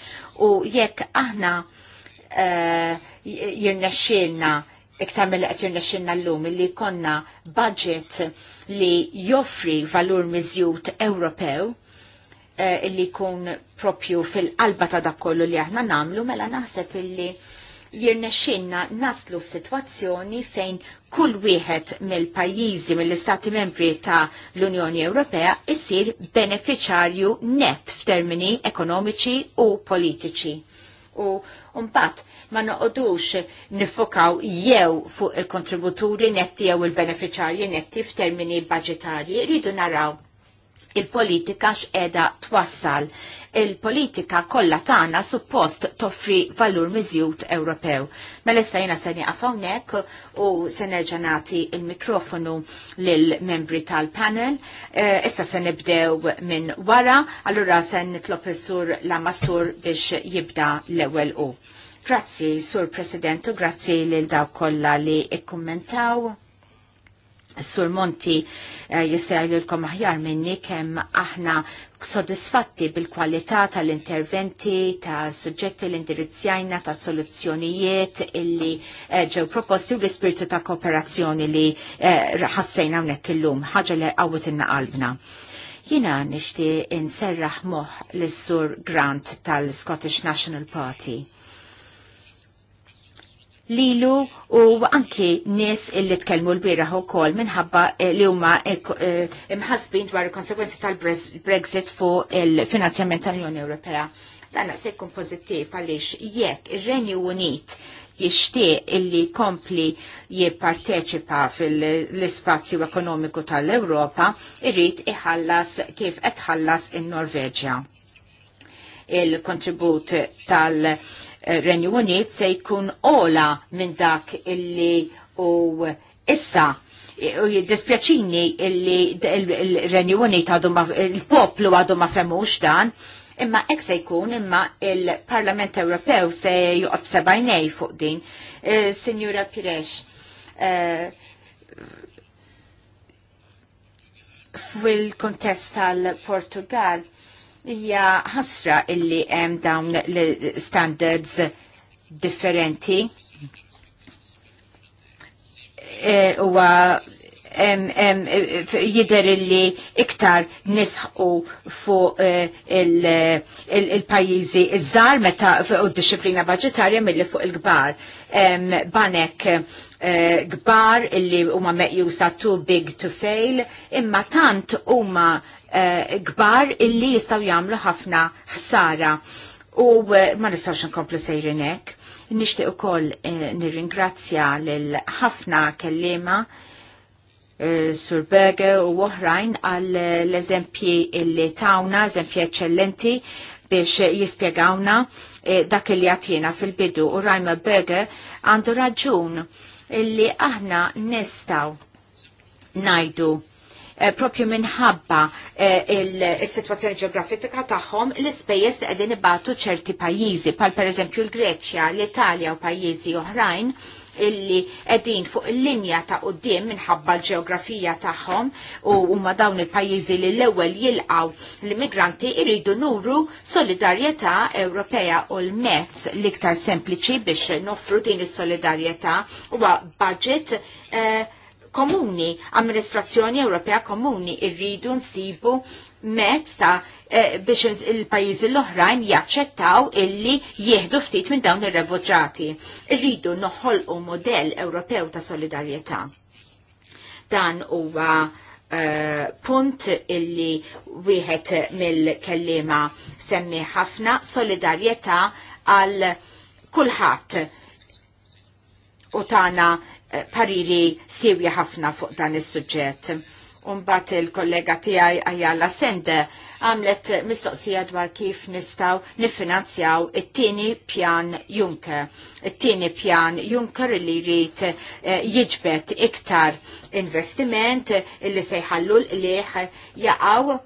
u jekk aħna uh, jirnexxilna iktar mill qed jirnexxilna llum li konna budget li joffri valur miżjut Ewropew uh, eh, li jkun propju fil-qalba ta' dak kollu li aħna nagħmlu mela naħseb illi jirnexxinna naslu f'sitwazzjoni fejn kull wieħed mill-pajjiżi mill-istati membri ta' l-Unjoni Ewropea isir beneficjarju net f'termini ekonomiċi u politiċi. U mbagħad ma noqodux nifokaw jew fuq il-kontributuri netti jew il benefiċjarji netti f'termini budgetarji, rridu naraw il-politika x'edha twassal. Il-politika kollha tagħna suppost toffri valur miżjud Ewropew. Mela issa jiena se nieqaf hawnhekk u se nerġa' nagħti il-mikrofonu lil membri tal-panel. Eh, issa se nibdew minn wara, allura se nitlob is-sur Lamassur biex jibda l-ewwel u. Grazzi, Sur u grazzi lil dawk kollha li kkummentaw Sur Monti eh, kom aħjar minni kem aħna soddisfatti bil-kwalità tal-interventi, ta' suġġetti l-indirizzjajna, ta' soluzzjonijiet illi eh, ġew proposti u l ispirtu ta' kooperazzjoni li eh, ħassejna hawnhekk illum, ħaġa li qawwet inna qalbna. Jina nixti inserraħ moħ l-sur Grant tal-Scottish National Party lilu u anki nis illi tkellmu l biraħu kol minħabba eh, li huma eh, eh, imħasbin dwar il-konsekwenzi tal-Brexit fuq il-finanzjament tal-Unjoni Ewropea. Dan se jkun pozittiv għaliex jekk ir-Renju Unit jixtieq illi kompli jipparteċipa fil-ispazju ekonomiku tal-Ewropa, irrid iħallas kif qed ħallas in-Norveġja il-kontribut tal- renju Unit se jkun ola minn dak illi u issa u jiddispjaċini illi il-renju Unit għadu ma il-poplu għadu ma femux dan imma ek se jkun imma il-Parlament Ewropew se juqob sebajnej fuq din. Eh, Signora Piresh, eh, fil-kontest tal-Portugal, hija ħasra illi hemm dawn l-standards differenti. E, huwa jider illi iktar nisħu fuq e, il-pajjiżi iż-żar meta fuq id-disciplina budġetarja milli fuq il-kbar. Banek Eh, gbar illi huma meqjusa too big to fail, imma tant huma eh, gbar illi jistaw jagħmlu ħafna ħsara. U eh, ma nistawx nkomplu sejrinek. hekk. Nixtieq ukoll nirringrazzja lil ħafna kellima Sur Berge u oħrajn għal l-eżempji illi tawna, eżempji eccellenti biex jispiegawna dak li jatjena fil-bidu u Rajma Berge għandu raġun illi aħna nistaw najdu eh, propju minħabba eh, il-situazzjoni ġeografika tagħhom l-ispejjeż li qegħdin ibatu ċerti pajjiżi, pal pereżempju l-Greċja, l-Italja u pajjiżi oħrajn, illi edin fuq il-linja ta' qoddim minħabba l-ġeografija tagħhom u huma dawn il-pajjiżi li l-ewwel jilqaw l-immigranti iridu nuru solidarjetà Ewropea u l-mezz l-iktar sempliċi biex noffru din is-solidarjetà huwa budget eh, komuni, amministrazzjoni Ewropea komuni irridu nsibu mezz ta' eh, biex il-pajizi l-oħrajn jaċċettaw illi jieħdu ftit minn dawn ir-refuġati. Irridu noħolqu modell Ewropew ta' solidarjetà. Dan huwa Uh, punt illi wieħed mill-kellima semmi ħafna solidarjetà għal kulħadd u tagħna eh, pariri sewja ħafna fuq dan is-suġġett Umbat il-kollega tijaj Ajala Sende għamlet mistoqsija dwar kif nistaw nifinanzjaw it-tieni pjan Juncker. It-tieni pjan Juncker li rrit eh, jiġbet iktar investiment li sejħallu liħ jaqaw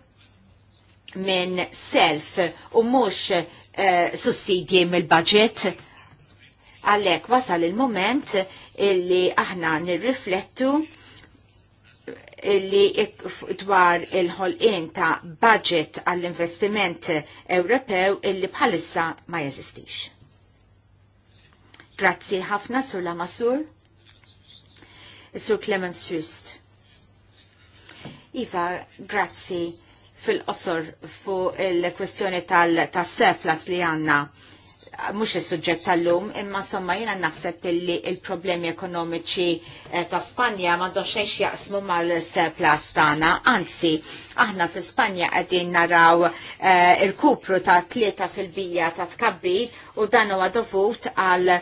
minn self u mux eh, sussidji mill-budget. Għalek wasal il-moment illi aħna nirriflettu li dwar il-ħolqien ta' budget għall-investiment Ewropew illi bħalissa ma jeżistix. Grazzi ħafna sur la masur. Sur Clemens Fust. Iva, grazzi fil-qosor fu il-kwestjoni tal-surplus li għanna mux il-sujġet tal-lum, imma somma jiena naħseb illi il-problemi ekonomiċi eh, ta' Spanja ma xejx jaqsmu mal-surplus tana, anzi, aħna fi Spanja għedin naraw eh, il-kupru ta' bija ta' tkabbi u dan huwa dovut għal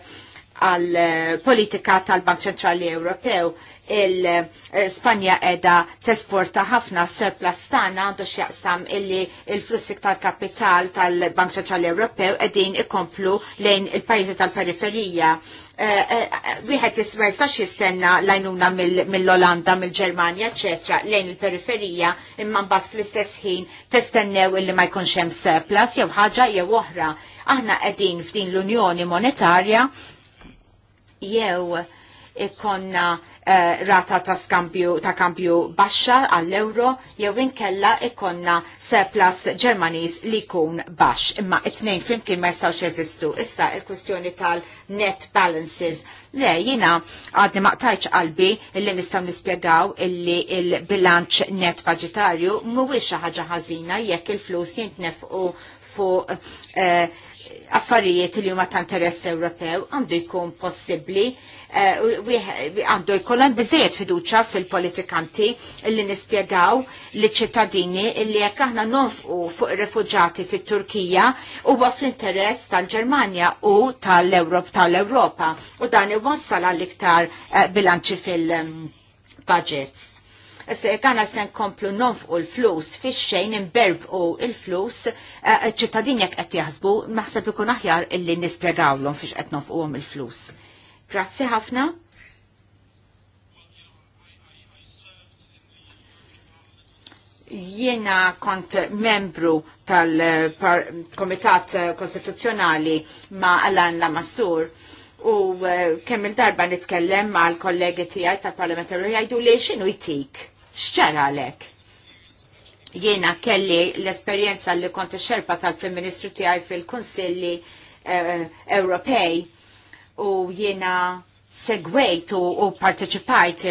għal eh, politika tal-Bank Ċentrali Ewropew il-Spanja eh, edha tesporta ħafna surplus tagħna għandu xieqsam illi il-flussi tal-kapital tal-Bank Ċentrali Ewropew edin ikomplu lejn il-pajjiżi tal-periferija. Eh, wieħed ma jistax jistenna lajnuna mill-Olanda, mill-Ġermanja, eċetera, lejn il-periferija imma mbagħad fl-istess ħin testennew illi ma jkunx hemm surplus jew ħaġa jew oħra. Aħna qegħdin f'din l-Unjoni Monetarja jew ikonna uh, rata ta' skampju ta' kampju baxxa għall-euro jew inkella ikonna surplus Ġermaniż li jkun baxx. Imma it-tnejn flimkien ma jistgħux jeżistu. Issa il-kwestjoni tal-net balances Le, jina għadni maqtajċ qalbi illi nistaw nispiegaw illi il-bilanċ net budgetarju muwix ħaġa ħażina jekk il-flus jintnefqu fuq eh, affarijiet li huma ta' interess Ewropew għandu jkun possibbli eh, għandu jkun jkollhom biżejjed fiduċja fil-politikanti li nispjegaw li ċittadini li jekk aħna nonfqu fuq ir-refuġati fit-Turkija huwa fl-interess tal-Ġermanja u tal-Ewrop tal-Ewropa u dan iwassal għall-iktar eh, bilanċi fil-budgets. Mm, għana sen komplu nonfqu l-flus fix xejn imberb u l-flus eh, ċittadin jekk qed jaħsbu, naħseb ikun aħjar illi nispjegawlhom fiex għet nonfquhom il-flus. Grazzi ħafna. Jiena kont membru tal-Komitat Konstituzzjonali ma' Alan Lamassur u eh, kemm il-darba nitkellem mal kollegi tiegħi tal-Parlamentarju jgħidu li x'inhu jtik xċara lek. Jiena kelli l-esperienza li konti xerpa tal-Prim Ministru tiegħi fil-Kunsilli uh, Ewropej u jiena segwejt u, u parteċipajt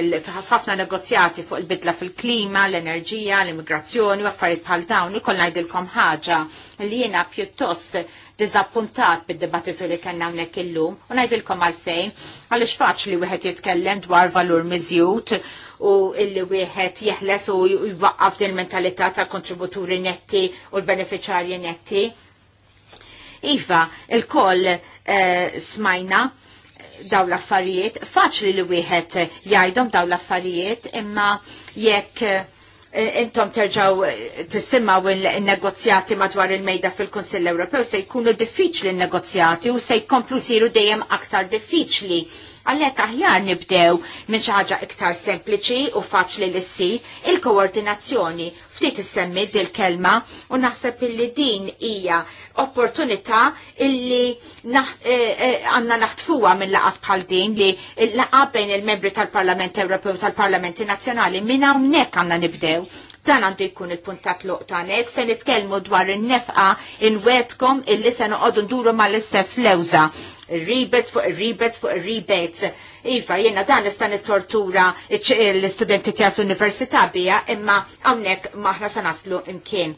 ħafna negozjati fuq il-bidla fil-klima, l-enerġija, l-immigrazzjoni u affarijiet bħal dawn. Ikoll ngħidilkom ħaġa li jiena pjuttost diżappuntat bid-dibattitu li kellna hawnhekk illum u ngħidilkom għalfejn għaliex faċli wieħed jitkellem dwar valur miżjud u illi wieħed jeħles u jwaqqaf din mentalità tal-kontributuri netti u l-beneficjarji netti. Iva, il-koll eh, smajna daw l-affarijiet, faċli li wieħed jgħidhom daw l-affarijiet, imma jekk eh, intom terġaw eh, tisimaw il-negozjati madwar il-mejda fil-Konsill Ewropew se jkunu diffiċli il-negozjati u se jkomplu siru dejjem aktar diffiċli Għalhekk aħjar nibdew minn xi ħaġa iktar sempliċi u faċli li ssir il-koordinazzjoni ftit semmi dil-kelma u naħseb illi din hija opportunità illi eh, eh, għandna naħtfuha minn laqat bħal din li laqab bejn il-membri tal-Parlament Ewropew tal-Parlamenti Nazzjonali minn hawnhekk għandna nibdew dan għandu jkun il-puntat loqtanek, se nitkellmu dwar il-nefqa in wetkom illi se noqogħdu nduru mal-istess lewza ribets fuq ribets fuq ribets. Iva, jenna dan nista' nittortura l-istudenti tiegħi fl-università bija, imma hawnhekk maħna sanaslu naslu imkien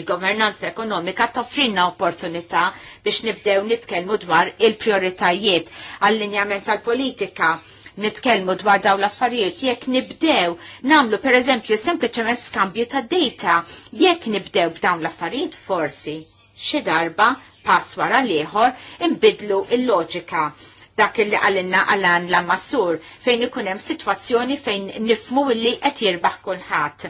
il-governanza ekonomika toffrinna opportunità biex nibdew nitkellmu dwar il-prioritajiet għall-linjament tal-politika nitkellmu dwar daw l-affarijiet jekk nibdew namlu per eżempju sempliċement skambju ta' data jekk nibdew b'dawn l-affarijiet forsi xi darba pass wara lieħor, imbidlu il-loġika dak li għalinna għalan la massur fejn ikun hemm sitwazzjoni fejn nifmu li qed jirbaħ kulħadd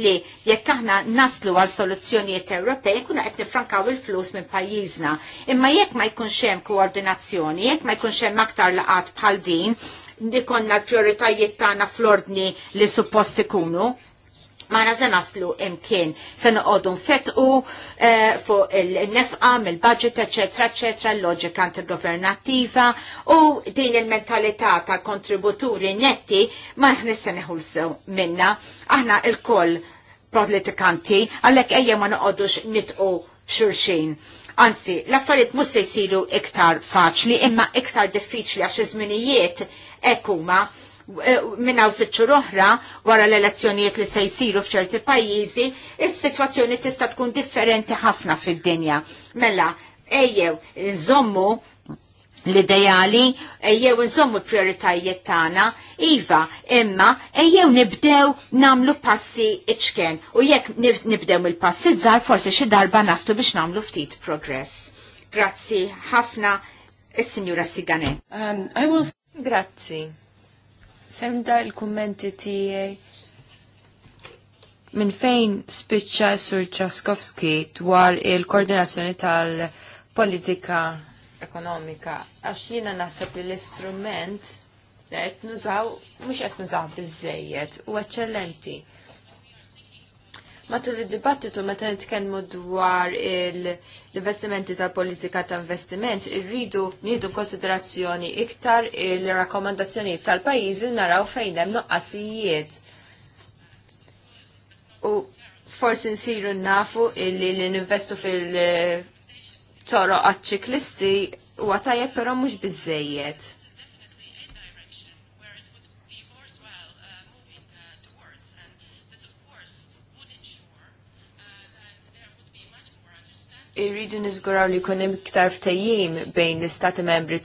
li jekk aħna naslu għal soluzzjonijiet Ewropej kuna qed nifrankaw il-flus minn pajjiżna. Imma jekk ma jkunx hemm koordinazzjoni, jekk ma jkunx hemm aktar laqat bħal din, nikonna l-prioritajiet tagħna fl-ordni li suppost ikunu, Mana se naslu imkien, se noqogħdu nfetqu eh, fuq il-nefqa mill-budget, eċetera, eċetera, l-loġika intergovernattiva u din il-mentalità tal-kontributuri netti ma se neħulsew minna. Aħna il-koll politikanti, għalhekk ejja ma noqogħdux nitqu xurxin. Anzi, l-affarijiet mhux se jsiru iktar faċli imma iktar diffiċli għax iż-żminijiet hekk huma u eh, sitxur oħra wara l-elezzjonijiet li se jsiru f'ċerti pajjiżi, is-sitwazzjoni tista' tkun differenti ħafna fid-dinja. Mela, ejjew, nżommu l-ideali, ejjew nżommu prioritajiet tagħna, iva, imma ejjew nibdew namlu passi iċken u jekk nibdew il-passi żgħar forsi xi darba naslu biex namlu ftit progress. Grazzi ħafna is-Sinjura Sigane. Um, I was... Grazzi. Semda il-kummenti tiegħi minn fejn spiċċa Sur Traskowski dwar il-koordinazzjoni tal-politika ekonomika. Għax jiena naħseb li l-istrument qed nużaw mhux qed nużaw u eċċellenti matul id-dibattitu meta nitkellmu dwar l-investimenti tal-politika ta' investiment, irridu nidu konsiderazzjoni iktar il-rakkomandazzjonijiet tal-pajjiżi naraw fejn hemm noqqasijiet. U forsi nsiru nafu illi l-investu fil-toro għat-ċiklisti u għatajja pero mux bizzejiet irridu niżguraw li jkun iktar ftejjim bejn l-Istati membri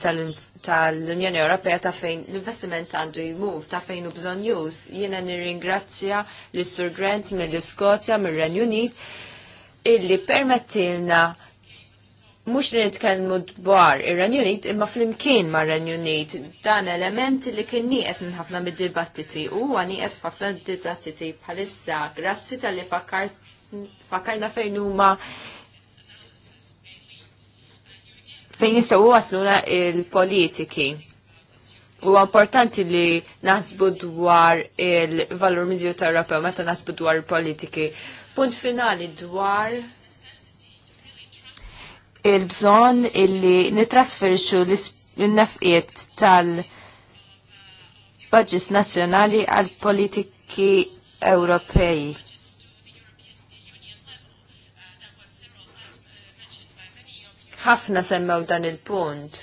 tal-Unjoni Ewropea ta' fejn l-investiment għandu jmur, ta' fejn u bżonn już. Jiena nirringrazzja lis sur Grant mill skotja mir-Renju Unit, illi permettilna mux li nitkellmu dwar ir-Ren Unit imma flimkien ma' Ren Unit dan element li kien nieqes minn ħafna mid-dibattiti u huwa nieqes ħafna dibattiti bħalissa grazzi tal-li fakkarna fejn huma fejn jistgħu wasluna il-politiki. Huwa importanti li naħsbu dwar il-valur miżju Ewropew meta naħsbu dwar il-politiki. Punt finali dwar il-bżon illi nitrasferixxu l-nefqiet tal- budgets nazzjonali għal politiki Ewropej. ħafna semmew dan il-punt.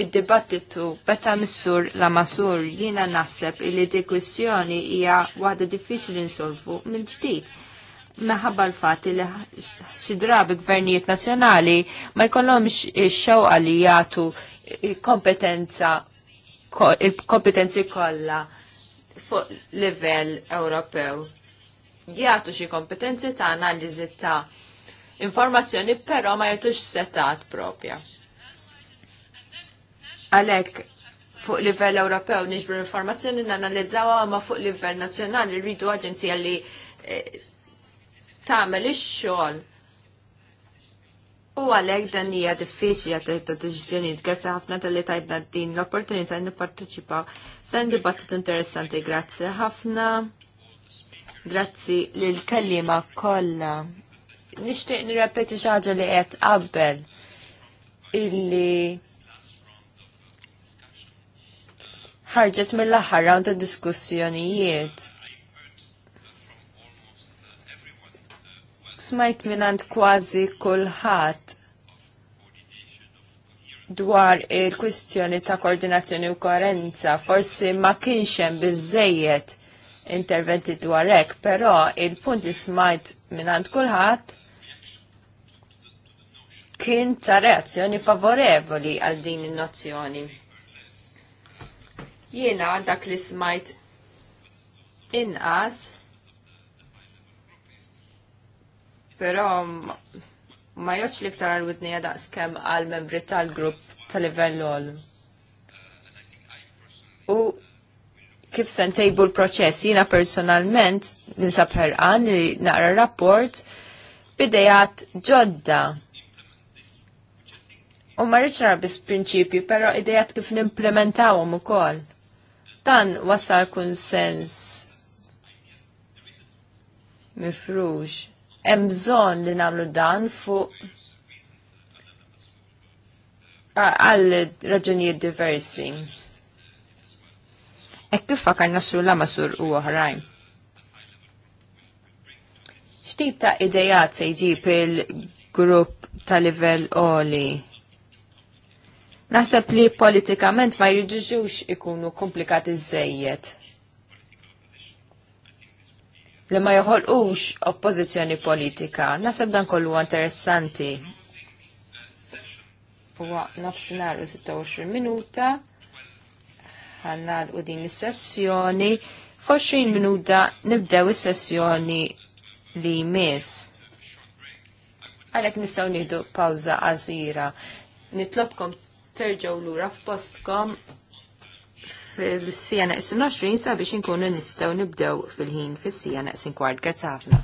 Id-dibattitu beta missur la masur jiena naħseb li di kwistjoni hija waħda diffiċli nsolvu mill ġdid. Meħabba l-fat li xi drabi gvernijiet nazzjonali ma jkollhomx ix-xewqa li jagħtu kompetenza il-kompetenzi kollha fuq livell Ewropew. Jagħtu xi kompetenzi ta' analiżi ta' informazzjoni però ma jtux setat propja. Għalhekk fuq livell Ewropew niġbru informazzjoni nanalizzawha ma fuq livell nazzjonali rridu aġenzija li eh, tagħmel ix-xogħol U għalhekk dan hija diffiċli għat ta' deċiżjonijiet, grazzi ħafna talli tajna din l-opportunità nipparteċipaw f'dan dibattitu interessanti, grazzi ħafna. Grazzi lil kelliema kollha nixtieq nirrepeti xi li qed qabel illi ħarġet mill-aħħar round ta' diskussjonijiet. Smajt minant kważi kulħadd dwar il-kwistjoni ta' koordinazzjoni u koerenza, forsi ma kienx hemm interventi dwar hekk, però il-punt li smajt minant kulħadd kien ta' reazzjoni favorevoli għal din in-nozzjoni. Jiena dak li smajt inqas, però ma joċ li ktar għal-widnija skem għal-membri tal-grupp tal-livell l U kif sentejbu l-proċess, jina personalment ninsab ħerqan li naqra rapport bidejat ġodda U ma rridx prinċipi, pero però idejat kif u ukoll. Dan wasal kun sens Mifruġ. Emżon li nagħmlu dan fuq għall raġunijiet diversi. Ek kif fakar nasru la masur u oħrajn. Xtib ta' idejat se jġib il-grupp ta' livell oli? Naħseb li politikament ma jriġiġux ikunu komplikati żejjed. Li ma joħolqux oppożizzjoni politika. Naħseb dan kollu interessanti. Huwa nafsinhar u 26 minuta ħannal u din is-sessjoni. F'20 minuta nibdew is-sessjoni li jmiss għalek nistaw nidu pawza għazira. Nitlobkom terġaw lura f'postkom fil-sija naqsin 20 sabiex inkunu nistaw nibdew fil-ħin fil-sijana naqsin kwart. Grazzi ħafna.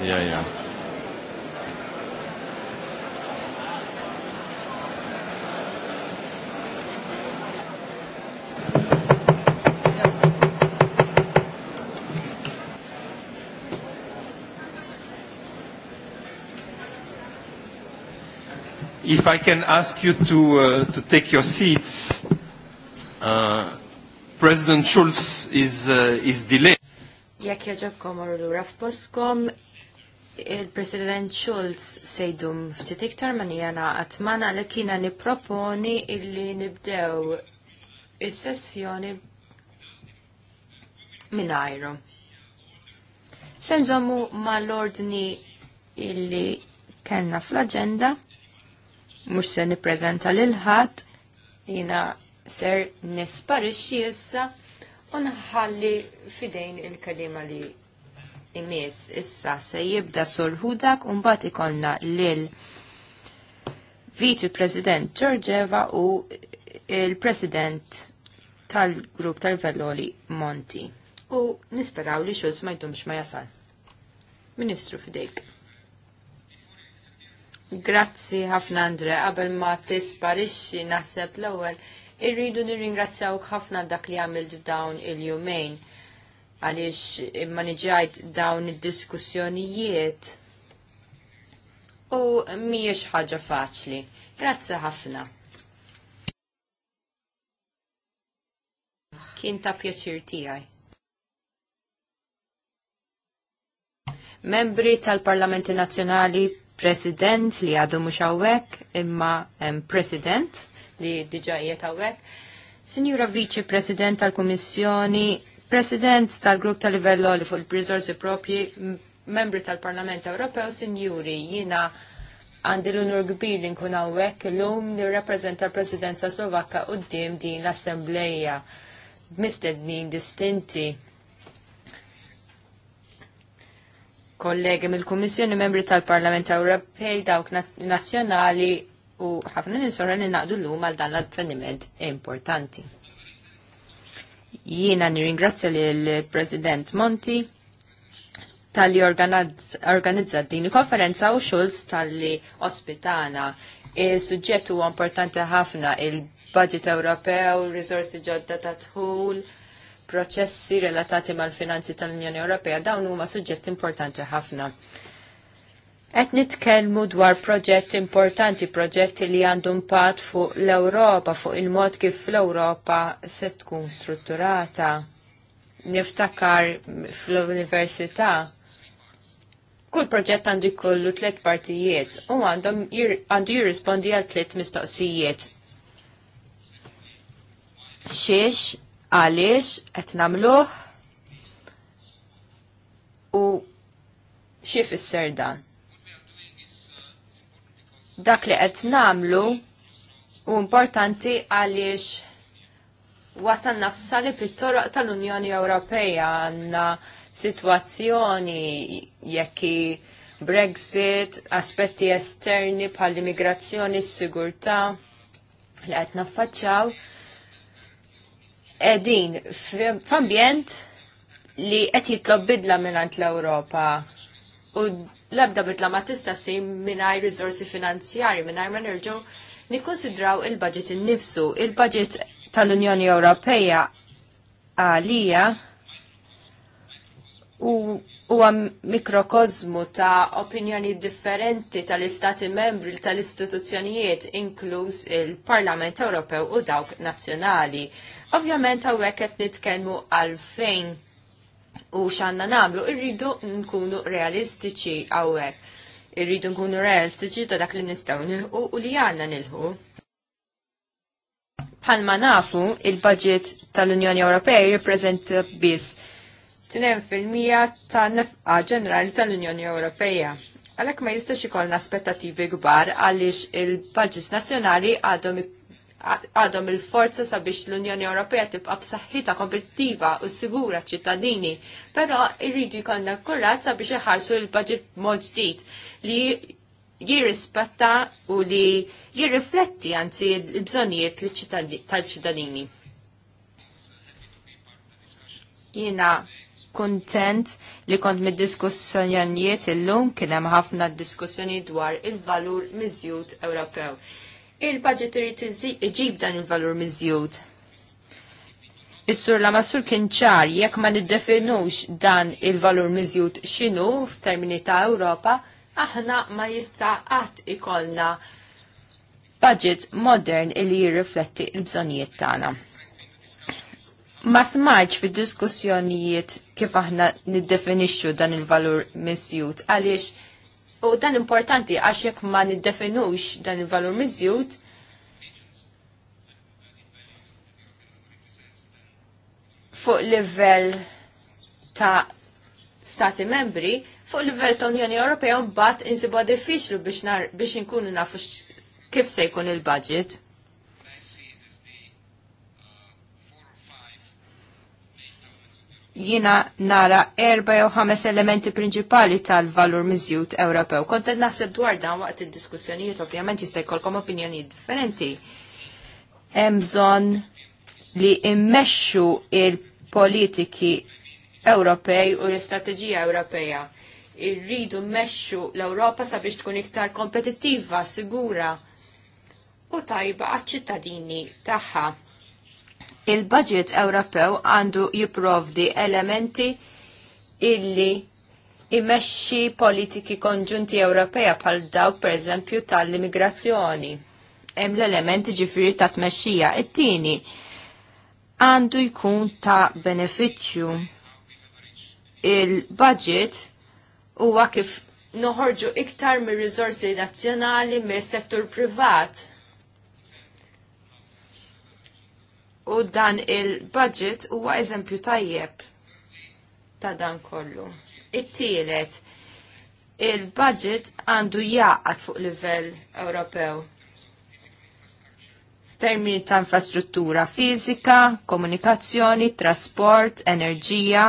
Yeah, yeah. If I can ask you to, uh, to take your seats, uh, President Schulz is, uh, is delayed. Jekk jaġobkom orru raf poskom, il-President Schulz sejdum ftit iktar ma naqat għatmana li kiena niproponi illi nibdew is-sessjoni minn ajru. Senżommu ma l-ordni illi kellna fl-agenda, mux se niprezenta l-ħat, jina ser nisparixxi issa u nħalli fidejn il-kalima li imis issa se jibda sur Hudak unbat ikonna lil Vice President Georgieva u il-President tal-grupp tal-Veloli Monti. U nisperaw li xulz ma jdumx ma jasal. Ministru fidejk. Grazzi ħafna Andre, qabel ma tisparixxi naħseb l-ewwel irridu nirringrazzjawk ħafna dak li għamilt f'dawn il-jumejn. il jumejn għaliex immaniġajt dawn id-diskussjonijiet u mhijiex ħaġa faċli. Grazzi ħafna. Kien ta' pjaċir tiegħi. Membri tal-Parlamenti Nazzjonali President li għadu mhux hawnhekk imma um, President li diġa qiegħed hawnhekk. Sinjura Viċi President tal-Kummissjoni President tal-grupp tal-livell li fuq il prizorsi propji, membri tal-Parlament Ewropew, sinjuri, jina għandi l-unur kbir li nkun hawnhekk illum nirrappreżenta l-Presidenza Slovakka quddiem din l-Assembleja mistednin distinti kollegi mill-Kummissjoni membri tal-Parlament Ewropej dawk nazzjonali u ħafna nisorra li naqdu l-lum għal dan l-avveniment importanti. Jiena nirringrazzja lill president Monti tal-li organizza din konferenza u Schulz tal-li ospitana. Il-sujġett huwa importanti ħafna il-budget Ewropew, risorsi ġodda ta' tħul, proċessi relatati mal-finanzi tal-Unjoni Ewropea, dawn huma suġġett importanti ħafna. Qed nitkellmu dwar proġett importanti, proġetti li għandu impatt fuq l-Ewropa, fuq il-mod kif l-Ewropa se tkun strutturata. Niftakar fl-Università. Kull proġett għandu jkollu tliet partijiet u għandhom għandu jirrispondi għal tliet mistoqsijiet. Xiex, għaliex, qed nagħmluh u xi fisser dan dak li qed namlu u importanti għaliex wasalna f'sali pit-toroq tal-Unjoni Ewropea għandna sitwazzjoni jekki Brexit, aspetti esterni bħal immigrazzjoni s sigurtà li qed naffaċċaw edin f'ambjent li qed jitlob bidla mingħand l-Ewropa u l-ebda bidla ma tista' sej mingħajr rizorsi finanzjari, mingħajr ma nerġgħu nikkonsidraw il-budget innifsu. Il-budget tal-Unjoni Ewropea għalija u huwa mikrokozmu ta' opinjoni differenti tal-Istati membri tal-istituzzjonijiet inkluż il-Parlament Ewropew u dawk nazzjonali. Ovvjament hawnhekk qed nitkellmu għalfejn u xanna namlu, irridu nkunu realistiċi għawek. Irridu nkunu realistiċi ta' dak li nistaw nilħu u li għanna nilħu. ma nafu, il-budget tal-Unjoni Ewropea jirrepreżenta biss 2% tan-nefqa ġenerali tal-Unjoni Ewropea għalek ma jistax ikollna aspettativi gbar għaliex il-budgets nazzjonali għadhom għadhom il-forza sabiex l-Unjoni Ewropea tibqa' b'saħħitha kompetittiva u sigura ċittadini, però irridu jkollna kurat sabiex iħarsu l-budget mod ġdid li jirrispetta u li jirrifletti anzi l-bżonijiet tal-ċittadini. Jiena kontent li kont mid-diskussjonijiet illum kien hemm ħafna diskussjoni dwar il-valur miżjud Ewropew il-budget irid iġib dan il-valur miżjud. Is-sur la masur kien ċar jekk ma niddefinux dan il-valur miżjud x'inhu f'termini ta' Ewropa, aħna ma jista' qatt ikollna budget modern li jirrifletti l-bżonijiet tagħna. Ma smarġ fid diskussjonijiet kif aħna niddefinixxu dan il-valur mizzjud għaliex U dan importanti għax jekk ma niddefinux dan il-valur miżjud, fuq livell ta' stati membri, fuq livell ta' Unjoni Ewropea mbagħad insibu għad biex biex inkunu nafu kif se jkun il-budget. jina nara erba jew ħames elementi prinċipali tal-valur miżjut Ewropew. Kont qed naħseb dwar dan waqt id-diskussjonijiet ovvjament jista' jkollkom opinjonijiet differenti. Hemm bżonn li immexxu il-politiki Ewropej u l-istrateġija Ewropeja. Irridu mmexxu l-Ewropa sabiex tkun iktar kompetittiva, sigura u tajba għaċ-ċittadini tagħha il-budget Ewropew għandu jiprovdi elementi illi imexxi politiki konġunti Ewropeja bħal dawk pereżempju tal-immigrazzjoni. Hemm l-element ġifieri ta' tmexxija. It-tieni għandu jkun ta' benefiċċju. Il-budget huwa kif noħorġu iktar mir-riżorsi nazzjonali mis-settur privat U dan il-budget huwa eżempju tajjeb ta' dan kollu. It-tielet, il-budget għandu jaqat fuq livell Ewropew. Termini ta' infrastruttura fizika, komunikazzjoni, trasport, enerġija,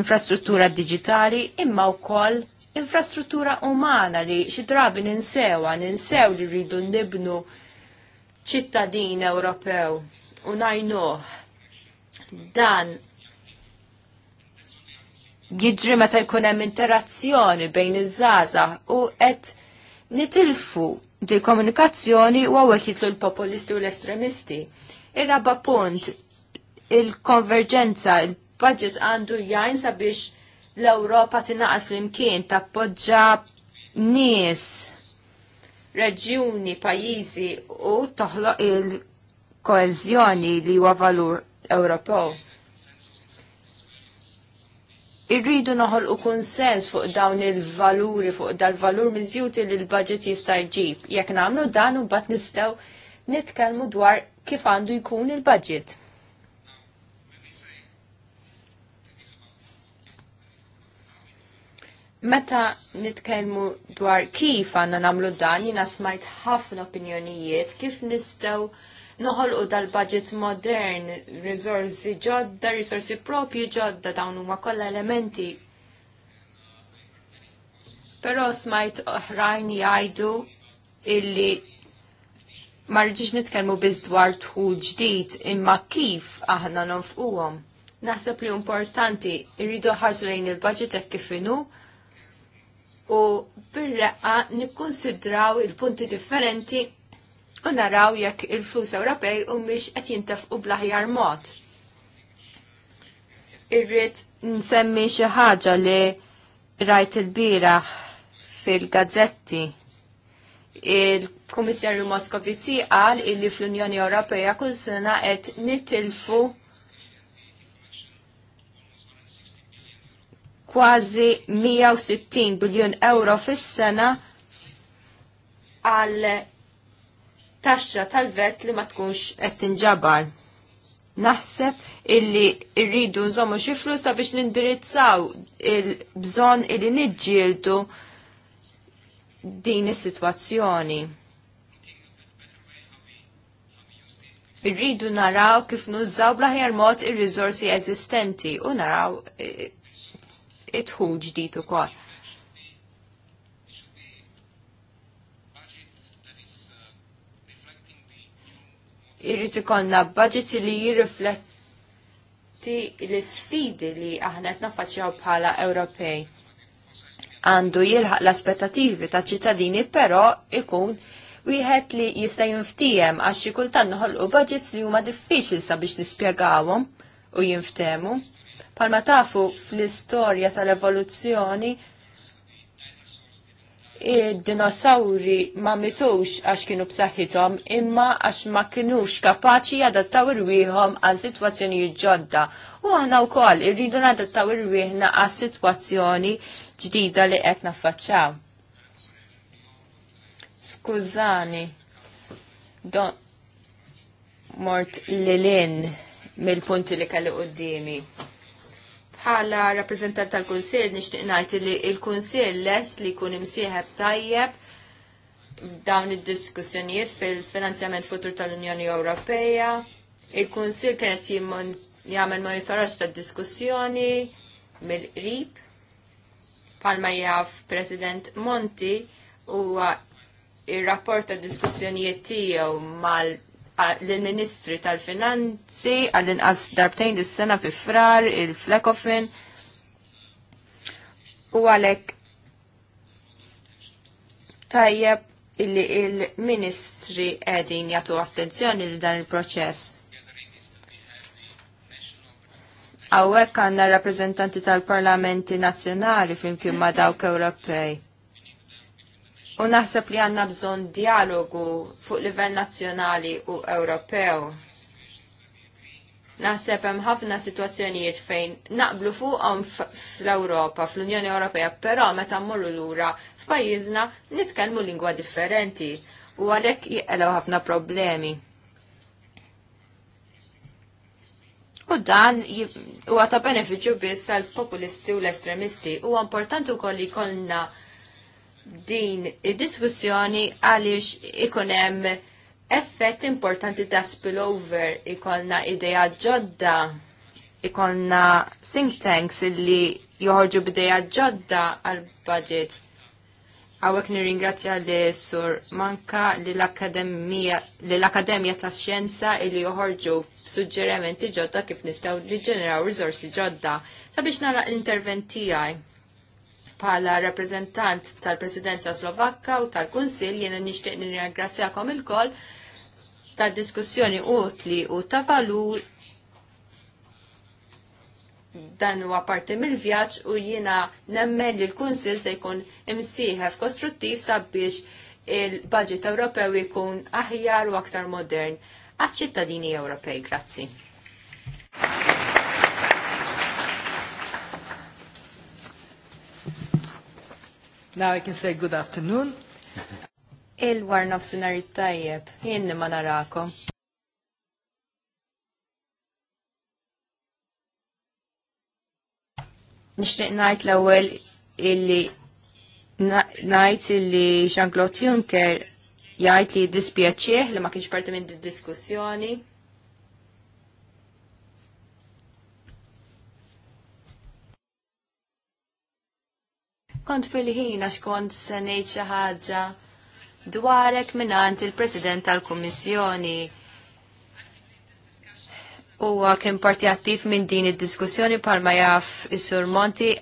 infrastruttura digitali, imma wkoll infrastruttura umana li xi drabi ninsewa, ninsew li rridu nibnu ċittadin Ewropew u najnuh. Dan jidri meta jkun hemm interazzjoni bejn iż żaza u qed nitilfu di komunikazzjoni u għawek jitlu l-populisti u l-estremisti. Irraba punt, il-konverġenza, il-budget għandu jajn sabiex l-Ewropa tinaqat fl-imkien tappoġġa nies, reġjuni, pajjiżi u toħloq il koezjoni li huwa valur Ewropew. Irridu noħol u konsens fuq dawn il-valuri, fuq dal-valur miżjuti li l-budget jista' jġib. Jekk nagħmlu dan u bat nistgħu nitkellmu dwar kif għandu jkun il-budget. Meta nitkellmu dwar kif għandna nagħmlu dan, jiena smajt ħafna opinjonijiet, kif nistgħu noħolqu dal-budget modern, risorsi ġodda, risorsi propju ġodda, dawn huma kollha elementi. Però smajt oħrajn jgħidu illi ma nitkelmu nitkellmu biss dwar tħul ġdid imma kif aħna nonfquhom. Naħseb li importanti irridu ħarsu lejn il-budget hekk kif inhu u bir-reqqa nikkonsidraw il-punti differenti u naraw jekk il-flus Ewropej u mhix qed jintefqu bl-aħjar mod. Irrid nsemmi xi ħaġa li rajt il-biraħ fil-gazzetti. Il-Kummissarju Moskovici qal illi fl-Unjoni Ewropea kull sena qed nitilfu kważi 160 biljun euro fis-sena għal taxxa tal-vet li ma tkunx qed tinġabar. Naħseb illi rridu nżommu xi flus biex nindirizzaw il-bżonn illi niġġieldu din is-sitwazzjoni. Irridu naraw kif nużaw blaħjar mod ir-riżorsi eżistenti u naraw it ħuġ ġdid ukoll. irrid ikollna budget li jirrifletti l-sfidi li aħna qed nafaċċjaw bħala Ewropej. Għandu jilħaq l-aspettativi ta' ċittadini però ikun wieħed li jista' jinftijem għax xi kultant noħolqu budgets li huma diffiċli sabiex nispjegawhom u jinftemu. Palma tafu fl-istorja tal-evoluzzjoni id-dinosawri ma mitux għax kienu b'saħħithom imma għax ma kienux kapaċi jadattaw irwieħhom għal sitwazzjonijiet ġodda. U aħna wkoll irridu nadattaw irwieħna għal sitwazzjoni ġdida li qed naffaċċaw. Skużani, don mort lilin mill-punti li kelli qudiemi. Bħala rappresentant tal kunsil nixtieq ngħid li l-Kunsill les li jkun imsieħeb tajjeb dawn id-diskussjonijiet fil-finanzjament futur tal-Unjoni Ewropea. Il-Kunsill kienet jagħmel monitoraġġ tad-diskussjoni mill-qrib palma jaf President Monti huwa il rapport ta' diskussjonijiet tiegħu mal l-Ministri tal-Finanzi għall-inqas darbtejn dis-sena fi frar il-Flekofin u għalek tajjeb illi il-ministri edin jatu attenzjoni li dan il-proċess. Għawek għanna rappresentanti tal-parlamenti nazjonali flimkien ma dawk Ewropej. U naħseb li għanna bżon dialogu fuq livell nazzjonali u Ewropew. Naħseb hemm ħafna situazzjonijiet fejn naqblu fuqhom fl-Ewropa, fl-Unjoni Ewropea, però meta mmorru lura f'pajjiżna nitkellmu lingwa differenti u għalhekk jeqgħu ħafna problemi. U dan huwa ta' benefiċċju biss għall populisti u l-estremisti. Huwa importanti wkoll li jkollna din id-diskussjoni għaliex ikonem effett importanti ta' spillover ikonna ideja ġodda ikonna think tanks illi joħorġu b'ideja ġodda għal budget Għawek nirringrazzja li sur manka li l-Akademija ta' Xjenza illi joħorġu suġġerimenti ġodda kif nistaw li ġeneraw rizorsi ġodda sabiex nara l-intervent Pala rappresentant tal-Presidenza Slovakka u tal-Kunsil jena nishtiq nirringrazzjakom il kol tal-diskussjoni utli u ta' valur dan huwa parti mill-vjaġġ u jiena nemmen li l-Kunsil se jkun imsiħef kostruttiv sabiex il-budget Ewropew jkun aħjar u aktar modern għaċ-ċittadini Ewropej. Grazzi. Now I can say good afternoon. Il-war nofsinari tajjeb, jenni ma narakom. Nishtiq najt l-ewel illi najt illi Jean-Claude Juncker jgħid li dispjaċieħ li ma kienx parti minn diskussjoni kont fil-ħin għax kont se ngħid xi ħaġa dwarek minnant il-President tal-Kummissjoni. Huwa kien parti attiv minn din id-diskussjoni palma jaf is-Sur Monti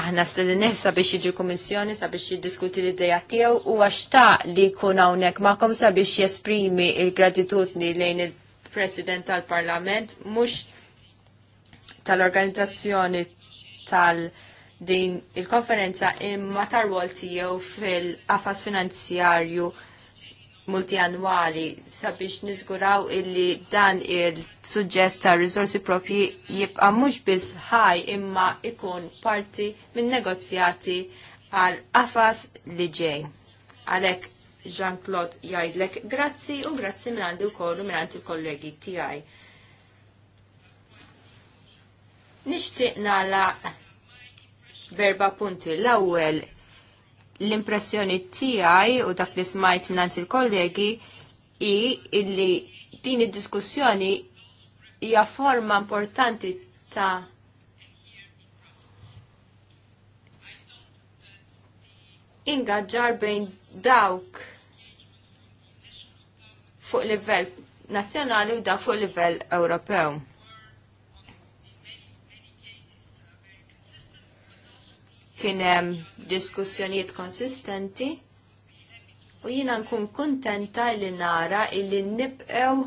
aħna s-lilnih sabiex jiġi kummissjoni sabiex jiddiskuti l-ideja tiegħu u għaxtaq li jkun hawnhekk magħkom sabiex jesprimi il-gratitudni lejn il-President tal-Parlament mhux tal-organizzazzjoni tal-, -parlament, din il-konferenza imma tarwol tiegħu fil-qafas finanzjarju multianwali sabiex niżguraw illi dan il-suġġett ta' riżorsi propji jibqa' mhux biss ħaj imma ikun parti minn negozjati għal qafas li ġej. Għalhekk Jean-Claude jgħidlek grazzi u grazzi minn għandi wkoll u minn għandi kollegi tiegħi. Nixtieq nagħlaq berba punti. L-ewwel l-impressjoni tiegħi u dak li smajt nant il-kollegi i illi din id-diskussjoni hija forma importanti ta' ingaġġar bejn dawk fuq livell nazzjonali u da fuq livell Ewropew. kien hemm diskussjonijiet konsistenti u jiena nkun kontenta li nara illi nibqew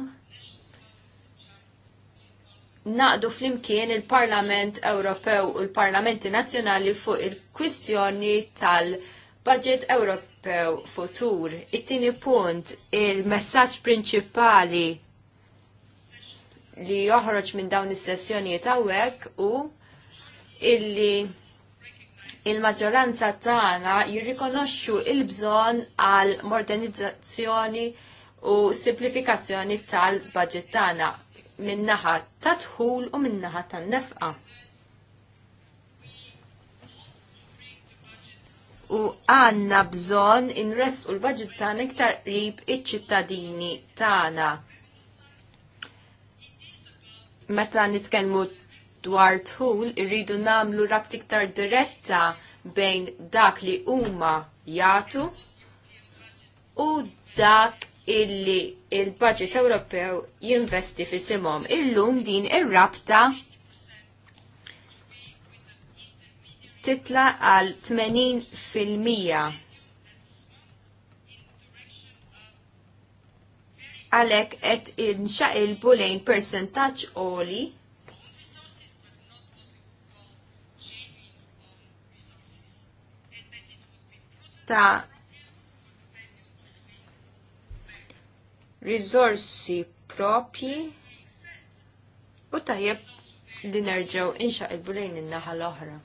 naqdu flimkien il-Parlament Ewropew u l-Parlamenti Nazzjonali fuq il-kwistjoni tal-Budget Ewropew Futur. It-tieni punt, il-messaġġ prinċipali li joħroġ minn dawn is-sessjonijiet hawnhekk u illi il-maġġoranza tagħna jirrikonoxxu il-bżonn għal modernizzazzjoni u simplifikazzjoni tal-budget tagħna min-naħa ta' dħul u min-naħa tan-nefqa. U għanna bżon inres u l-budget tagħna iktar qrib iċ-ċittadini tagħna. Meta nitkellmu dwar tħul irridu namlu rabt iktar diretta bejn dak li huma jagħtu u dak illi il-budget Ewropew jinvesti fi Illum din ir-rabta titla għal 80% għalek qed inxaqilbu lejn persentaġġ oli ta' rizorsi propi u tajjeb li nerġaw inxaqilbu lejn in-naħa l-oħra.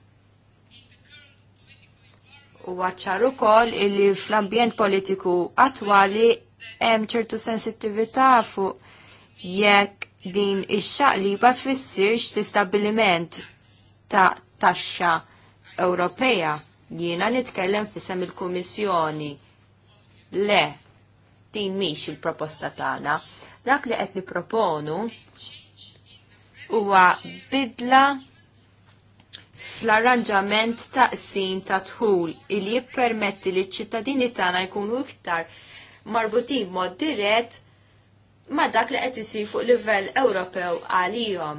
U għacċar ukoll illi fl-ambjent politiku attwali hemm ċertu sensittività fuq jekk din ix-xaqliba tfissirx l ta' taxxa Ewropea. Jiena nitkellem fisem il-Kummissjoni. Le, din mhix il-proposta tagħna. Dak li qed nipproponu huwa bidla fl-arranġament sin ta' tħul il jippermetti li ċ-ċittadini tagħna jkunu iktar marbutin mod dirett ma dak li qed isir fuq livell Ewropew għalihom.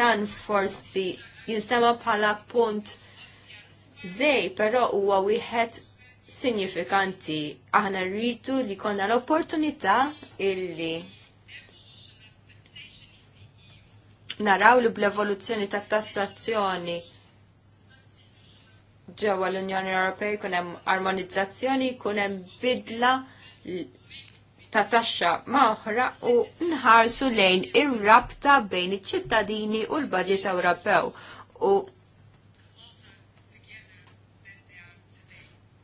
Dan forsi jinstema bħala punt żej, però huwa wieħed sinifikanti. Aħna rridu li konna l-opportunità illi naraw li bl-evoluzzjoni ta' tassazzjoni ġewwa l-Unjoni Ewropea jkun hemm armonizzazzjoni, jkun hemm bidla ta' taxxa ma' oħra u nħarsu lejn ir-rabta bejn iċ-ċittadini u l-Baġit Ewropew. U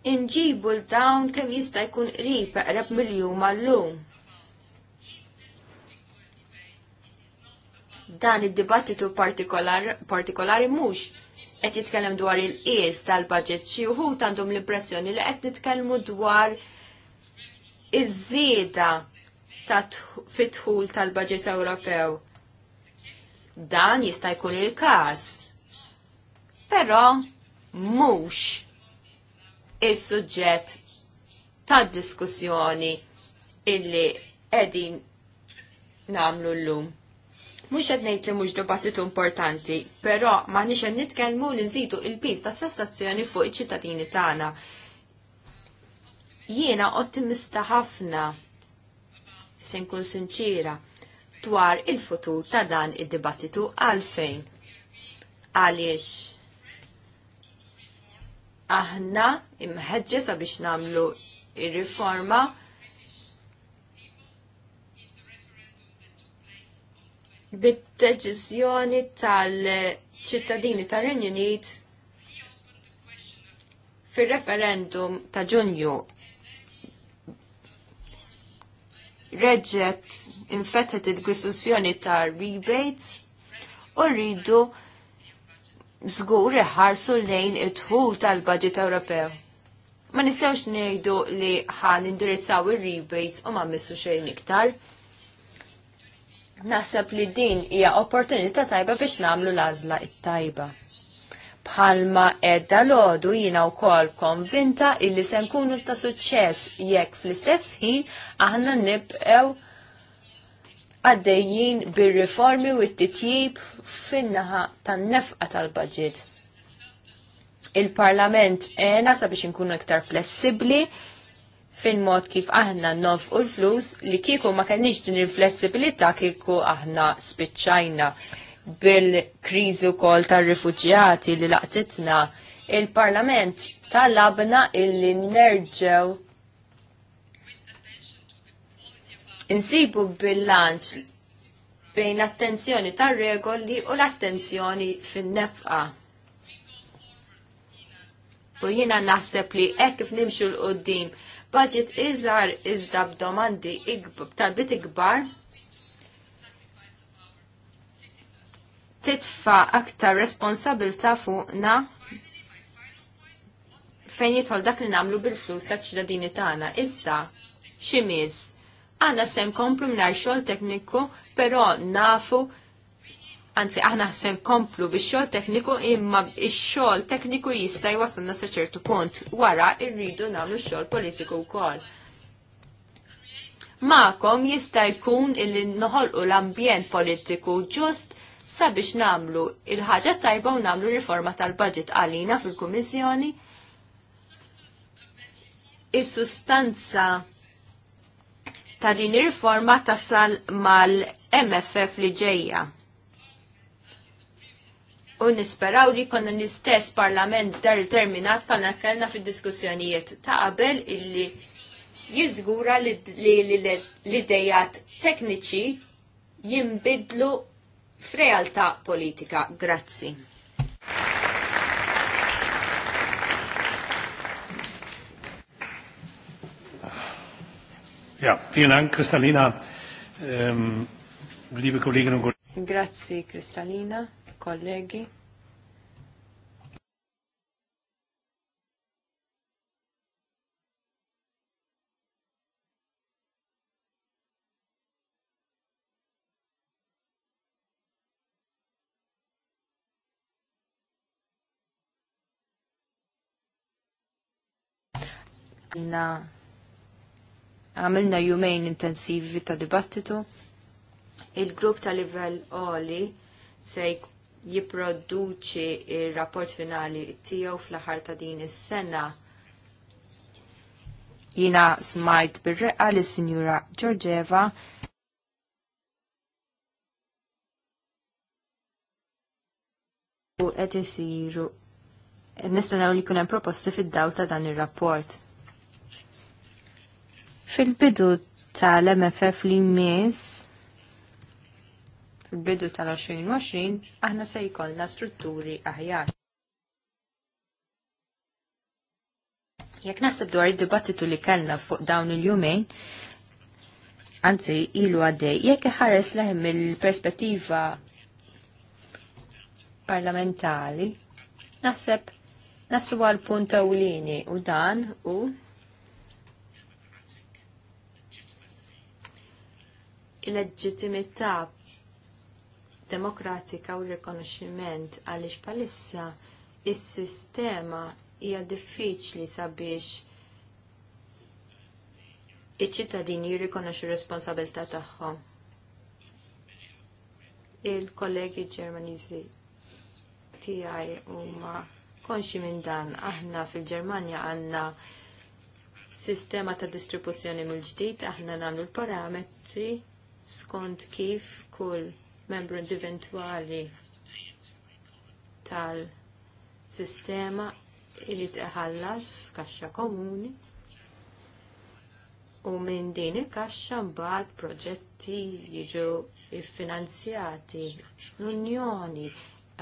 inġibu l-dawn kemm jista' jkun qrib eqreb mill-jum għall-lum. Dan id-dibattitu partikolari mhux qed jitkellem dwar il-qies tal-budget xi wħud għandhom l-impressjoni li qed nitkellmu dwar iż-żieda ta' fitħul tal-budget Ewropew. Dan jista' jkun il-każ. Però mhux is-suġġett tad diskussjoni illi qegħdin nagħmlu llum. Mhux qed ngħid li mhux dibattitu importanti, però ma nix qed nitkellmu li nżidu il-piż ta' sensazzjoni fuq iċ-ċittadini tagħna. Jiena ottimista ħafna se nkun sinċira dwar il-futur ta' dan id-dibattitu għalfejn. Għaliex aħna imħedġa sabiex namlu il riforma bit-deċiżjoni tal-ċittadini tar-Renju Unit fir-referendum ta' Ġunju reġġet infettet il-diskussjoni ta' rebates u rridu żgur iħarsu lejn it-tħul tal-budget Ewropew. Ma nistgħux ngħidu li ħan indirizzaw ir-rebates u ma missu xejn iktar. Naħseb li din hija opportunità tajba biex nagħmlu l-għażla it-tajba. Bħalma edda lodu jina u kol konvinta illi se nkunu ta' suċċess jekk fl-istess ħin aħna nibqew għaddejjien bir-riformi u t-titjib fin-naħa tan-nefqa tal-budget. Il-Parlament ena sabiex inkunu iktar flessibli fin-mod kif aħna nof u l-flus li kieku ma kenniġ din il-flessibilità kieku aħna spiċċajna bil-kriżi wkoll tar-rifuġjati li laqtitna il-Parlament talabna li nerġew insibu bilanċ bejn l-attenzjoni tar-regoli u l-attenzjoni fin-nefqa. U jiena naħseb li hekk kif nimxu l-qoddim budget iżar iżda b'domandi tal-bit ikbar titfa aktar responsabilta fuqna fejn jidħol dak li nagħmlu bil-flus ta' ċittadini tagħna. Issa ximiz Għanna sen komplu minar xol tekniku, pero nafu, anzi aħna sen komplu bi xol tekniku imma xol tekniku jista wasanna saċertu ċertu punt wara irridu namlu xol politiku u kol. Ma'kom jista jkun illi noħolqu l-ambjent politiku ġust sabiex namlu il-ħaġa tajba u namlu riforma tal-budget għalina fil-Kummissjoni. Is-sustanza ta' din ir-riforma tasal mal-MFF li ġejja. U nisperaw li konna l-istess parlament dar terminat palna kellna fid diskussjonijiet ta' qabel illi jizgura li l-idejat tekniċi jimbidlu f'realtà politika. Grazzi. Ja, vielen Dank, Kristalina. Ähm, liebe Kolleginnen und Kollegen. Grazie, Kristalina, kollegi. Na għamilna jumejn intensivi ta' dibattitu. Il-grupp ta' livell oli se jipproduċi il-rapport finali tiegħu fl-aħħar ta' din is-sena. Jina smajt bir-reqqa li sinjura Giorgeva. u qed isiru nistennew li jkun hemm proposti fid dawta ta' dan ir-rapport. Fil-bidu tal-MFF li mis, fil-bidu tal-2020, aħna se jkollna strutturi aħjar. Jek naħseb dwar id-dibattitu li kellna fuq dawn il-jumejn, anzi ilu għaddej, jekk ħares leħem il-perspettiva parlamentari, naħseb nasu għal punt u dan u il-leġitimità demokratika u rikonoxximent għaliex bħalissa is-sistema hija diffiċli sabiex iċ-ċittadini jirrikonoxxu r-responsabilità tagħhom. Il-kollegi Ġermaniżi tiegħi huma konxi minn dan aħna fil-Ġermanja għandna sistema ta' distribuzzjoni mill-ġdid aħna nagħmlu l-parametri skont kif kull membru individwali tal-sistema jrid iħallas f'kaxxa komuni u minn din il-kaxxa mbagħad proġetti jiġu iffinanzjati. L-Unjoni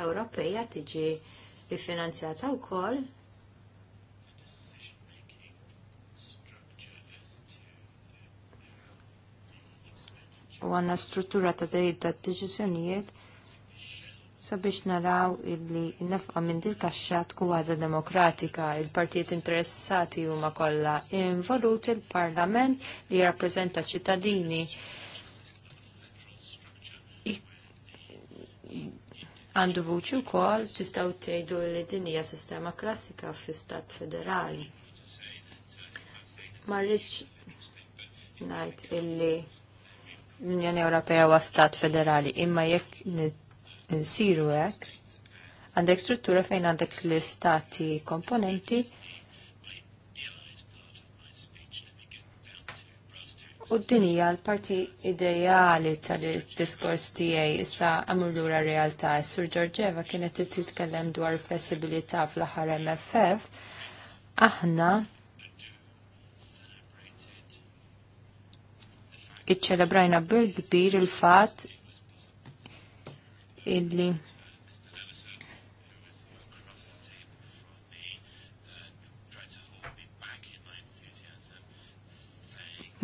Ewropea tiġi iffinanzjata wkoll u għanna struttura ta' dejta deċizjonijiet sabiex naraw illi nefqa minn dil kaxxat ku għada demokratika, il-partijiet interessati huma kollha involut il-Parlament li jirrappreżenta ċittadini għandu vuċi wkoll tistgħu tgħidu li din hija sistema klassika fl-Istat Federali. Ma rridx ngħid illi l-Unjoni Ewropea u stat federali, imma jekk nsiru hekk, għandek struttura fejn għandek l-istati komponenti U d-dinija l-parti ideali tal-diskors tiegħi issa għamur lura realtà. Sur Giorgeva kienet titkellem dwar flessibilità fl-aħħar MFF. Aħna iċċelebrajna bil-kbir il-fat illi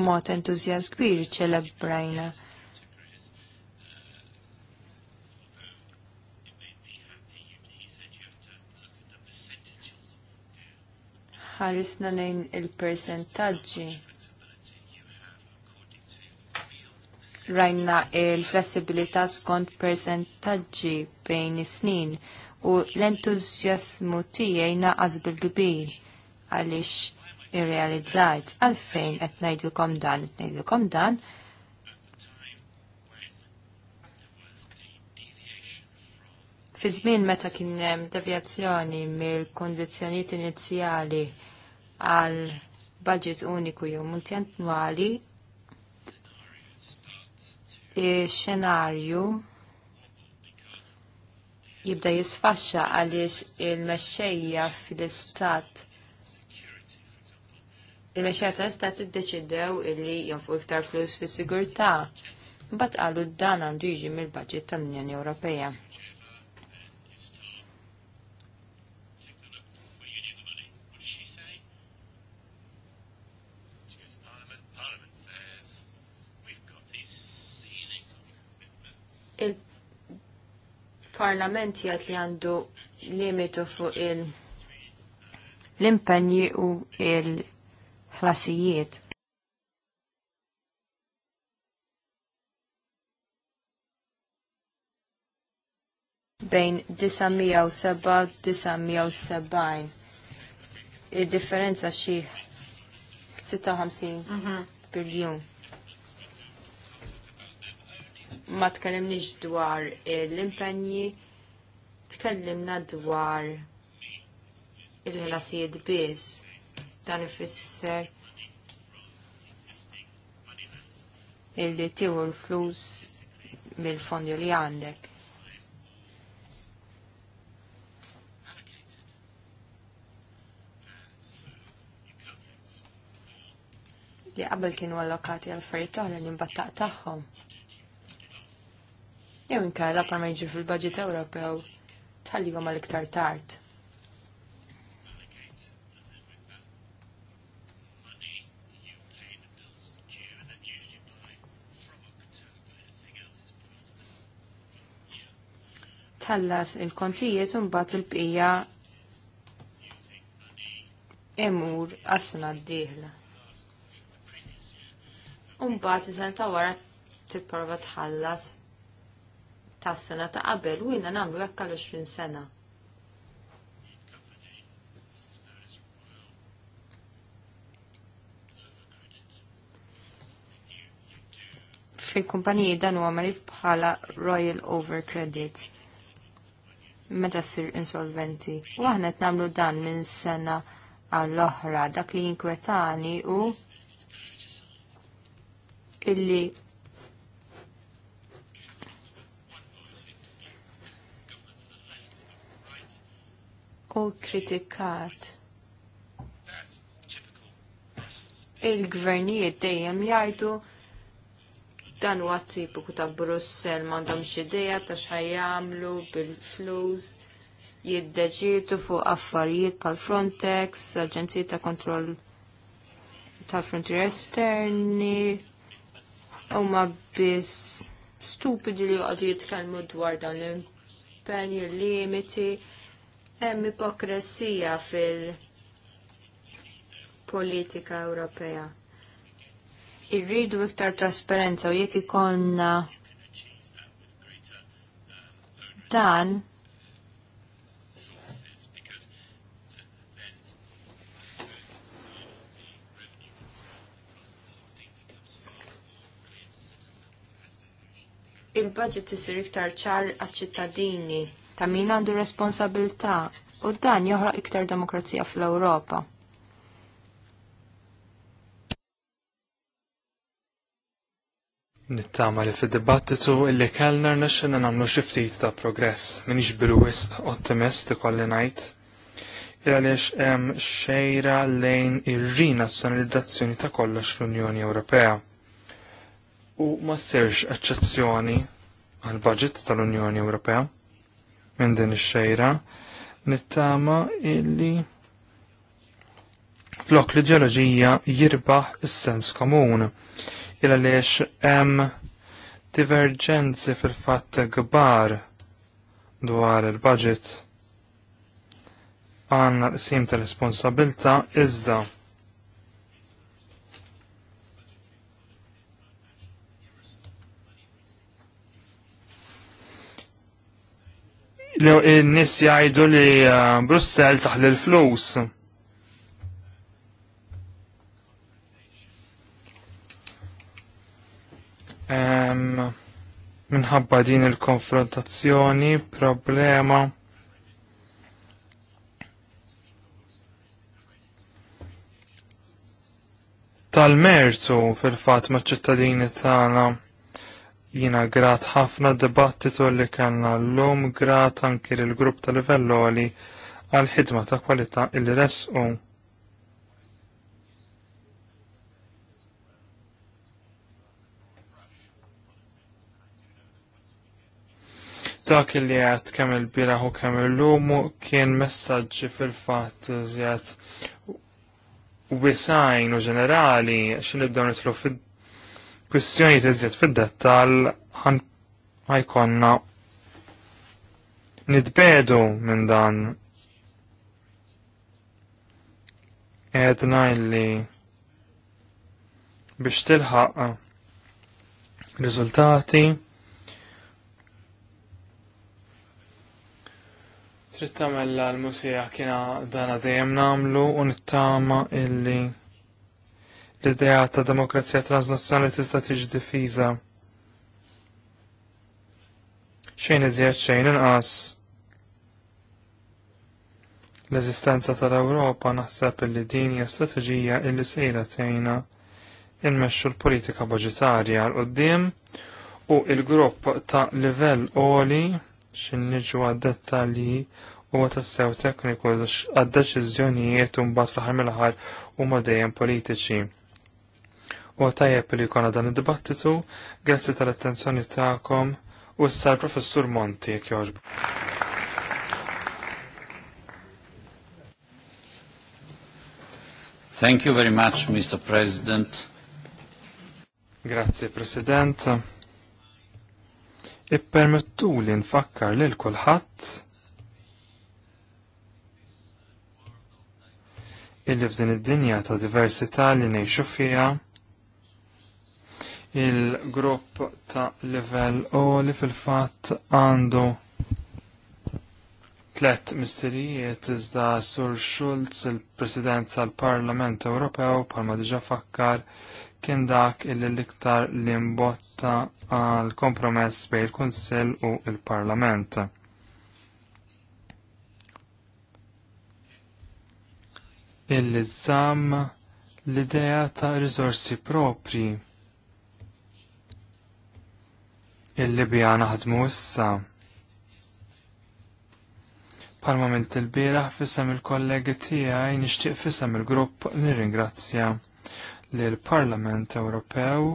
mot entuzjaz kbir ċelebrajna. ħarisna nejn il-percentagġi rajna il-flessibilità skont percentaġġi bejn is-snin u l-entużjasmu tiegħi naqas bil-kbir għaliex irrealizzat għalfejn qed ngħidilkom dan qed ngħidilkom dan fi żmien meta kien hemm devjazzjoni mill-kondizzjonijiet inizjali għal budget uniku jew multjannwali xenarju jibda jisfaxxa għaliex il-mexxejja fil-istat il-mexxejja tal-istat iddeċidew illi jonfu iktar flus fis-sigurtà. Mbagħad qalu dan għandu jiġi mill-baġġett tal-Unjoni Ewropea. parlament jgħat li għandu limitu fuq l-impenji u il-ħlasijiet. bejn 907-970. Il-differenza xi 56 biljon. Mm -hmm ma tkellimniex dwar l-impenji, tkellimna dwar il-ħlasijiet biss. Dan ifisser illi tiegħu l-flus mill-fondi li għandek. li qabel kienu allokati għal affarijiet oħra li mbattaq tagħhom. Jew inkella ma jiġri fil-budget Ewropew tħalli għom għal iktar tard. Tħallas il-kontijiet un bat il pija imur għasna d-dihla. Un bat iżan ta' wara t-prova tħallas ta' sena ta' qabel u jina namlu hekk għal 20 sena. fil-kumpaniji dan huwa marid bħala Royal Overcredit meta sir insolventi. U aħna qed nagħmlu dan minn sena għall-oħra dak li jinkwetani u illi u kritikat. Il-gvernijiet dejjem jgħidu dan huwa tipiku ta' Brussel m'għandhomx idea ta' x'ħajjamlu bil-flus jiddeċidu fuq affarijiet pal Frontex, Aġenzija ta' Kontroll tal-Frontier Esterni, huma biss stupidi li għadu jitkellmu dwar dan l-impenju limiti hemm ipokresija fil-politika Ewropea. Irridu iktar trasparenza u jekk ikonna dan il-budget isir iktar ċar għal-ċittadini ta' min għandu responsabilta u dan joħra iktar demokrazija fl-Ewropa. Nittama li fid dibattitu illi kellna rnexxina nagħmlu xi ftit ta' progress minn bil-wis ottimist ikolli ngħid. Għaliex hemm xejra lejn ir-rinazzjonalizzazzjoni ta' kollox l unjoni Ewropea. U ma serġ eċċezzjoni għal budget tal-Unjoni Ewropea minn din ix-xejra nittama illi flok l-ideoloġija jirbaħ is-sens komun. Illa għaliex hemm diverġenzi fil-fatt kbar dwar il-budget għanna l-qsim ta' responsabilta iżda n-nis jgħidu li eh, Brussel taħli l-flus. Minħabba din il-konfrontazzjoni, problema. Tal-mertu fil-fat ma' ċittadini tagħna. Jina grat ħafna dibattitu li kanna l-lum grat anki l-grupp tal livelloli għal-ħidma ta' kwalità illi resqu. Dak li għad kemm il-biraħ u kemm il-lum kien messaġġi fil-fatt zjat wisajn u ġenerali xin nibdew nitlu fid kwistjoni tiżjed fid-dettal ħajkonna nitbedu minn dan edna illi biex tilħaq riżultati Trid tagħmel l-musija kiena dana dejjem nagħmlu u nittama illi l-idea ta' demokrazija transnazzjonali tista' tiġi diffiża. Xejn iżjed xejn inqas. L-eżistenza tal-Ewropa naħseb li din hija strateġija illi sejra tgħinha nmexxu l-politika budġetarja l qoddim u il-grupp ta' livell oli xinniġu għad-dettalji u tassew tekniku għad deċiżjonijiet u mbagħad fl aħħar mill aħħar huma dejjem politiċi. U tajjeb li jkollna dan id-dibattitu, grazzi tal-attenzjoni tagħkom u issa sar professur Monti jekk jogħġbu. Thank you very much, Mr. President. Grazie, President. permettu li nfakkar lil kulħadd illi f'din id-dinja ta' diversità li ngħixu fiha il-grupp ta' level o li fil-fat għandu tlet mistirijiet iżda Sur Schulz, il-President tal-Parlament Ewropew, palma diġa fakkar, kien dak illi liktar iktar l-imbotta għal kompromess bej il-Kunsill u il-Parlament. Illi żamm l-idea ta' risorsi propri il-Libja naħdmu issa. Palma milt il-biraħ fissam il-kollegi tijaj nishtiq fissam il-grupp nirringrazzja li l-Parlament Ewropew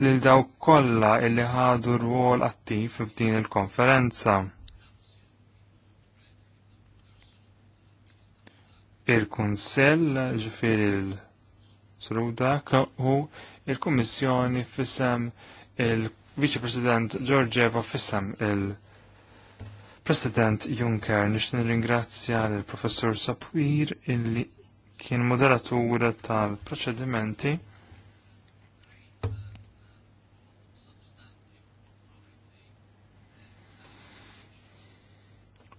lil daw kollha illi ħadu rwol attiv f'din il-konferenza. Il-Kunsell ġifiri il-Parlament Suruda, u il-Kummissjoni fissem il vice President Georgieva fissem il- President Juncker, nix nirringrazzja l-Professor Sapwir illi kien moderatura tal-proċedimenti.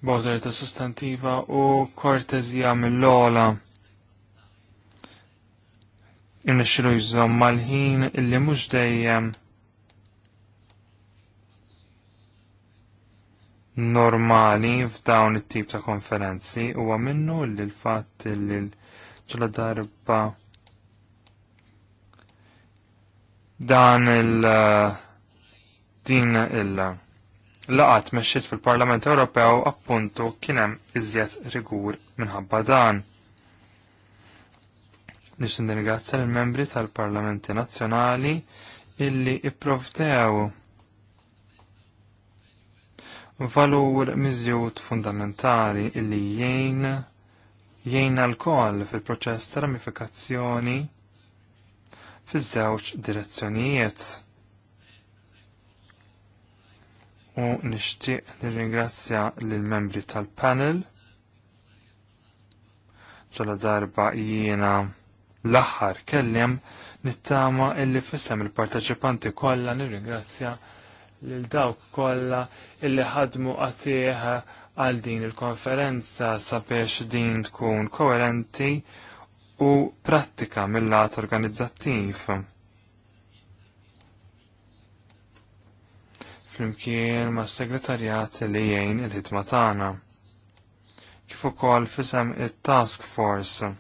Bawżer ta' sostantiva u kortezija mill-ola imnexxilu jżomm mal-ħin illi mhux dejjem normali f'dawn it-tip ta' konferenzi huwa minnu li l-fatt li ġla darba dan il din il laqat mexxiet fil-Parlament Ewropew appuntu kien hemm iżjed rigur minħabba dan nix nirgazza l-membri tal-Parlamenti Nazzjonali illi ipprovtew valur miżjut fundamentali illi jgħin jgħin l-koll fil-proċess ta' ramifikazzjoni fiż-żewġ direzzjonijiet. U nixtieq nirringrazzja lill membri tal-panel ċola darba jiena l-aħħar kellem nittama illi fissem il-parteċipanti kollha nirringrazzja lil dawk kollha illi ħadmu qatih għal din il-konferenza sabiex din tkun koerenti u prattika mill-lat organizzattiv. Flimkien ma' segretarjat li jgħin il-ħidma tagħna. Kif ukoll fisem it-task force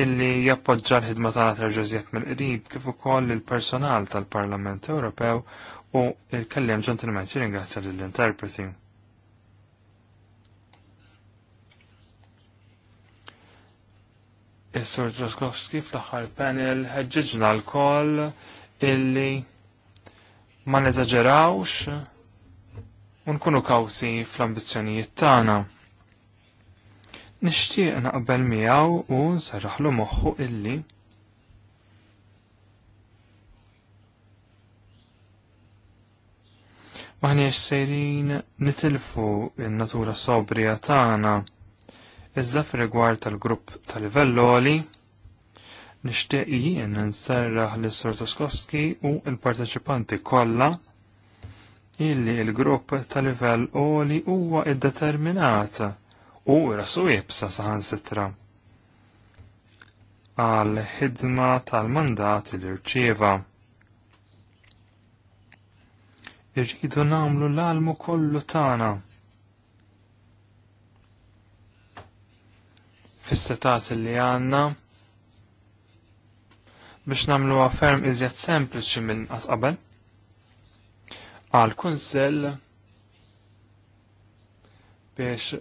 illi jappoġġa l-ħidma tagħna ġozjet mill-qrib kif ukoll il-personal tal-Parlament Ewropew u il-kellem ġentilment jiringrazzja lill-interpreti. Is-Sur Droskowski fl-aħħar panel ħeġġiġna l-koll illi ma neżaġerawx u nkunu kawsi fl-ambizzjonijiet tagħna. Nixtieq naqbel miegħu u nsarraħlu moħħu illi Maħniex sejrin nitilfu il natura sobrija tagħna iżda f'rigward tal-grupp tal-livell oli nixtieq jien nsarraħ lis sur Toskowski u l-parteċipanti kollha illi l-grupp tal-livell oli huwa id-determinata u rasu jibsa saħan sitra għal ħidma tal-mandat li rċieva. Irridu namlu l-almu kollu tana. fis li għanna biex namlu għafferm iżjed sempliċi minn qabel. Għal kunsell biex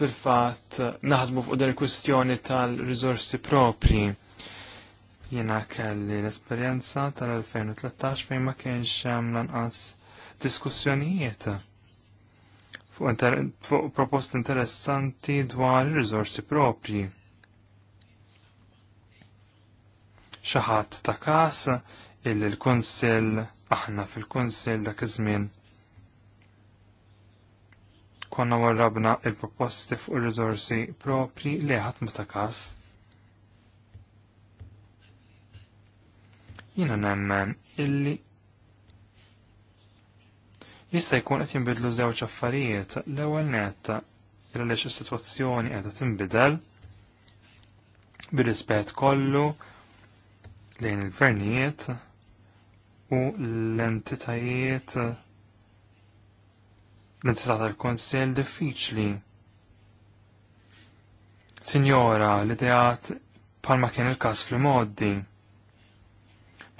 fil-fat eh, naħdmu fuq il kwistjoni tal-rizorsi propri. Jena kelli l-esperienza tal-2013 fejn ma kienx hemm lanqas diskussjonijiet fuq, inter proposti interessanti dwar ir rizorsi propri. Xaħat ta' kas il-konsil, kunsill aħna fil-Kunsill dak iż-żmien konna warrabna il-proposti fuq il-rizorsi propri li ħat meta każ. Jiena nemmen illi jista' jkun qed jinbidlu żewġ affarijiet l-ewwel nett għaliex is-sitwazzjoni qiegħda tinbidel bir-rispett kollu lejn il-gvernijiet u l-entitajiet l-entità tal-Konsell diffiċli. Sinjora, l-ideat palma kien il-kas fl-moddi.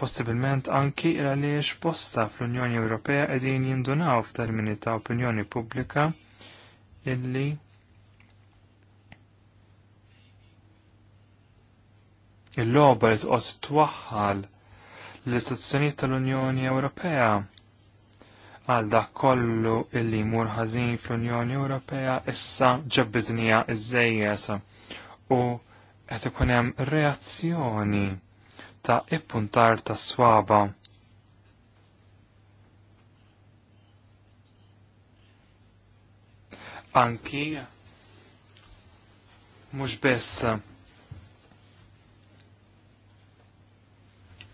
Possibilment anki il għaliex posta fl-Unjoni Ewropea edin jindunaw f'termini ta' opinjoni pubblika illi il-loba li tqod twaħħal l-istituzzjonijiet tal-Unjoni Ewropea għal dak kollu illi mur ħażin fl-Unjoni Ewropea issa iż iżejjed u qed ikun hemm reazzjoni ta' ippuntar ta' swaba. Anki mhux biss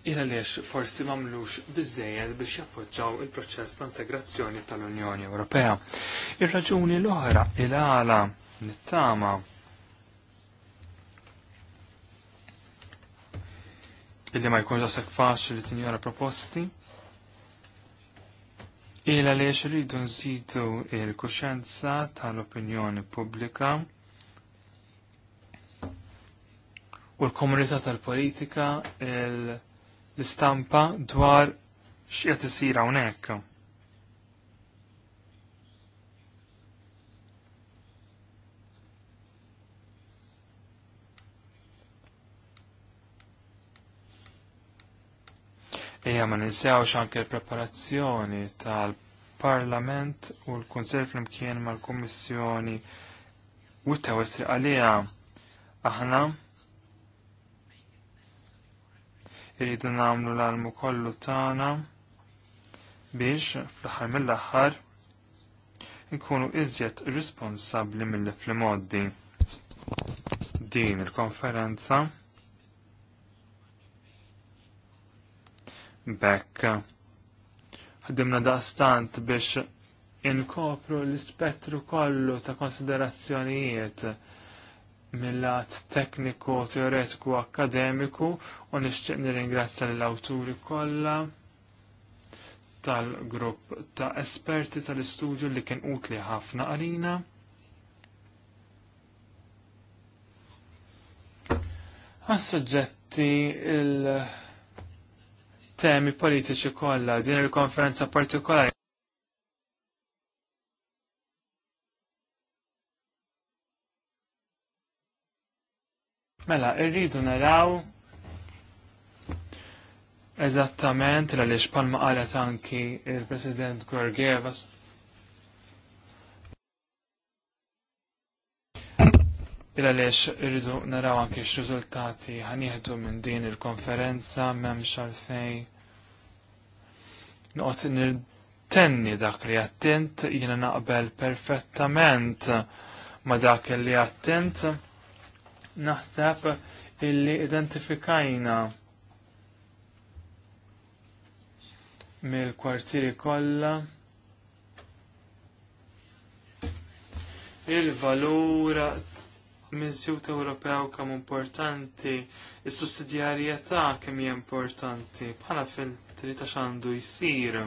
il għaliex forsi mamlux bizzejed biex jappoġġaw il-proċess ta' integrazzjoni tal-Unjoni Ewropea. Ir-raġuni l-oħra il-għala nittama illi ma jkunx għasak faċli li tinjora proposti il għaliex rridu nżidu il-kuxenza tal-opinjoni pubblika u l-komunità tal-politika il-, -politika, l-istampa dwar x'qed isir hawnhekk. Ejja ma ninsewx anke l-preparazzjoni tal-Parlament u l-Kunsell flimkien mal-Kummissjoni u t-tawetri għalija aħna Irridu nagħmlu l-almu kollu tagħna biex fl-aħħar mill-aħħar nkunu iżjed responsabbli mill fl-moddi. Din il-konferenza bekk ħdimna daqstant biex inkopru l-ispettru kollu ta' konsiderazzjonijiet mill-lat tekniku, teoretiku, akademiku u nixtieq nirringrazzja l-awturi kollha tal-grupp ta' esperti tal-istudju li kien utli ħafna għalina. Għas-soġġetti il- temi politiċi kollha din il-konferenza partikolari Mela, irridu naraw eżattament l għaliex palma qalet anki il-President Gorgievas. Il-għalix irridu naraw anki x-rizultati ħanieħdu minn din il-konferenza memx għalfej. Noqt nil-tenni dak li għattint jina naqbel perfettament ma dak li għattint naħseb illi identifikajna mill-kwartieri kollha il-valura miżjut Ewropew kemm importanti, is-sussidjarjetà kemm hija importanti bħala fil-trita x'għandu jsir.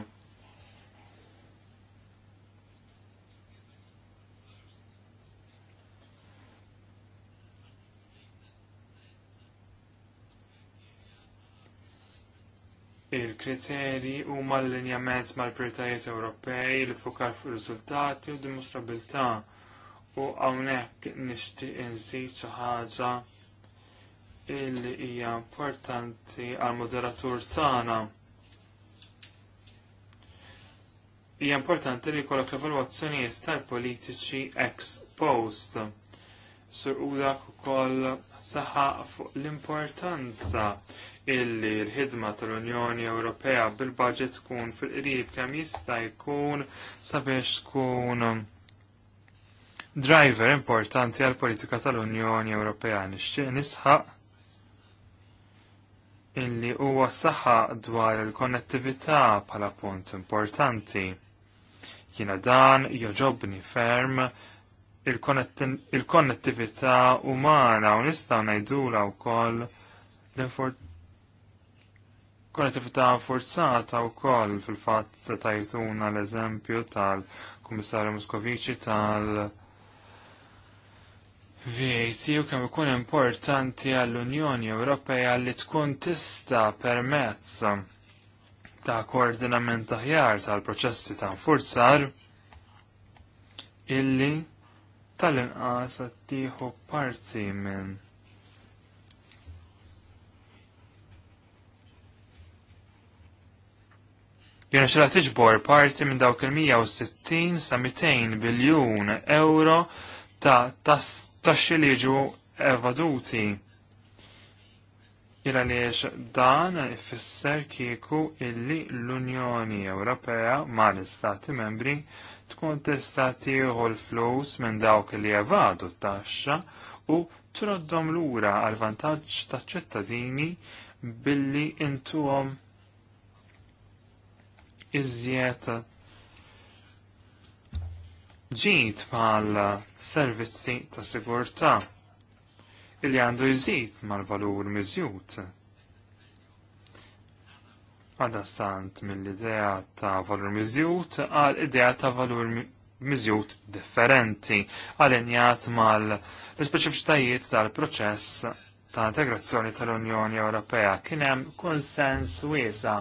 il-kriterji u mal-linjament mal-prioritajiet Ewropej li fukar fuq riżultati u dimostrabilità u hawnhekk nixtieq inżid xi ħaġa illi hija importanti għal moderatur tagħna. Hija importanti li jkollok l-evalwazzjonijiet tal-politiċi ex post. Sur kukoll ukoll saħaq fuq l-importanza illi l-ħidma tal-Unjoni Ewropea bil-budget tkun fil-qrib kemm jista' jkun sabiex tkun driver importanti għal politika tal-Unjoni Ewropea nixtieq nisħaq illi huwa saħa dwar il-konnettività bħala punt importanti. Jiena dan joġobni ferm il-konnettività il umana u nistgħu ngħidula wkoll l-konnettività forzata wkoll fil fat tajtuna l-eżempju tal komissarju Muskovici tal- VAT u kemm ikun importanti għall-Unjoni Ewropea li tkun tista' permezz ta' koordinament aħjar tal-proċessi ta' forzar illi tal-inqas tieħu parti minn Jena xela tiġbor parti minn dawk il-160 sa 200 biljun euro ta' taxxi li ġu evaduti. Ira liex dan ifisser kieku illi l-Unjoni Ewropea ma l-Istati membri tkun tista' tieħu l-flus minn dawk li evadu t-taxxa u troddom lura għal vantaġġ taċ ċittadini billi intuhom iżjed ġid bħal servizzi ta' sigurtà illi għandu jżid mal-valur miżjud. Għadastant mill-idea ta' valur miżjud għal idea ta' valur miżjud differenti għal-injat mal-speċifiċtajiet tal-proċess ta' integrazzjoni tal-Unjoni Ewropea kien hemm konsens wiesa'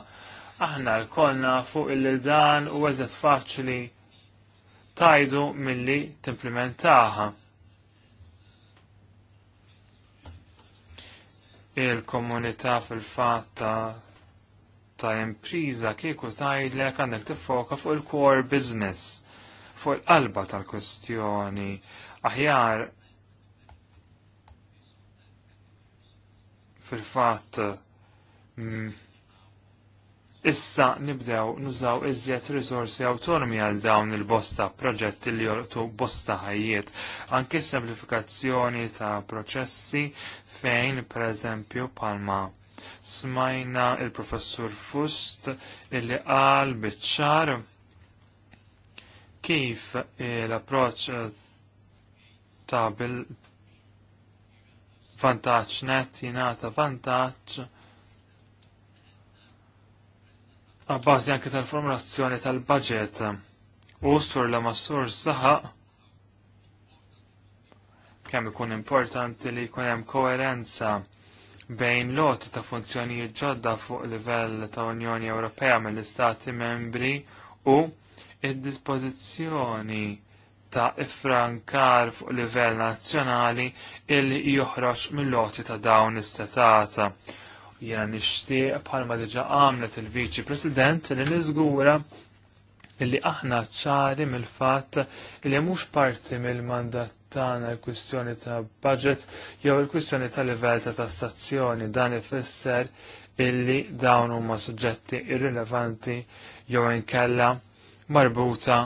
aħna l-kolna fuq il-dan u għazet faċli tajdu milli timplementaħa. il-komunità fil-fatt ta' ta' impriża kieku tgħidlek għandek tiffoka fuq il-core business, fuq il-qalba tal-kwestjoni. Aħjar fil-fatt mm, Issa nibdew nużaw iżjed risorsi autonomi għal dawn il-bosta proġetti li jortu bosta ħajjiet, anki semplifikazzjoni ta' proċessi fejn, per eżempju, palma smajna il-professur Fust illi qal biċċar kif l-approċ ta' bil vantaċ net jinata vantaċ għabbażi anke tal-formulazzjoni tal-budget u stur la massur saħa kemm ikun importanti li jkun hemm koerenza bejn loti ta' funzjonijiet ġodda fuq livell ta' Unjoni Ewropea mill-Istati membri u id-dispożizzjoni ta' ifrankar fuq livell nazzjonali li joħroġ mill-loti ta' dawn is-setata. Jena nixtieq bħalma diġa għamlet il-Viċi President li niżgura illi aħna ċari mill-fatt li mhux parti mill-mandat tagħna l-kwistjoni ta' budget jew il-kwistjoni ta' livell ta' tassazzjoni dan ifisser illi dawn huma suġġetti irrilevanti jew inkella marbuta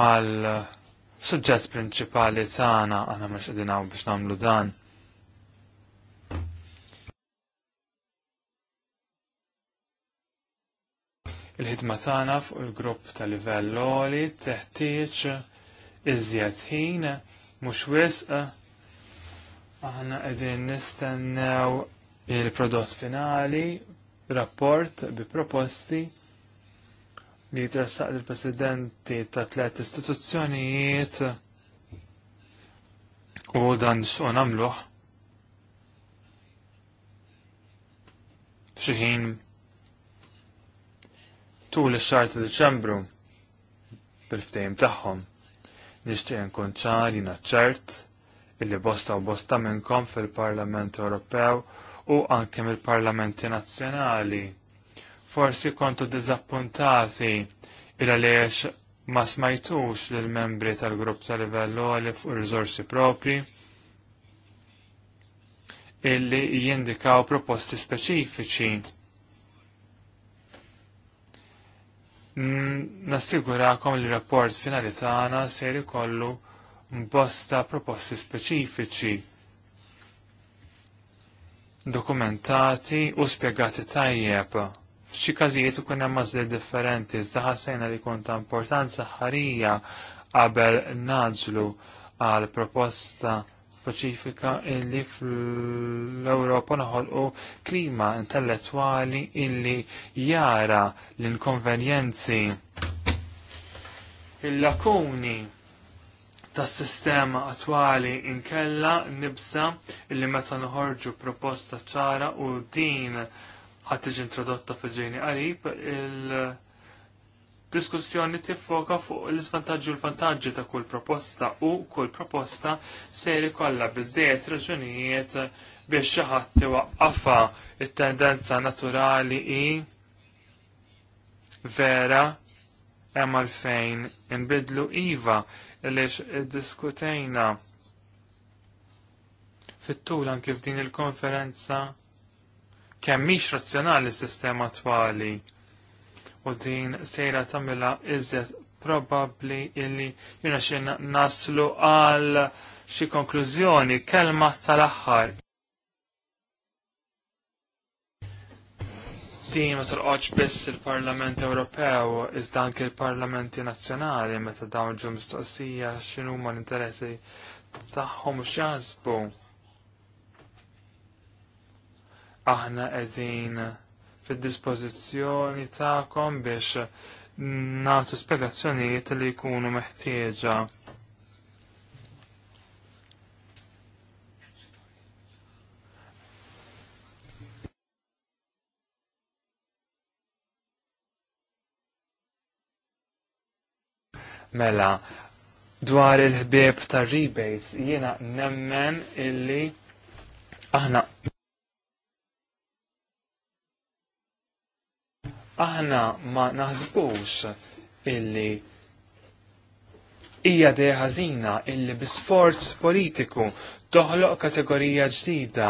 mal-suġġett prinċipali tagħna aħna mhux qegħdin biex nagħmlu dan. Il-ħidma tagħna fuq il-grupp ta' livell oli teħtieġ iżjed ħin mhux wisq aħna qegħdin nistennew il-prodott finali, rapport bi proposti li jitressaq il-presidenti ta' tliet istituzzjonijiet u dan xo namluħ ħin tul ix-xahar ta' Diċembru bil-ftehim tagħhom. Nixtieq inkun ċari naċċert ċert illi bosta u bosta minnkom fil-Parlament Ewropew u anke mill-Parlamenti Nazzjonali. Forsi kontu diżappuntati li għaliex ma smajtux lill membri tal-grupp tal-livellu għalli fuq riżorsi propri illi jindikaw proposti speċifiċi Nassigurakom li rapport finali tagħna ser ikollu mbosta proposti speċifiċi dokumentati u spiegati tajjeb. F'xi każijiet ikun hemm mażli differenti, iżda ħassejna li jkun ta' importanza ħarija qabel naġlu għal proposta speċifika illi fl-Ewropa naħolqu klima intellettwali illi jara l-inkonvenjenzi il-lakuni tas sistema attwali inkella nibsa illi meta nħorġu proposta ċara u din ħattiġ introdotta fil-ġejni qarib il- diskussjoni tiffoka fuq l-isvantaġġi u l-vantaġġi ta' kull proposta u kull proposta seri kollha biżejjed raġunijiet biex xi ħadd iwaqqafha it-tendenza naturali i vera hemm għalfejn inbidlu iva għaliex diskutejna fit-tul anke f'din il-konferenza kemm mhix razzjonali s-sistema attwali u din sejra tamila iżjed probabli illi jina xin naslu għal xi konklużjoni kelma tal-aħħar. Din ma torqodx biss il-Parlament Ewropew iżda anke il-Parlamenti Nazzjonali meta dawn ġu mistoqsija x'inhuma l-interessi tagħhom u x'jaħsbu. Aħna qegħdin fid-dispożizzjoni tagħkom biex nagħtu spjegazzjonijiet li jkunu meħtieġa. Mela, dwar il-ħbieb ta' rebates jiena nemmen illi aħna aħna ma naħsbux illi hija dej ħażina illi bi sforz politiku toħloq kategorija ġdida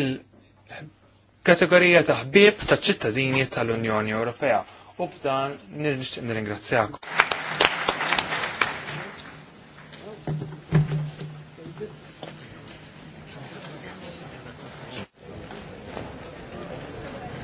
il-kategorija ta' ħbieb ċittadini tal-Unjoni Ewropea. U b'dan nirringrazzjakom.